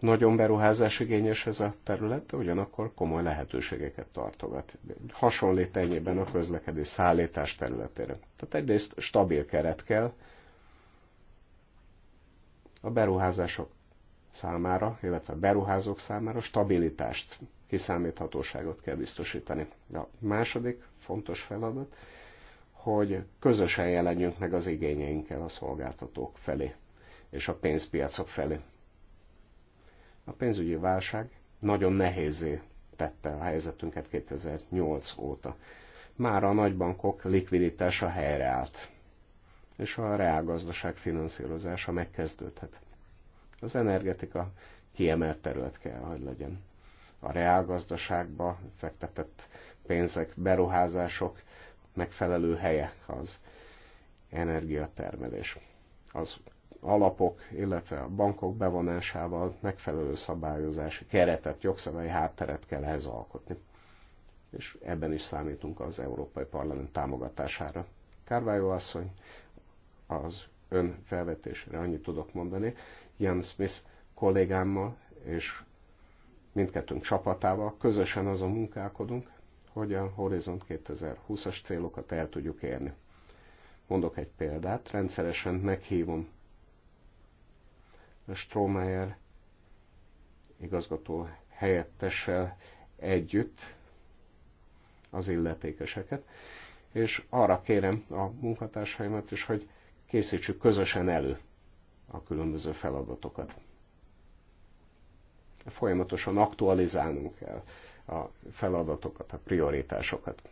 Nagyon beruházás igényes ez a terület, de ugyanakkor komoly lehetőségeket tartogat. Hasonlít ennyiben a közlekedés szállítás területére. Tehát egyrészt stabil keret kell a beruházások számára, illetve a beruházók számára stabilitást, kiszámíthatóságot kell biztosítani. A második fontos feladat hogy közösen jelenjünk meg az igényeinkkel a szolgáltatók felé és a pénzpiacok felé. A pénzügyi válság nagyon nehézé tette a helyzetünket 2008 óta. Már a nagybankok likviditása helyreállt, és a reálgazdaság finanszírozása megkezdődhet. Az energetika kiemelt terület kell, hogy legyen. A reálgazdaságba fektetett pénzek, beruházások megfelelő helye az energiatermelés. Az alapok, illetve a bankok bevonásával megfelelő szabályozási keretet, jogszabályi hátteret kell ehhez alkotni. És ebben is számítunk az Európai Parlament támogatására. Kárvályó asszony, az ön felvetésre annyit tudok mondani. Jan Smith kollégámmal és mindkettőnk csapatával közösen azon munkálkodunk, hogy a Horizont 2020-as célokat el tudjuk érni. Mondok egy példát, rendszeresen meghívom a Stromeyer igazgató helyettessel együtt az illetékeseket, és arra kérem a munkatársaimat is, hogy készítsük közösen elő a különböző feladatokat. Folyamatosan aktualizálnunk kell a feladatokat, a prioritásokat.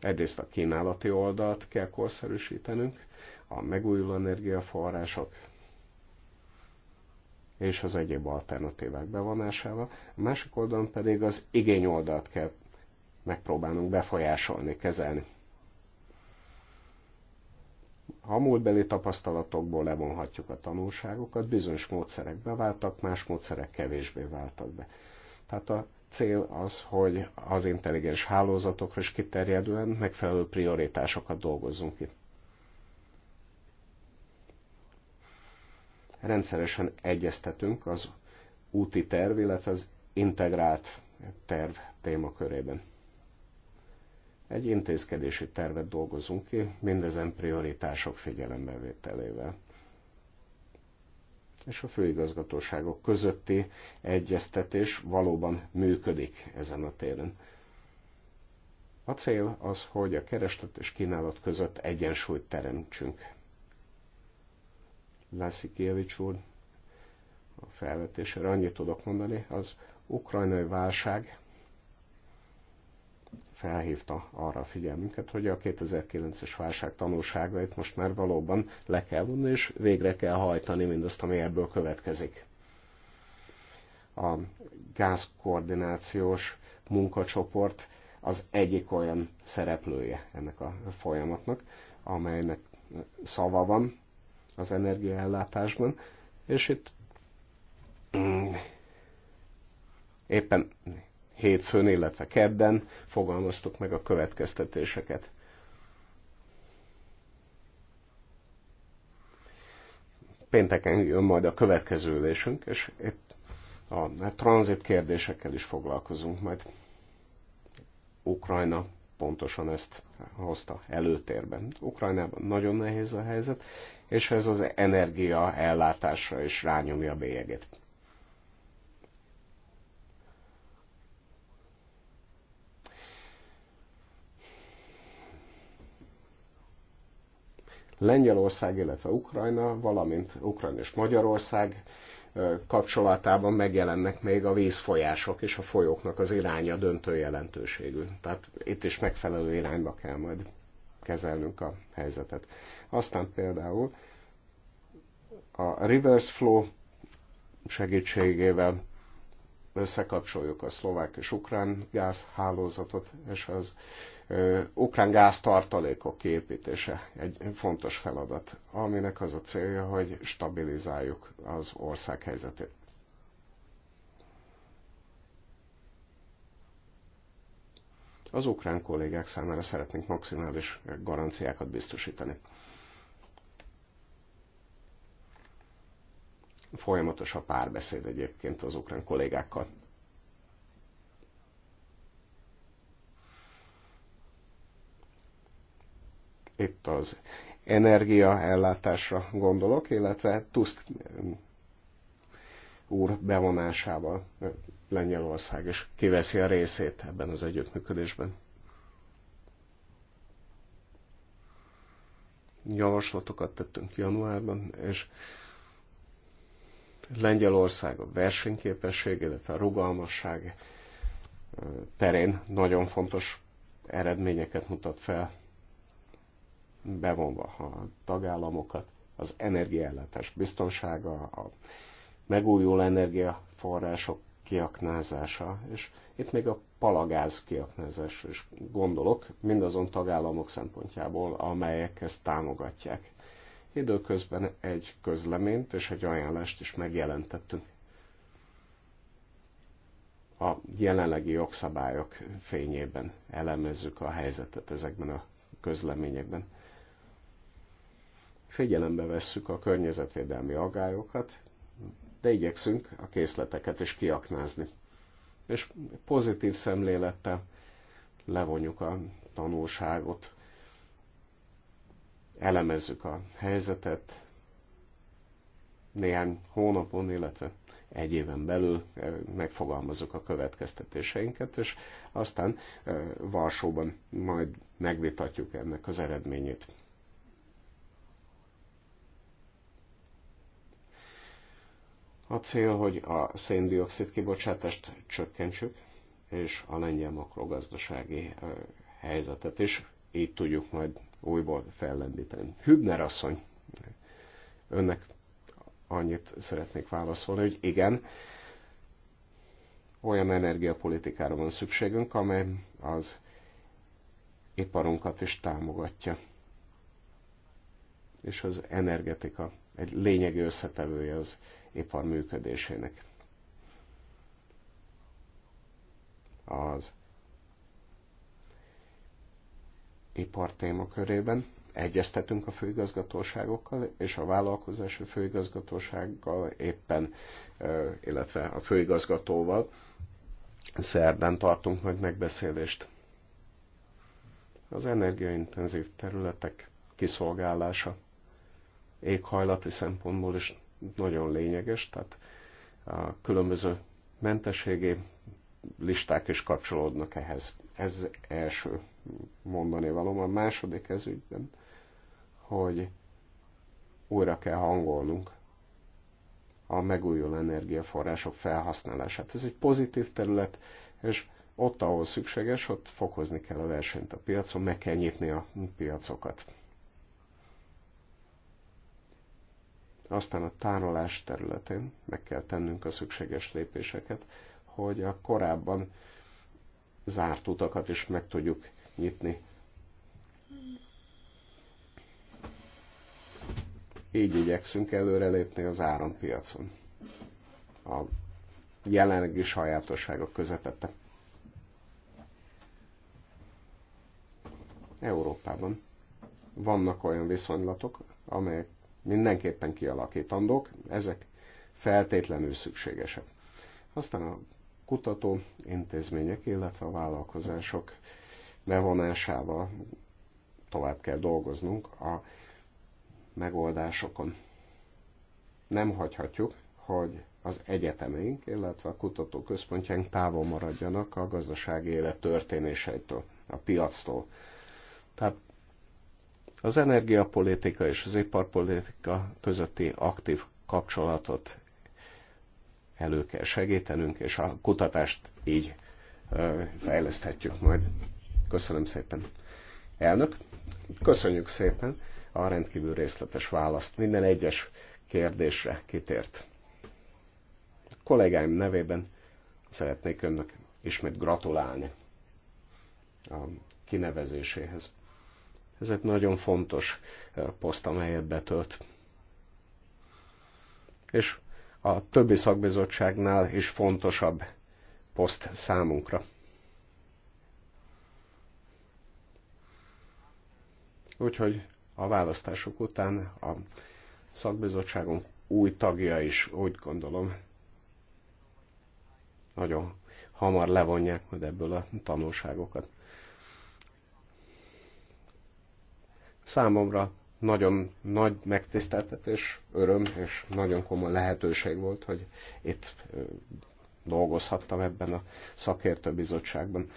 Egyrészt a kínálati oldalt kell korszerűsítenünk, a megújuló energiaforrások és az egyéb alternatívák bevonásával, a másik oldalon pedig az igény oldalt kell megpróbálnunk befolyásolni, kezelni a múltbeli tapasztalatokból levonhatjuk a tanulságokat, bizonyos módszerek beváltak, más módszerek kevésbé váltak be. Tehát a cél az, hogy az intelligens hálózatokra is kiterjedően megfelelő prioritásokat dolgozzunk ki. Rendszeresen egyeztetünk az úti terv, illetve az integrált terv témakörében. Egy intézkedési tervet dolgozunk ki, mindezen prioritások figyelembevételével. És a főigazgatóságok közötti egyeztetés valóban működik ezen a téren. A cél az, hogy a kereslet és kínálat között egyensúlyt teremtsünk. Lászikiewicz úr, a felvetésre annyit tudok mondani, az ukrajnai válság felhívta arra a figyelmünket, hogy a 2009-es válság tanulságait most már valóban le kell vonni, és végre kell hajtani mindazt, ami ebből következik. A gázkoordinációs munkacsoport az egyik olyan szereplője ennek a folyamatnak, amelynek szava van az energiaellátásban, és itt mm, éppen hétfőn, illetve kedden fogalmaztuk meg a következtetéseket. Pénteken jön majd a következő ülésünk, és itt a tranzit kérdésekkel is foglalkozunk majd. Ukrajna pontosan ezt hozta előtérben. Ukrajnában nagyon nehéz a helyzet, és ez az energia ellátásra is rányomja a bélyeget. Lengyelország, illetve Ukrajna, valamint Ukrajna és Magyarország kapcsolatában megjelennek még a vízfolyások és a folyóknak az iránya döntő jelentőségű. Tehát itt is megfelelő irányba kell majd kezelnünk a helyzetet. Aztán például a reverse flow segítségével összekapcsoljuk a szlovák és ukrán gázhálózatot, és az ö, ukrán gáztartalékok kiépítése egy fontos feladat, aminek az a célja, hogy stabilizáljuk az ország helyzetét. Az ukrán kollégák számára szeretnénk maximális garanciákat biztosítani. Folyamatos a párbeszéd egyébként az ukrán kollégákkal. Itt az energiaellátásra gondolok, illetve Tusk mm, úr bevonásával Lengyelország is kiveszi a részét ebben az együttműködésben. Javaslatokat tettünk januárban, és Lengyelország a versenyképessége, illetve a rugalmasság terén nagyon fontos eredményeket mutat fel, bevonva a tagállamokat, az energiaellátás biztonsága, a megújuló energiaforrások kiaknázása, és itt még a palagáz kiaknázás is gondolok, mindazon tagállamok szempontjából, amelyek ezt támogatják. Időközben egy közleményt és egy ajánlást is megjelentettünk. A jelenlegi jogszabályok fényében elemezzük a helyzetet ezekben a közleményekben. Figyelembe vesszük a környezetvédelmi agályokat, de igyekszünk a készleteket is kiaknázni. És pozitív szemlélettel levonjuk a tanulságot elemezzük a helyzetet, néhány hónapon, illetve egy éven belül eh, megfogalmazok a következtetéseinket, és aztán eh, Varsóban majd megvitatjuk ennek az eredményét. A cél, hogy a széndiokszid kibocsátást csökkentsük, és a lengyel makrogazdasági eh, helyzetet is így tudjuk majd újból fellendíteni. Hübner asszony, önnek annyit szeretnék válaszolni, hogy igen, olyan energiapolitikára van szükségünk, amely az iparunkat is támogatja. És az energetika egy lényegi összetevője az ipar működésének. Az ipar témakörében. Egyeztetünk a főigazgatóságokkal, és a vállalkozási főigazgatósággal éppen, illetve a főigazgatóval szerdán tartunk majd megbeszélést. Az energiaintenzív területek kiszolgálása éghajlati szempontból is nagyon lényeges, tehát a különböző mentességi listák is kapcsolódnak ehhez. Ez első mondani valóm. A második ez hogy újra kell hangolnunk a megújuló energiaforrások felhasználását. Ez egy pozitív terület, és ott, ahol szükséges, ott fokozni kell a versenyt a piacon, meg kell nyitni a piacokat. Aztán a tárolás területén meg kell tennünk a szükséges lépéseket, hogy a korábban zárt utakat is meg tudjuk nyitni. Így igyekszünk előrelépni az árampiacon. A jelenlegi sajátosságok közepette. Európában vannak olyan viszonylatok, amelyek mindenképpen kialakítandók, ezek feltétlenül szükségesek. Aztán a kutató intézmények, illetve a vállalkozások bevonásával tovább kell dolgoznunk a megoldásokon. Nem hagyhatjuk, hogy az egyetemeink, illetve a kutatóközpontjaink távol maradjanak a gazdasági élet történéseitől, a piactól. Tehát az energiapolitika és az iparpolitika közötti aktív kapcsolatot elő kell segítenünk, és a kutatást így fejleszthetjük majd. Köszönöm szépen. Elnök, köszönjük szépen a rendkívül részletes választ. Minden egyes kérdésre kitért. A kollégáim nevében szeretnék önnek ismét gratulálni a kinevezéséhez. Ez egy nagyon fontos poszt, amelyet betölt. És a többi szakbizottságnál is fontosabb poszt számunkra. Úgyhogy a választások után a szakbizottságunk új tagja is úgy gondolom nagyon hamar levonják majd ebből a tanulságokat. Számomra nagyon nagy megtiszteltetés, öröm és nagyon komoly lehetőség volt, hogy itt dolgozhattam ebben a szakértőbizottságban.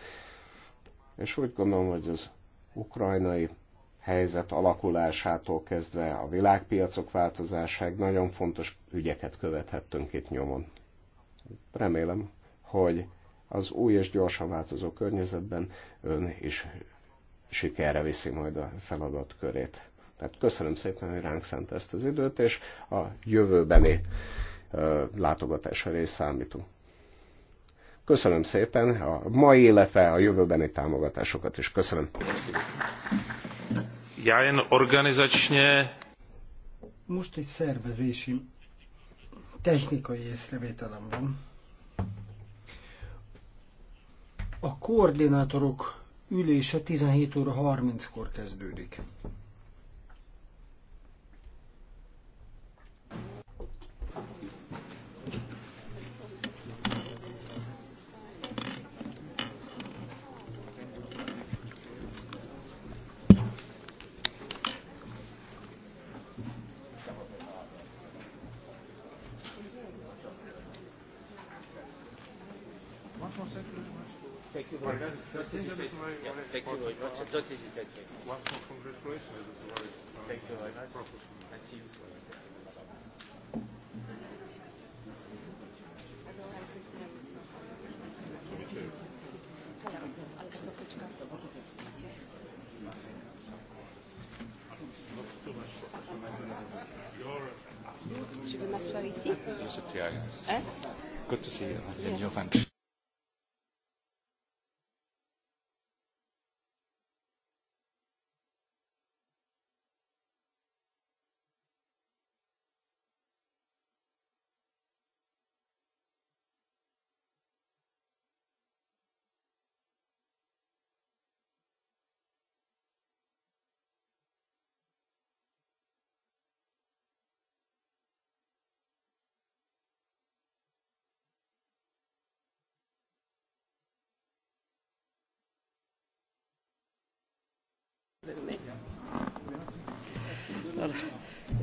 És úgy gondolom, hogy az ukrajnai helyzet alakulásától kezdve a világpiacok változásáig nagyon fontos ügyeket követhettünk itt nyomon. Remélem, hogy az új és gyorsan változó környezetben ön is sikerre viszi majd a feladat körét. Tehát köszönöm szépen, hogy ránk szent ezt az időt, és a jövőbeni ö, látogatásra rész számítunk. Köszönöm szépen a mai, illetve a jövőbeni támogatásokat is. Köszönöm já jen organizačně... Most egy szervezési technikai észrevételem van. A koordinátorok ülése 17 óra 30-kor kezdődik. Don't hesitate. One more congratulations. Thank you very much. And see you soon. Je vais m'asseoir ici. Good to see you. Yes.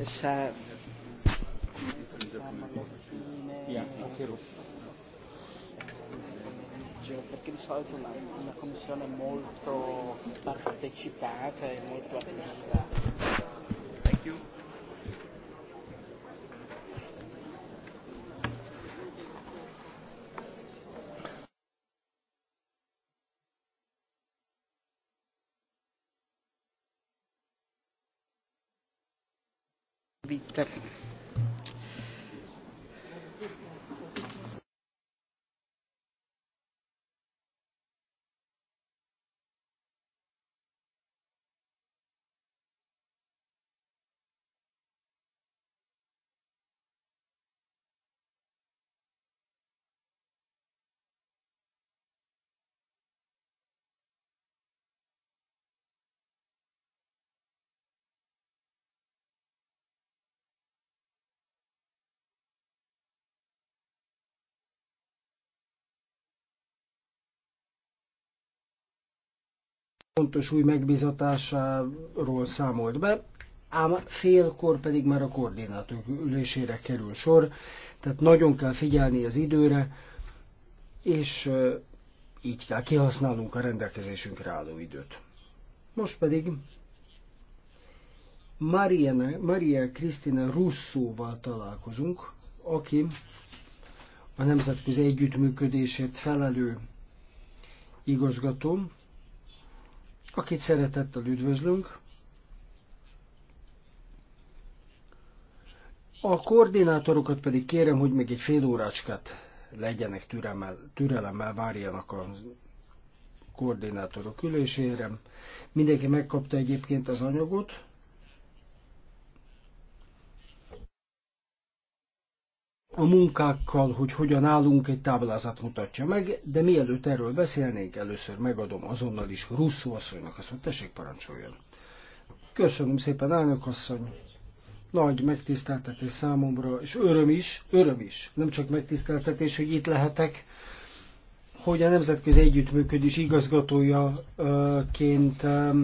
essa eh, perché di solito è una, una commissione molto partecipata e molto attiva Köszönöm. fontos új megbizatásáról számolt be, ám félkor pedig már a koordinátor ülésére kerül sor, tehát nagyon kell figyelni az időre, és így kell kihasználnunk a rendelkezésünkre álló időt. Most pedig Marianne, Maria Kristina Russzóval találkozunk, aki a nemzetközi együttműködésért felelő igazgató, akit szeretettel üdvözlünk. A koordinátorokat pedig kérem, hogy még egy fél órácskát legyenek türelemmel, türelemmel várjanak a koordinátorok ülésére. Mindenki megkapta egyébként az anyagot, a munkákkal, hogy hogyan állunk, egy táblázat mutatja meg, de mielőtt erről beszélnénk, először megadom azonnal is Russzó asszonynak azt, hogy tessék parancsoljon. Köszönöm szépen, elnök asszony! Nagy megtiszteltetés számomra, és öröm is, öröm is, nem csak megtiszteltetés, hogy itt lehetek, hogy a Nemzetközi Együttműködés igazgatójaként ehm,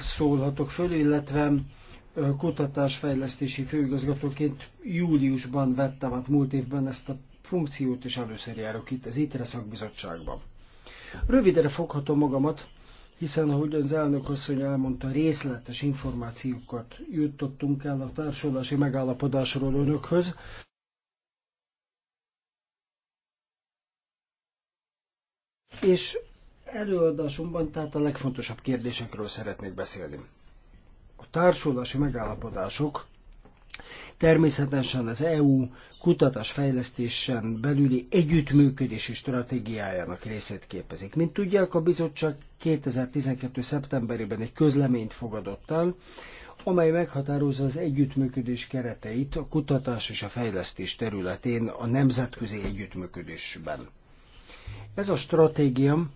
szólhatok föl, illetve kutatásfejlesztési főigazgatóként júliusban vettem át múlt évben ezt a funkciót, és először járok itt az ITRE szakbizottságban. Rövidre foghatom magamat, hiszen ahogy az elnök asszony elmondta, részletes információkat juttattunk el a társulási megállapodásról önökhöz. És előadásomban tehát a legfontosabb kérdésekről szeretnék beszélni. A társulási megállapodások természetesen az EU kutatásfejlesztésen belüli együttműködési stratégiájának részét képezik. Mint tudják, a bizottság 2012. szeptemberében egy közleményt fogadott el, amely meghatározza az együttműködés kereteit a kutatás és a fejlesztés területén a nemzetközi együttműködésben. Ez a stratégia,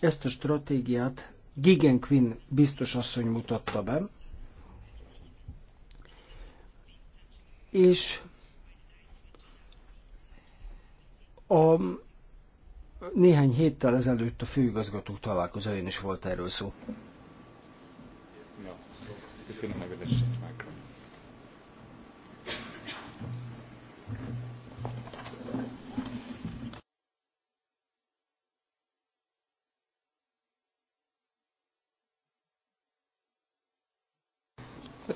ezt a stratégiát Gigen Quinn biztos asszony mutatta be, és a néhány héttel ezelőtt a főigazgató találkozóján is volt erről szó. Köszönöm, megvezetett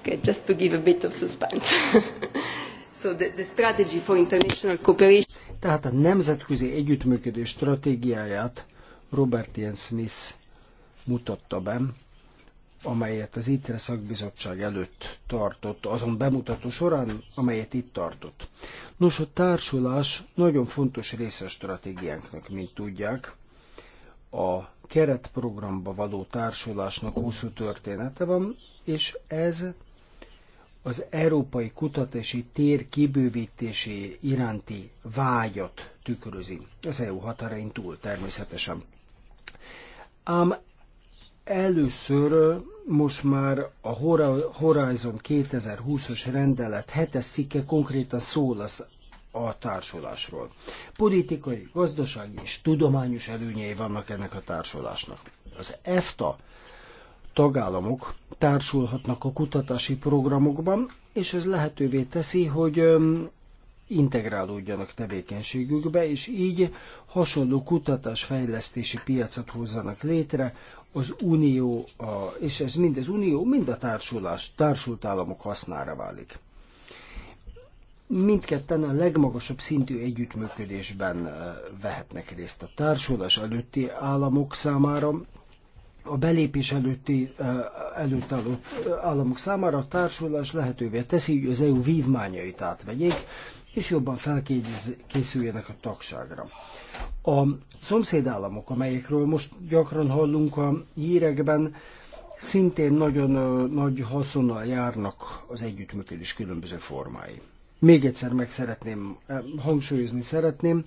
Okay, just to give a bit of suspense. so the, the strategy for international cooperation. Tehát a nemzetközi együttműködés stratégiáját Robert Ian Smith mutatta be, amelyet az ITRE szakbizottság előtt tartott, azon bemutató során, amelyet itt tartott. Nos, a társulás nagyon fontos része a stratégiánknak, mint tudják. A keretprogramba való társulásnak hosszú története van, és ez az európai kutatási tér kibővítésé iránti vágyat tükrözi, az EU határain túl természetesen. Ám először most már a Horizon 2020 os rendelet hetes szikke konkrétan szól az a társulásról. Politikai, gazdasági és tudományos előnyei vannak ennek a társulásnak. Az EFTA tagállamok társulhatnak a kutatási programokban, és ez lehetővé teszi, hogy integrálódjanak tevékenységükbe, és így hasonló kutatásfejlesztési piacot hozzanak létre az Unió, a, és ez mind az Unió, mind a társulás, társult államok hasznára válik. Mindketten a legmagasabb szintű együttműködésben vehetnek részt a társulás előtti államok számára, a belépés előtti előtt álló államok számára a társulás lehetővé teszi, hogy az EU vívmányait átvegyék, és jobban felkészüljenek a tagságra. A szomszédállamok, amelyekről most gyakran hallunk a hírekben, szintén nagyon nagy haszonnal járnak az együttműködés különböző formái. Még egyszer meg szeretném, hangsúlyozni szeretném,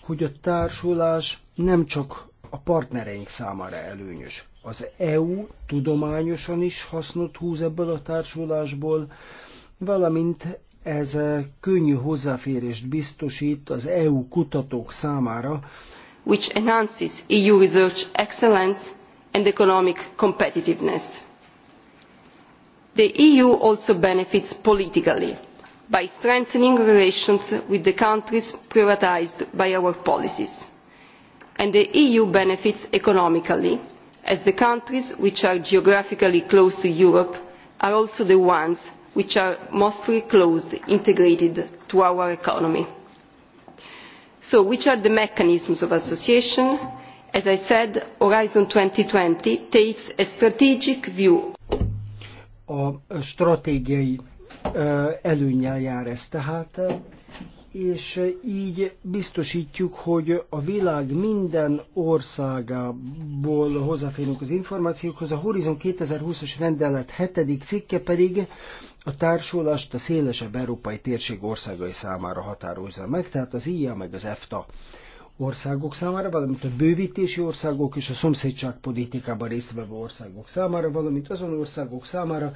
hogy a társulás nem csak a partnereink számára előnyös. Az EU tudományosan is hasznot húz ebből a társulásból, valamint ez könnyű hozzáférést biztosít az EU kutatók számára, which enhances EU research excellence and economic competitiveness. The EU also benefits politically by strengthening relations with the countries privatized by our policies and the eu benefits economically as the countries which are geographically close to europe are also the ones which are mostly closely integrated to our economy. so which are the mechanisms of association? as i said horizon two thousand and twenty takes a strategic view. a stratégiai előnyel jár ez tehát és így biztosítjuk, hogy a világ minden országából hozzáférünk az információkhoz. A Horizon 2020-as rendelet hetedik cikke pedig a társulást a szélesebb európai térség országai számára határozza meg, tehát az IA meg az EFTA országok számára, valamint a bővítési országok és a szomszédságpolitikában résztvevő országok számára, valamint azon országok számára,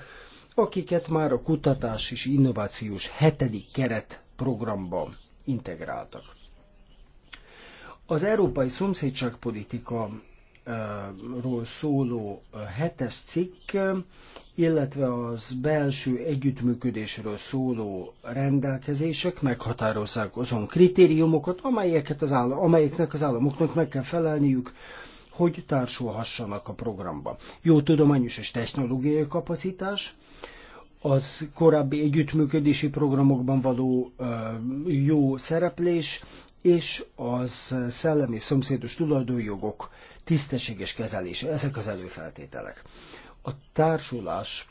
akiket már a kutatás és innovációs hetedik keret programba integráltak. Az európai szomszédságpolitika eh, ról szóló eh, hetes cikk, illetve az belső együttműködésről szóló rendelkezések meghatározzák azon kritériumokat, amelyeket az állam, amelyeknek az államoknak meg kell felelniük, hogy társulhassanak a programba. Jó tudományos és technológiai kapacitás, az korábbi együttműködési programokban való jó szereplés, és az szellemi szomszédos tulajdonjogok tisztességes kezelése. Ezek az előfeltételek. A társulásban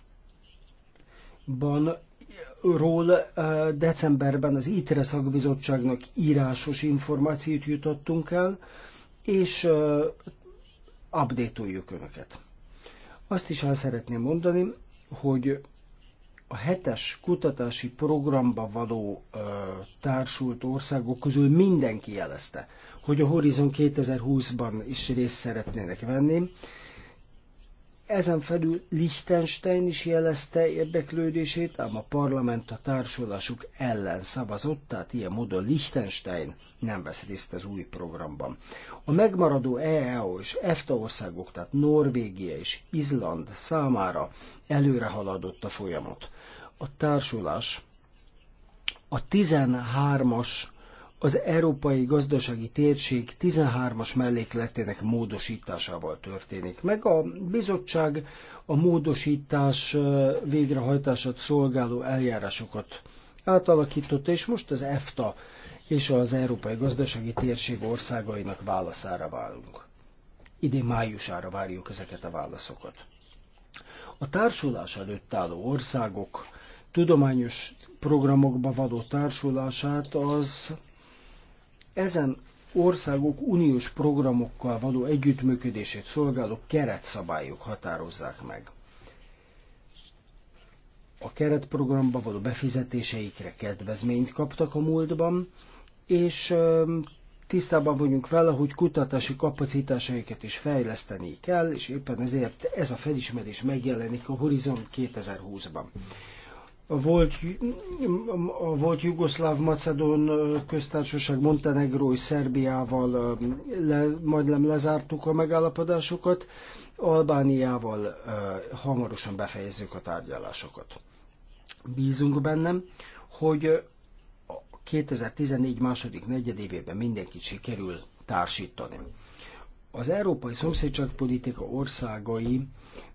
ról decemberben az ITRE szakbizottságnak írásos információt jutottunk el, és updatoljuk Önöket. Azt is el szeretném mondani, hogy a hetes kutatási programba való ö, társult országok közül mindenki jelezte, hogy a Horizon 2020-ban is részt szeretnének venni. Ezen felül Liechtenstein is jelezte érdeklődését, ám a parlament a társulásuk ellen szavazott, tehát ilyen módon Liechtenstein nem vesz részt az új programban. A megmaradó EEO és EFTA országok, tehát Norvégia és Izland számára előre haladott a folyamat a társulás. A 13-as az Európai Gazdasági Térség 13-as mellékletének módosításával történik. Meg a bizottság a módosítás végrehajtását szolgáló eljárásokat átalakította, és most az EFTA és az Európai Gazdasági Térség országainak válaszára válunk. Idén májusára várjuk ezeket a válaszokat. A társulás előtt álló országok tudományos programokba vadó társulását az ezen országok uniós programokkal való együttműködését szolgáló keretszabályok határozzák meg. A keretprogramba való befizetéseikre kedvezményt kaptak a múltban, és tisztában vagyunk vele, hogy kutatási kapacitásaikat is fejleszteni kell, és éppen ezért ez a felismerés megjelenik a Horizon 2020-ban volt, a volt Jugoszláv-Macedón köztársaság Montenegrói Szerbiával le, majdnem lezártuk a megállapodásokat, Albániával hamarosan befejezzük a tárgyalásokat. Bízunk bennem, hogy a 2014 második negyedévében mindenkit sikerül társítani. Az európai szomszédságpolitika országai,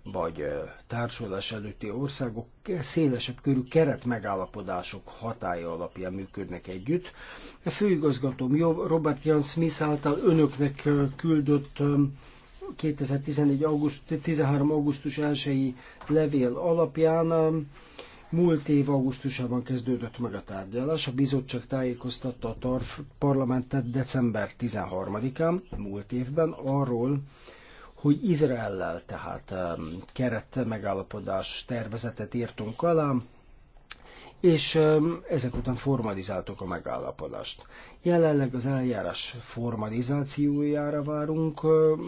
vagy társulás előtti országok szélesebb körű keretmegállapodások hatája alapján működnek együtt. A főigazgatóm Robert Jan Smith által önöknek küldött 2011. Augusztus, 13. augusztus 1-i levél alapján Múlt év augusztusában kezdődött meg a tárgyalás, a bizottság tájékoztatta a TARF parlamentet december 13-án, múlt évben, arról, hogy izrael tehát keret megállapodás tervezetet írtunk alá, és ezek után formalizáltuk a megállapodást. Jelenleg az eljárás formalizációjára várunk,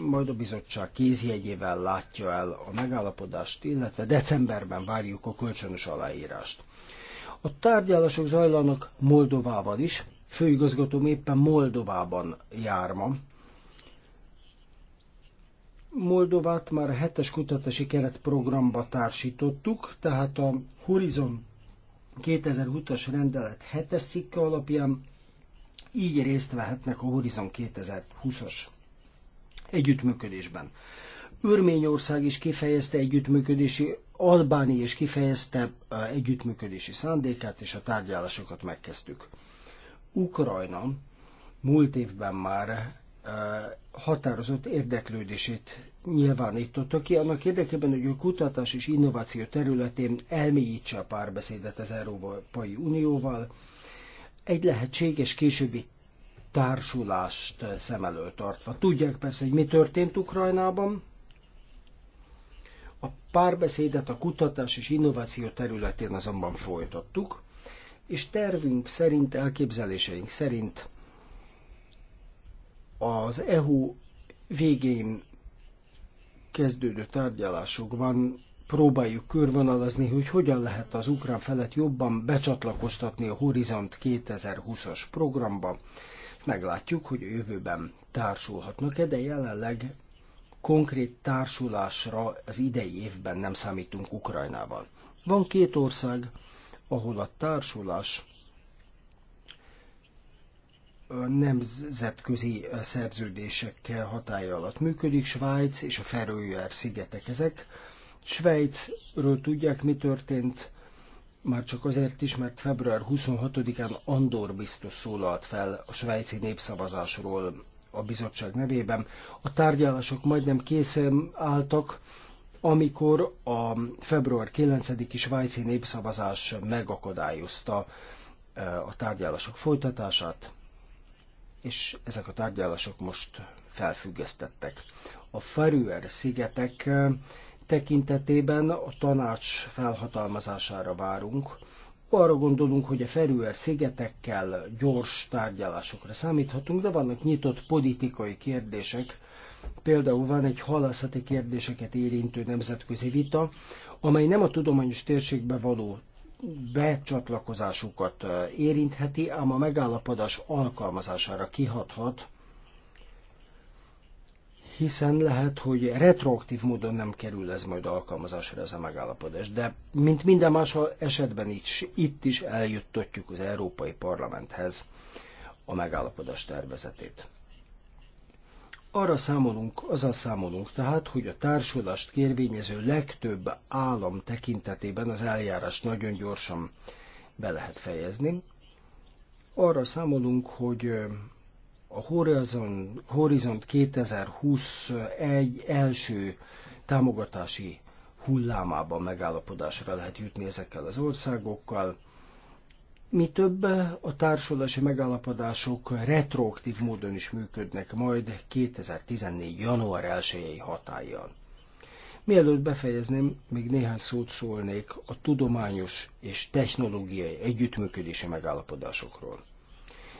majd a bizottság kézjegyével látja el a megállapodást, illetve decemberben várjuk a kölcsönös aláírást. A tárgyalások zajlanak Moldovával is, főigazgatóm éppen Moldovában jár ma. Moldovát már a hetes kutatási keretprogramba társítottuk, tehát a Horizon 2020-as rendelet 7 szikke alapján így részt vehetnek a Horizon 2020-as együttműködésben. Örményország is kifejezte együttműködési, Albáni is kifejezte együttműködési szándékát, és a tárgyalásokat megkezdtük. Ukrajna múlt évben már határozott érdeklődését nyilvánította ki, annak érdekében, hogy a kutatás és innováció területén elmélyítse a párbeszédet az Európai Unióval, egy lehetséges későbbi társulást szem elől tartva. Tudják persze, hogy mi történt Ukrajnában. A párbeszédet a kutatás és innováció területén azonban folytattuk, és tervünk szerint, elképzeléseink szerint az EU végén kezdődő tárgyalásokban próbáljuk körvonalazni, hogy hogyan lehet az ukrán felet jobban becsatlakoztatni a Horizont 2020-as programba. Meglátjuk, hogy a jövőben társulhatnak-e, de jelenleg konkrét társulásra az idei évben nem számítunk Ukrajnával. Van két ország, ahol a társulás nemzetközi szerződésekkel hatája alatt működik, Svájc és a Ferőjár szigetek ezek. Svájcről tudják, mi történt, már csak azért is, mert február 26-án Andor biztos szólalt fel a svájci népszavazásról a bizottság nevében. A tárgyalások majdnem készen álltak, amikor a február 9-i svájci népszavazás megakadályozta eh, a tárgyalások folytatását és ezek a tárgyalások most felfüggesztettek. A ferüer szigetek eh, tekintetében a tanács felhatalmazására várunk. Arra gondolunk, hogy a ferüer szigetekkel gyors tárgyalásokra számíthatunk, de vannak nyitott politikai kérdések, Például van egy halászati kérdéseket érintő nemzetközi vita, amely nem a tudományos térségbe való becsatlakozásukat eh, érintheti, ám a megállapodás alkalmazására kihathat, hiszen lehet, hogy retroaktív módon nem kerül ez majd alkalmazásra ez a megállapodás. De mint minden más esetben is, itt is eljuttatjuk az Európai Parlamenthez a megállapodás tervezetét arra számolunk, azzal számolunk tehát, hogy a társulást kérvényező legtöbb állam tekintetében az eljárás nagyon gyorsan be lehet fejezni. Arra számolunk, hogy a Horizon, Horizont 2021 első támogatási hullámában megállapodásra lehet jutni ezekkel az országokkal, mi több, a társulási megállapodások retroaktív módon is működnek majd 2014. január 1-i Mielőtt befejezném, még néhány szót szólnék a tudományos és technológiai együttműködési megállapodásokról.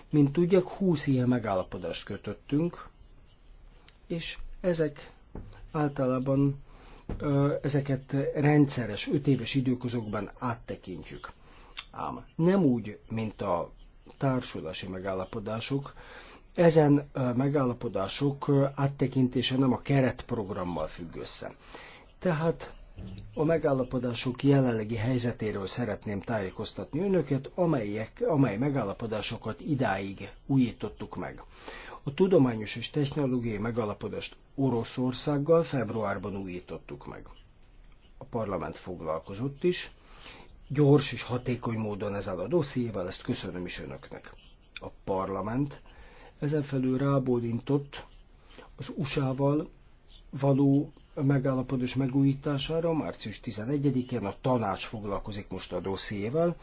Mint tudják, 20 ilyen megállapodást kötöttünk, és ezek általában ezeket rendszeres, 5 éves időközökben áttekintjük. Ám nem úgy, mint a társulási megállapodások, ezen megállapodások áttekintése nem a keretprogrammal függ össze. Tehát a megállapodások jelenlegi helyzetéről szeretném tájékoztatni önöket, amelyek, amely megállapodásokat idáig újítottuk meg. A tudományos és technológiai megállapodást Oroszországgal februárban újítottuk meg. A parlament foglalkozott is gyors és hatékony módon ezzel a dossziéval, ezt köszönöm is önöknek. A parlament ezen felül rábólintott az USA-val való megállapodás megújítására március 11-én a tanács foglalkozik most a dossziéval.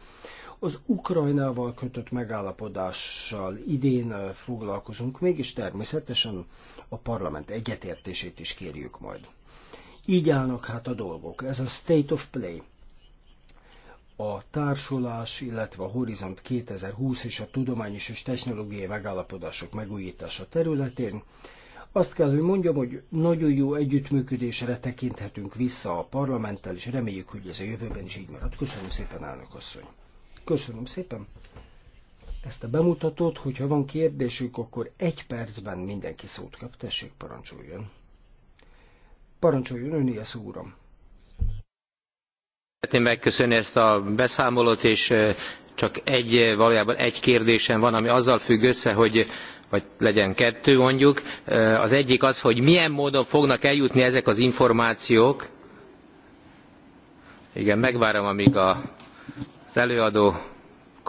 Az Ukrajnával kötött megállapodással idén eh, foglalkozunk még, és természetesen a parlament egyetértését is kérjük majd. Így állnak hát a dolgok. Ez a state of play a társulás, illetve a Horizont 2020 és a tudományos és technológiai megállapodások megújítása területén. Azt kell, hogy mondjam, hogy nagyon jó együttműködésre tekinthetünk vissza a parlamenttel, és reméljük, hogy ez a jövőben is így marad. Köszönöm szépen, elnök asszony. Köszönöm szépen ezt a bemutatót, hogyha van kérdésük, akkor egy percben mindenki szót kap, tessék parancsoljon. Parancsoljon öné a szó, uram. Szeretném megköszönni ezt a beszámolót, és csak egy, valójában egy kérdésem van, ami azzal függ össze, hogy vagy legyen kettő mondjuk. Az egyik az, hogy milyen módon fognak eljutni ezek az információk. Igen, megvárom, amíg a, az előadó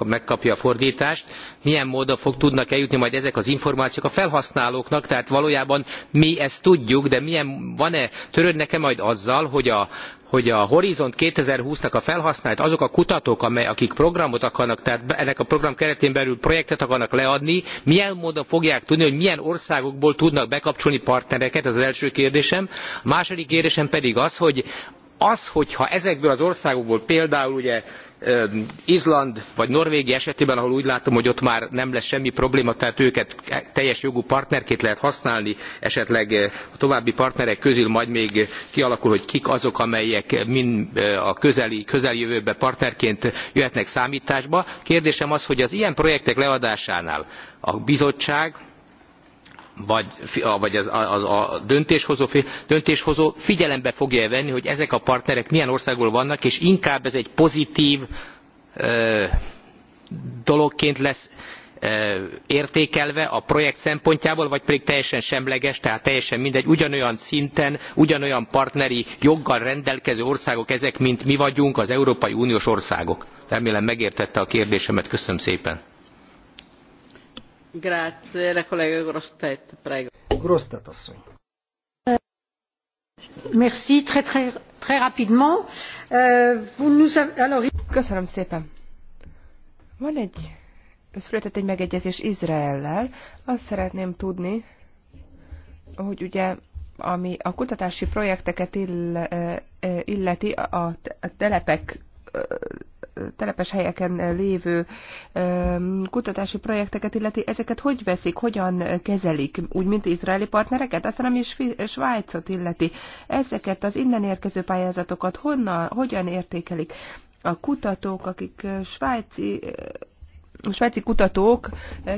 megkapja a fordtást milyen módon fog, tudnak eljutni majd ezek az információk a felhasználóknak tehát valójában mi ezt tudjuk de milyen, van e törődnek e majd azzal hogy a hogy a Horizont 2020 nak a felhasznált azok a kutatók, amely, akik programot akarnak, tehát ennek a program keretén belül projektet akarnak leadni, milyen módon fogják tudni, hogy milyen országokból tudnak bekapcsolni partnereket, ez az első kérdésem. A második kérdésem pedig az, hogy az hogyha ezekből az országokból például ugye izland vagy norvégia esetében ahol úgy látom hogy ott már nem lesz semmi probléma tehát őket e, teljes jogú partnerként lehet használni esetleg a további partnerek közül majd még kialakul hogy kik azok amelyek mind a közeli közeljövőben partnerként jöhetnek számtásba kérdésem az hogy az ilyen projektek leadásánál a bizottság vagy, vagy az, az, a döntéshozó, döntéshozó figyelembe fogja -e venni, hogy ezek a partnerek milyen országból vannak, és inkább ez egy pozitív ö, dologként lesz ö, értékelve a projekt szempontjából, vagy pedig teljesen semleges, tehát teljesen mindegy, ugyanolyan szinten, ugyanolyan partneri joggal rendelkező országok ezek, mint mi vagyunk, az Európai Uniós országok. Remélem megértette a kérdésemet, köszönöm szépen. Köszönöm szépen. Van egy, született egy megegyezés Izraellel. Azt szeretném tudni, hogy ugye ami a kutatási projekteket illeti, a telepek telepes helyeken lévő kutatási projekteket illeti, ezeket hogy veszik, hogyan kezelik, úgy, mint izraeli partnereket, aztán ami Svájcot illeti, ezeket az innen érkező pályázatokat honnan, hogyan értékelik a kutatók, akik eh, svájci a eh, svájci kutatók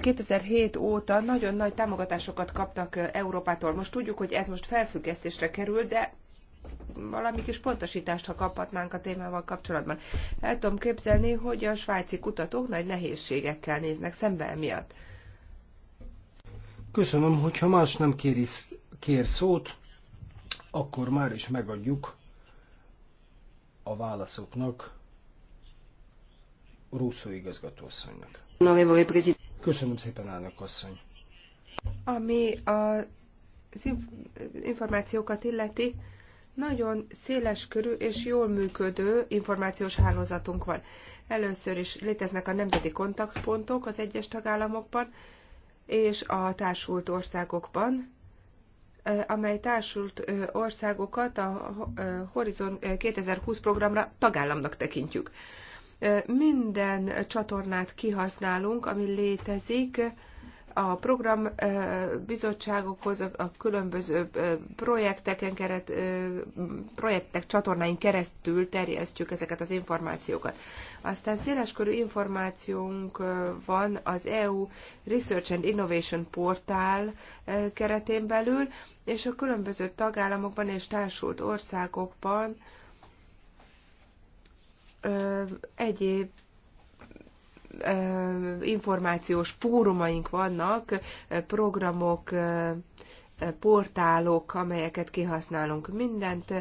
2007 eh, óta nagyon nagy támogatásokat kaptak Európától. Most tudjuk, hogy ez most felfüggesztésre kerül, de valami kis pontosítást, ha kaphatnánk a témával kapcsolatban. El tudom képzelni, hogy a svájci kutatók nagy nehézségekkel néznek szembe emiatt. Köszönöm, hogyha más nem kéri, kér szót, akkor már is megadjuk a válaszoknak Rúszó igazgatóasszonynak. Köszönöm szépen, elnök asszony. Ami a, az információkat illeti, nagyon széles körű és jól működő információs hálózatunk van. Először is léteznek a nemzeti kontaktpontok az egyes tagállamokban és a társult országokban, amely társult országokat a Horizon 2020 programra tagállamnak tekintjük. Minden csatornát kihasználunk, ami létezik, a program bizottságokhoz a különböző projekteken keret, projektek csatornáin keresztül terjesztjük ezeket az információkat. Aztán széleskörű információnk van az EU Research and Innovation portál keretén belül, és a különböző tagállamokban és társult országokban egyéb információs fórumaink vannak, programok, portálok, amelyeket kihasználunk. Mindent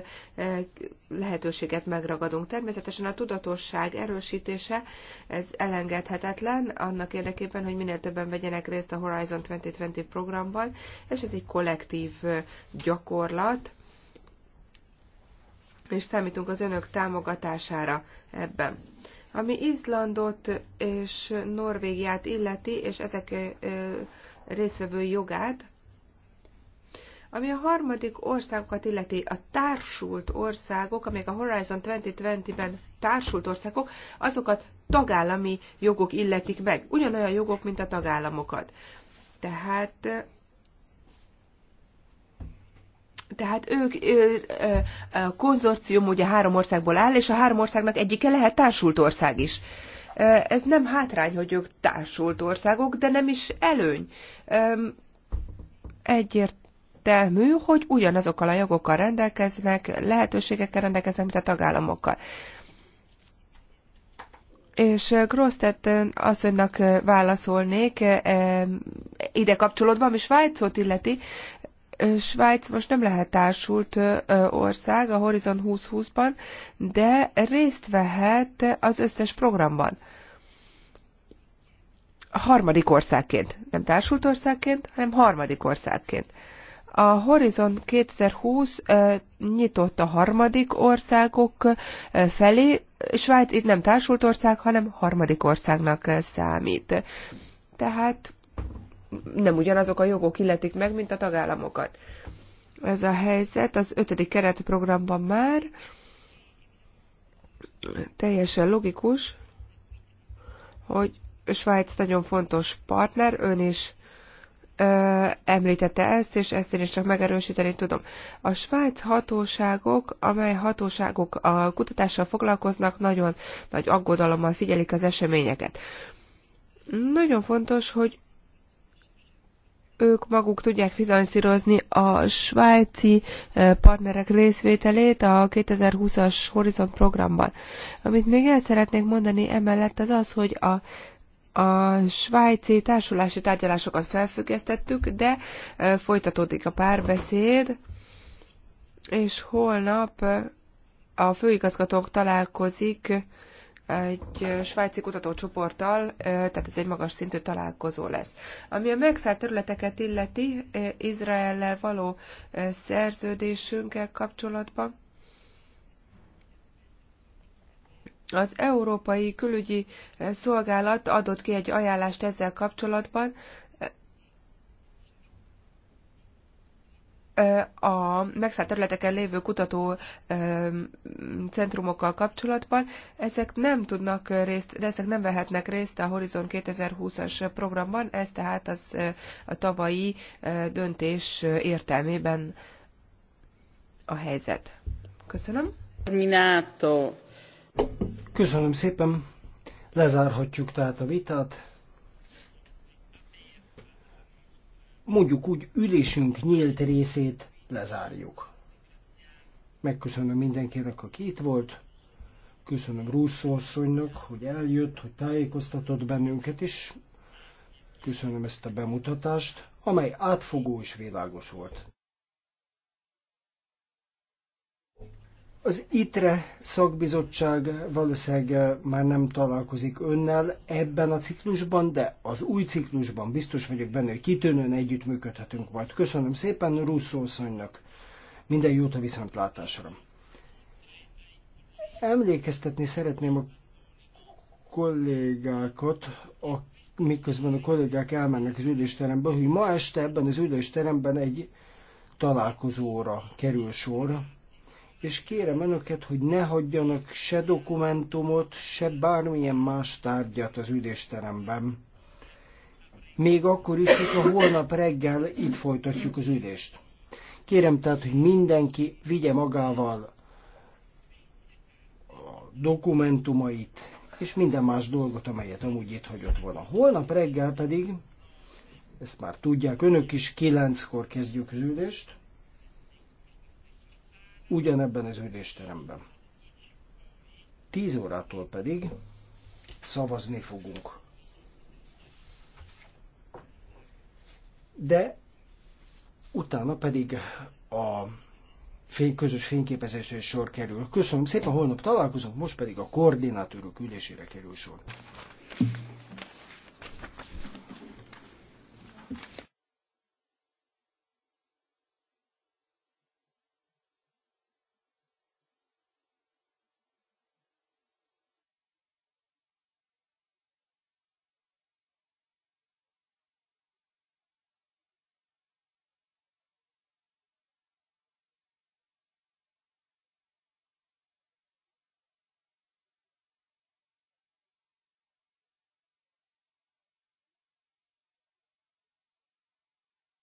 lehetőséget megragadunk. Természetesen a tudatosság erősítése, ez elengedhetetlen annak érdekében, hogy minél többen vegyenek részt a Horizon 2020 programban, és ez egy kollektív gyakorlat, és számítunk az önök támogatására ebben. Ami Izlandot és Norvégiát illeti, és ezek részvevő jogát, ami a harmadik országokat illeti, a társult országok, amelyek a Horizon 2020-ben társult országok, azokat tagállami jogok illetik meg. Ugyanolyan jogok, mint a tagállamokat. Tehát tehát ők a konzorcium ugye három országból áll, és a három országnak egyike lehet társult ország is. Ez nem hátrány, hogy ők társult országok, de nem is előny. egyértelmű, hogy ugyanazokkal a jogokkal rendelkeznek, lehetőségekkel rendelkeznek, mint a tagállamokkal. És Grosztett asszonynak válaszolnék, ide kapcsolódva, ami Svájcot illeti, Svájc most nem lehet társult ország a Horizon 2020-ban, de részt vehet az összes programban. Harmadik országként, nem társult országként, hanem harmadik országként. A Horizon 2020 nyitott a harmadik országok felé. Svájc itt nem társult ország, hanem harmadik országnak számít. Tehát nem ugyanazok a jogok illetik meg, mint a tagállamokat. Ez a helyzet az ötödik keretprogramban már teljesen logikus, hogy Svájc nagyon fontos partner, ön is ö, említette ezt, és ezt én is csak megerősíteni tudom. A svájc hatóságok, amely hatóságok a kutatással foglalkoznak, nagyon nagy aggodalommal figyelik az eseményeket. Nagyon fontos, hogy ők maguk tudják finanszírozni a svájci e, partnerek részvételét a 2020-as Horizon programban. Amit még el szeretnék mondani emellett az az, hogy a a svájci társulási tárgyalásokat felfüggesztettük, de e, folytatódik a párbeszéd, és holnap a főigazgatók találkozik egy svájci kutatócsoporttal, tehát ez egy magas szintű találkozó lesz. Ami a megszállt területeket illeti, Izraellel való szerződésünkkel kapcsolatban, az Európai Külügyi Szolgálat adott ki egy ajánlást ezzel kapcsolatban, a megszállt területeken lévő kutató centrumokkal kapcsolatban. Ezek nem tudnak részt, de ezek nem vehetnek részt a Horizon 2020-as programban, ez tehát az a tavalyi döntés értelmében a helyzet. Köszönöm. Minato. Köszönöm szépen. Lezárhatjuk tehát a vitát. mondjuk úgy ülésünk nyílt részét lezárjuk. Megköszönöm mindenkinek, aki itt volt, köszönöm Russzó asszonynak, hogy eljött, hogy tájékoztatott bennünket, is. köszönöm ezt a bemutatást, amely átfogó és világos volt. Az ITRE szakbizottság valószínűleg eh, már nem találkozik önnel ebben a ciklusban, de az új ciklusban biztos vagyok benne, hogy kitűnően együttműködhetünk majd. Köszönöm szépen Russzó asszonynak. Minden jót a viszontlátásra. Emlékeztetni szeretném a kollégákat, a, miközben a kollégák elmennek az ülésteremben, hogy ma este ebben az ülésteremben egy találkozóra kerül sor, és kérem önöket, hogy ne hagyjanak se dokumentumot, se bármilyen más tárgyat az üdésteremben. Még akkor is, hogyha holnap reggel itt folytatjuk az üdést. Kérem tehát, hogy mindenki vigye magával a dokumentumait, és minden más dolgot, amelyet amúgy itt hagyott volna. Holnap reggel pedig, ezt már tudják önök is, kilenckor kezdjük az üdést ugyanebben az ülésteremben. Tíz órától pedig szavazni fogunk. De utána pedig a fény, közös fényképezésre sor kerül. Köszönöm szépen, holnap találkozunk, most pedig a koordinátorok ülésére kerül sor.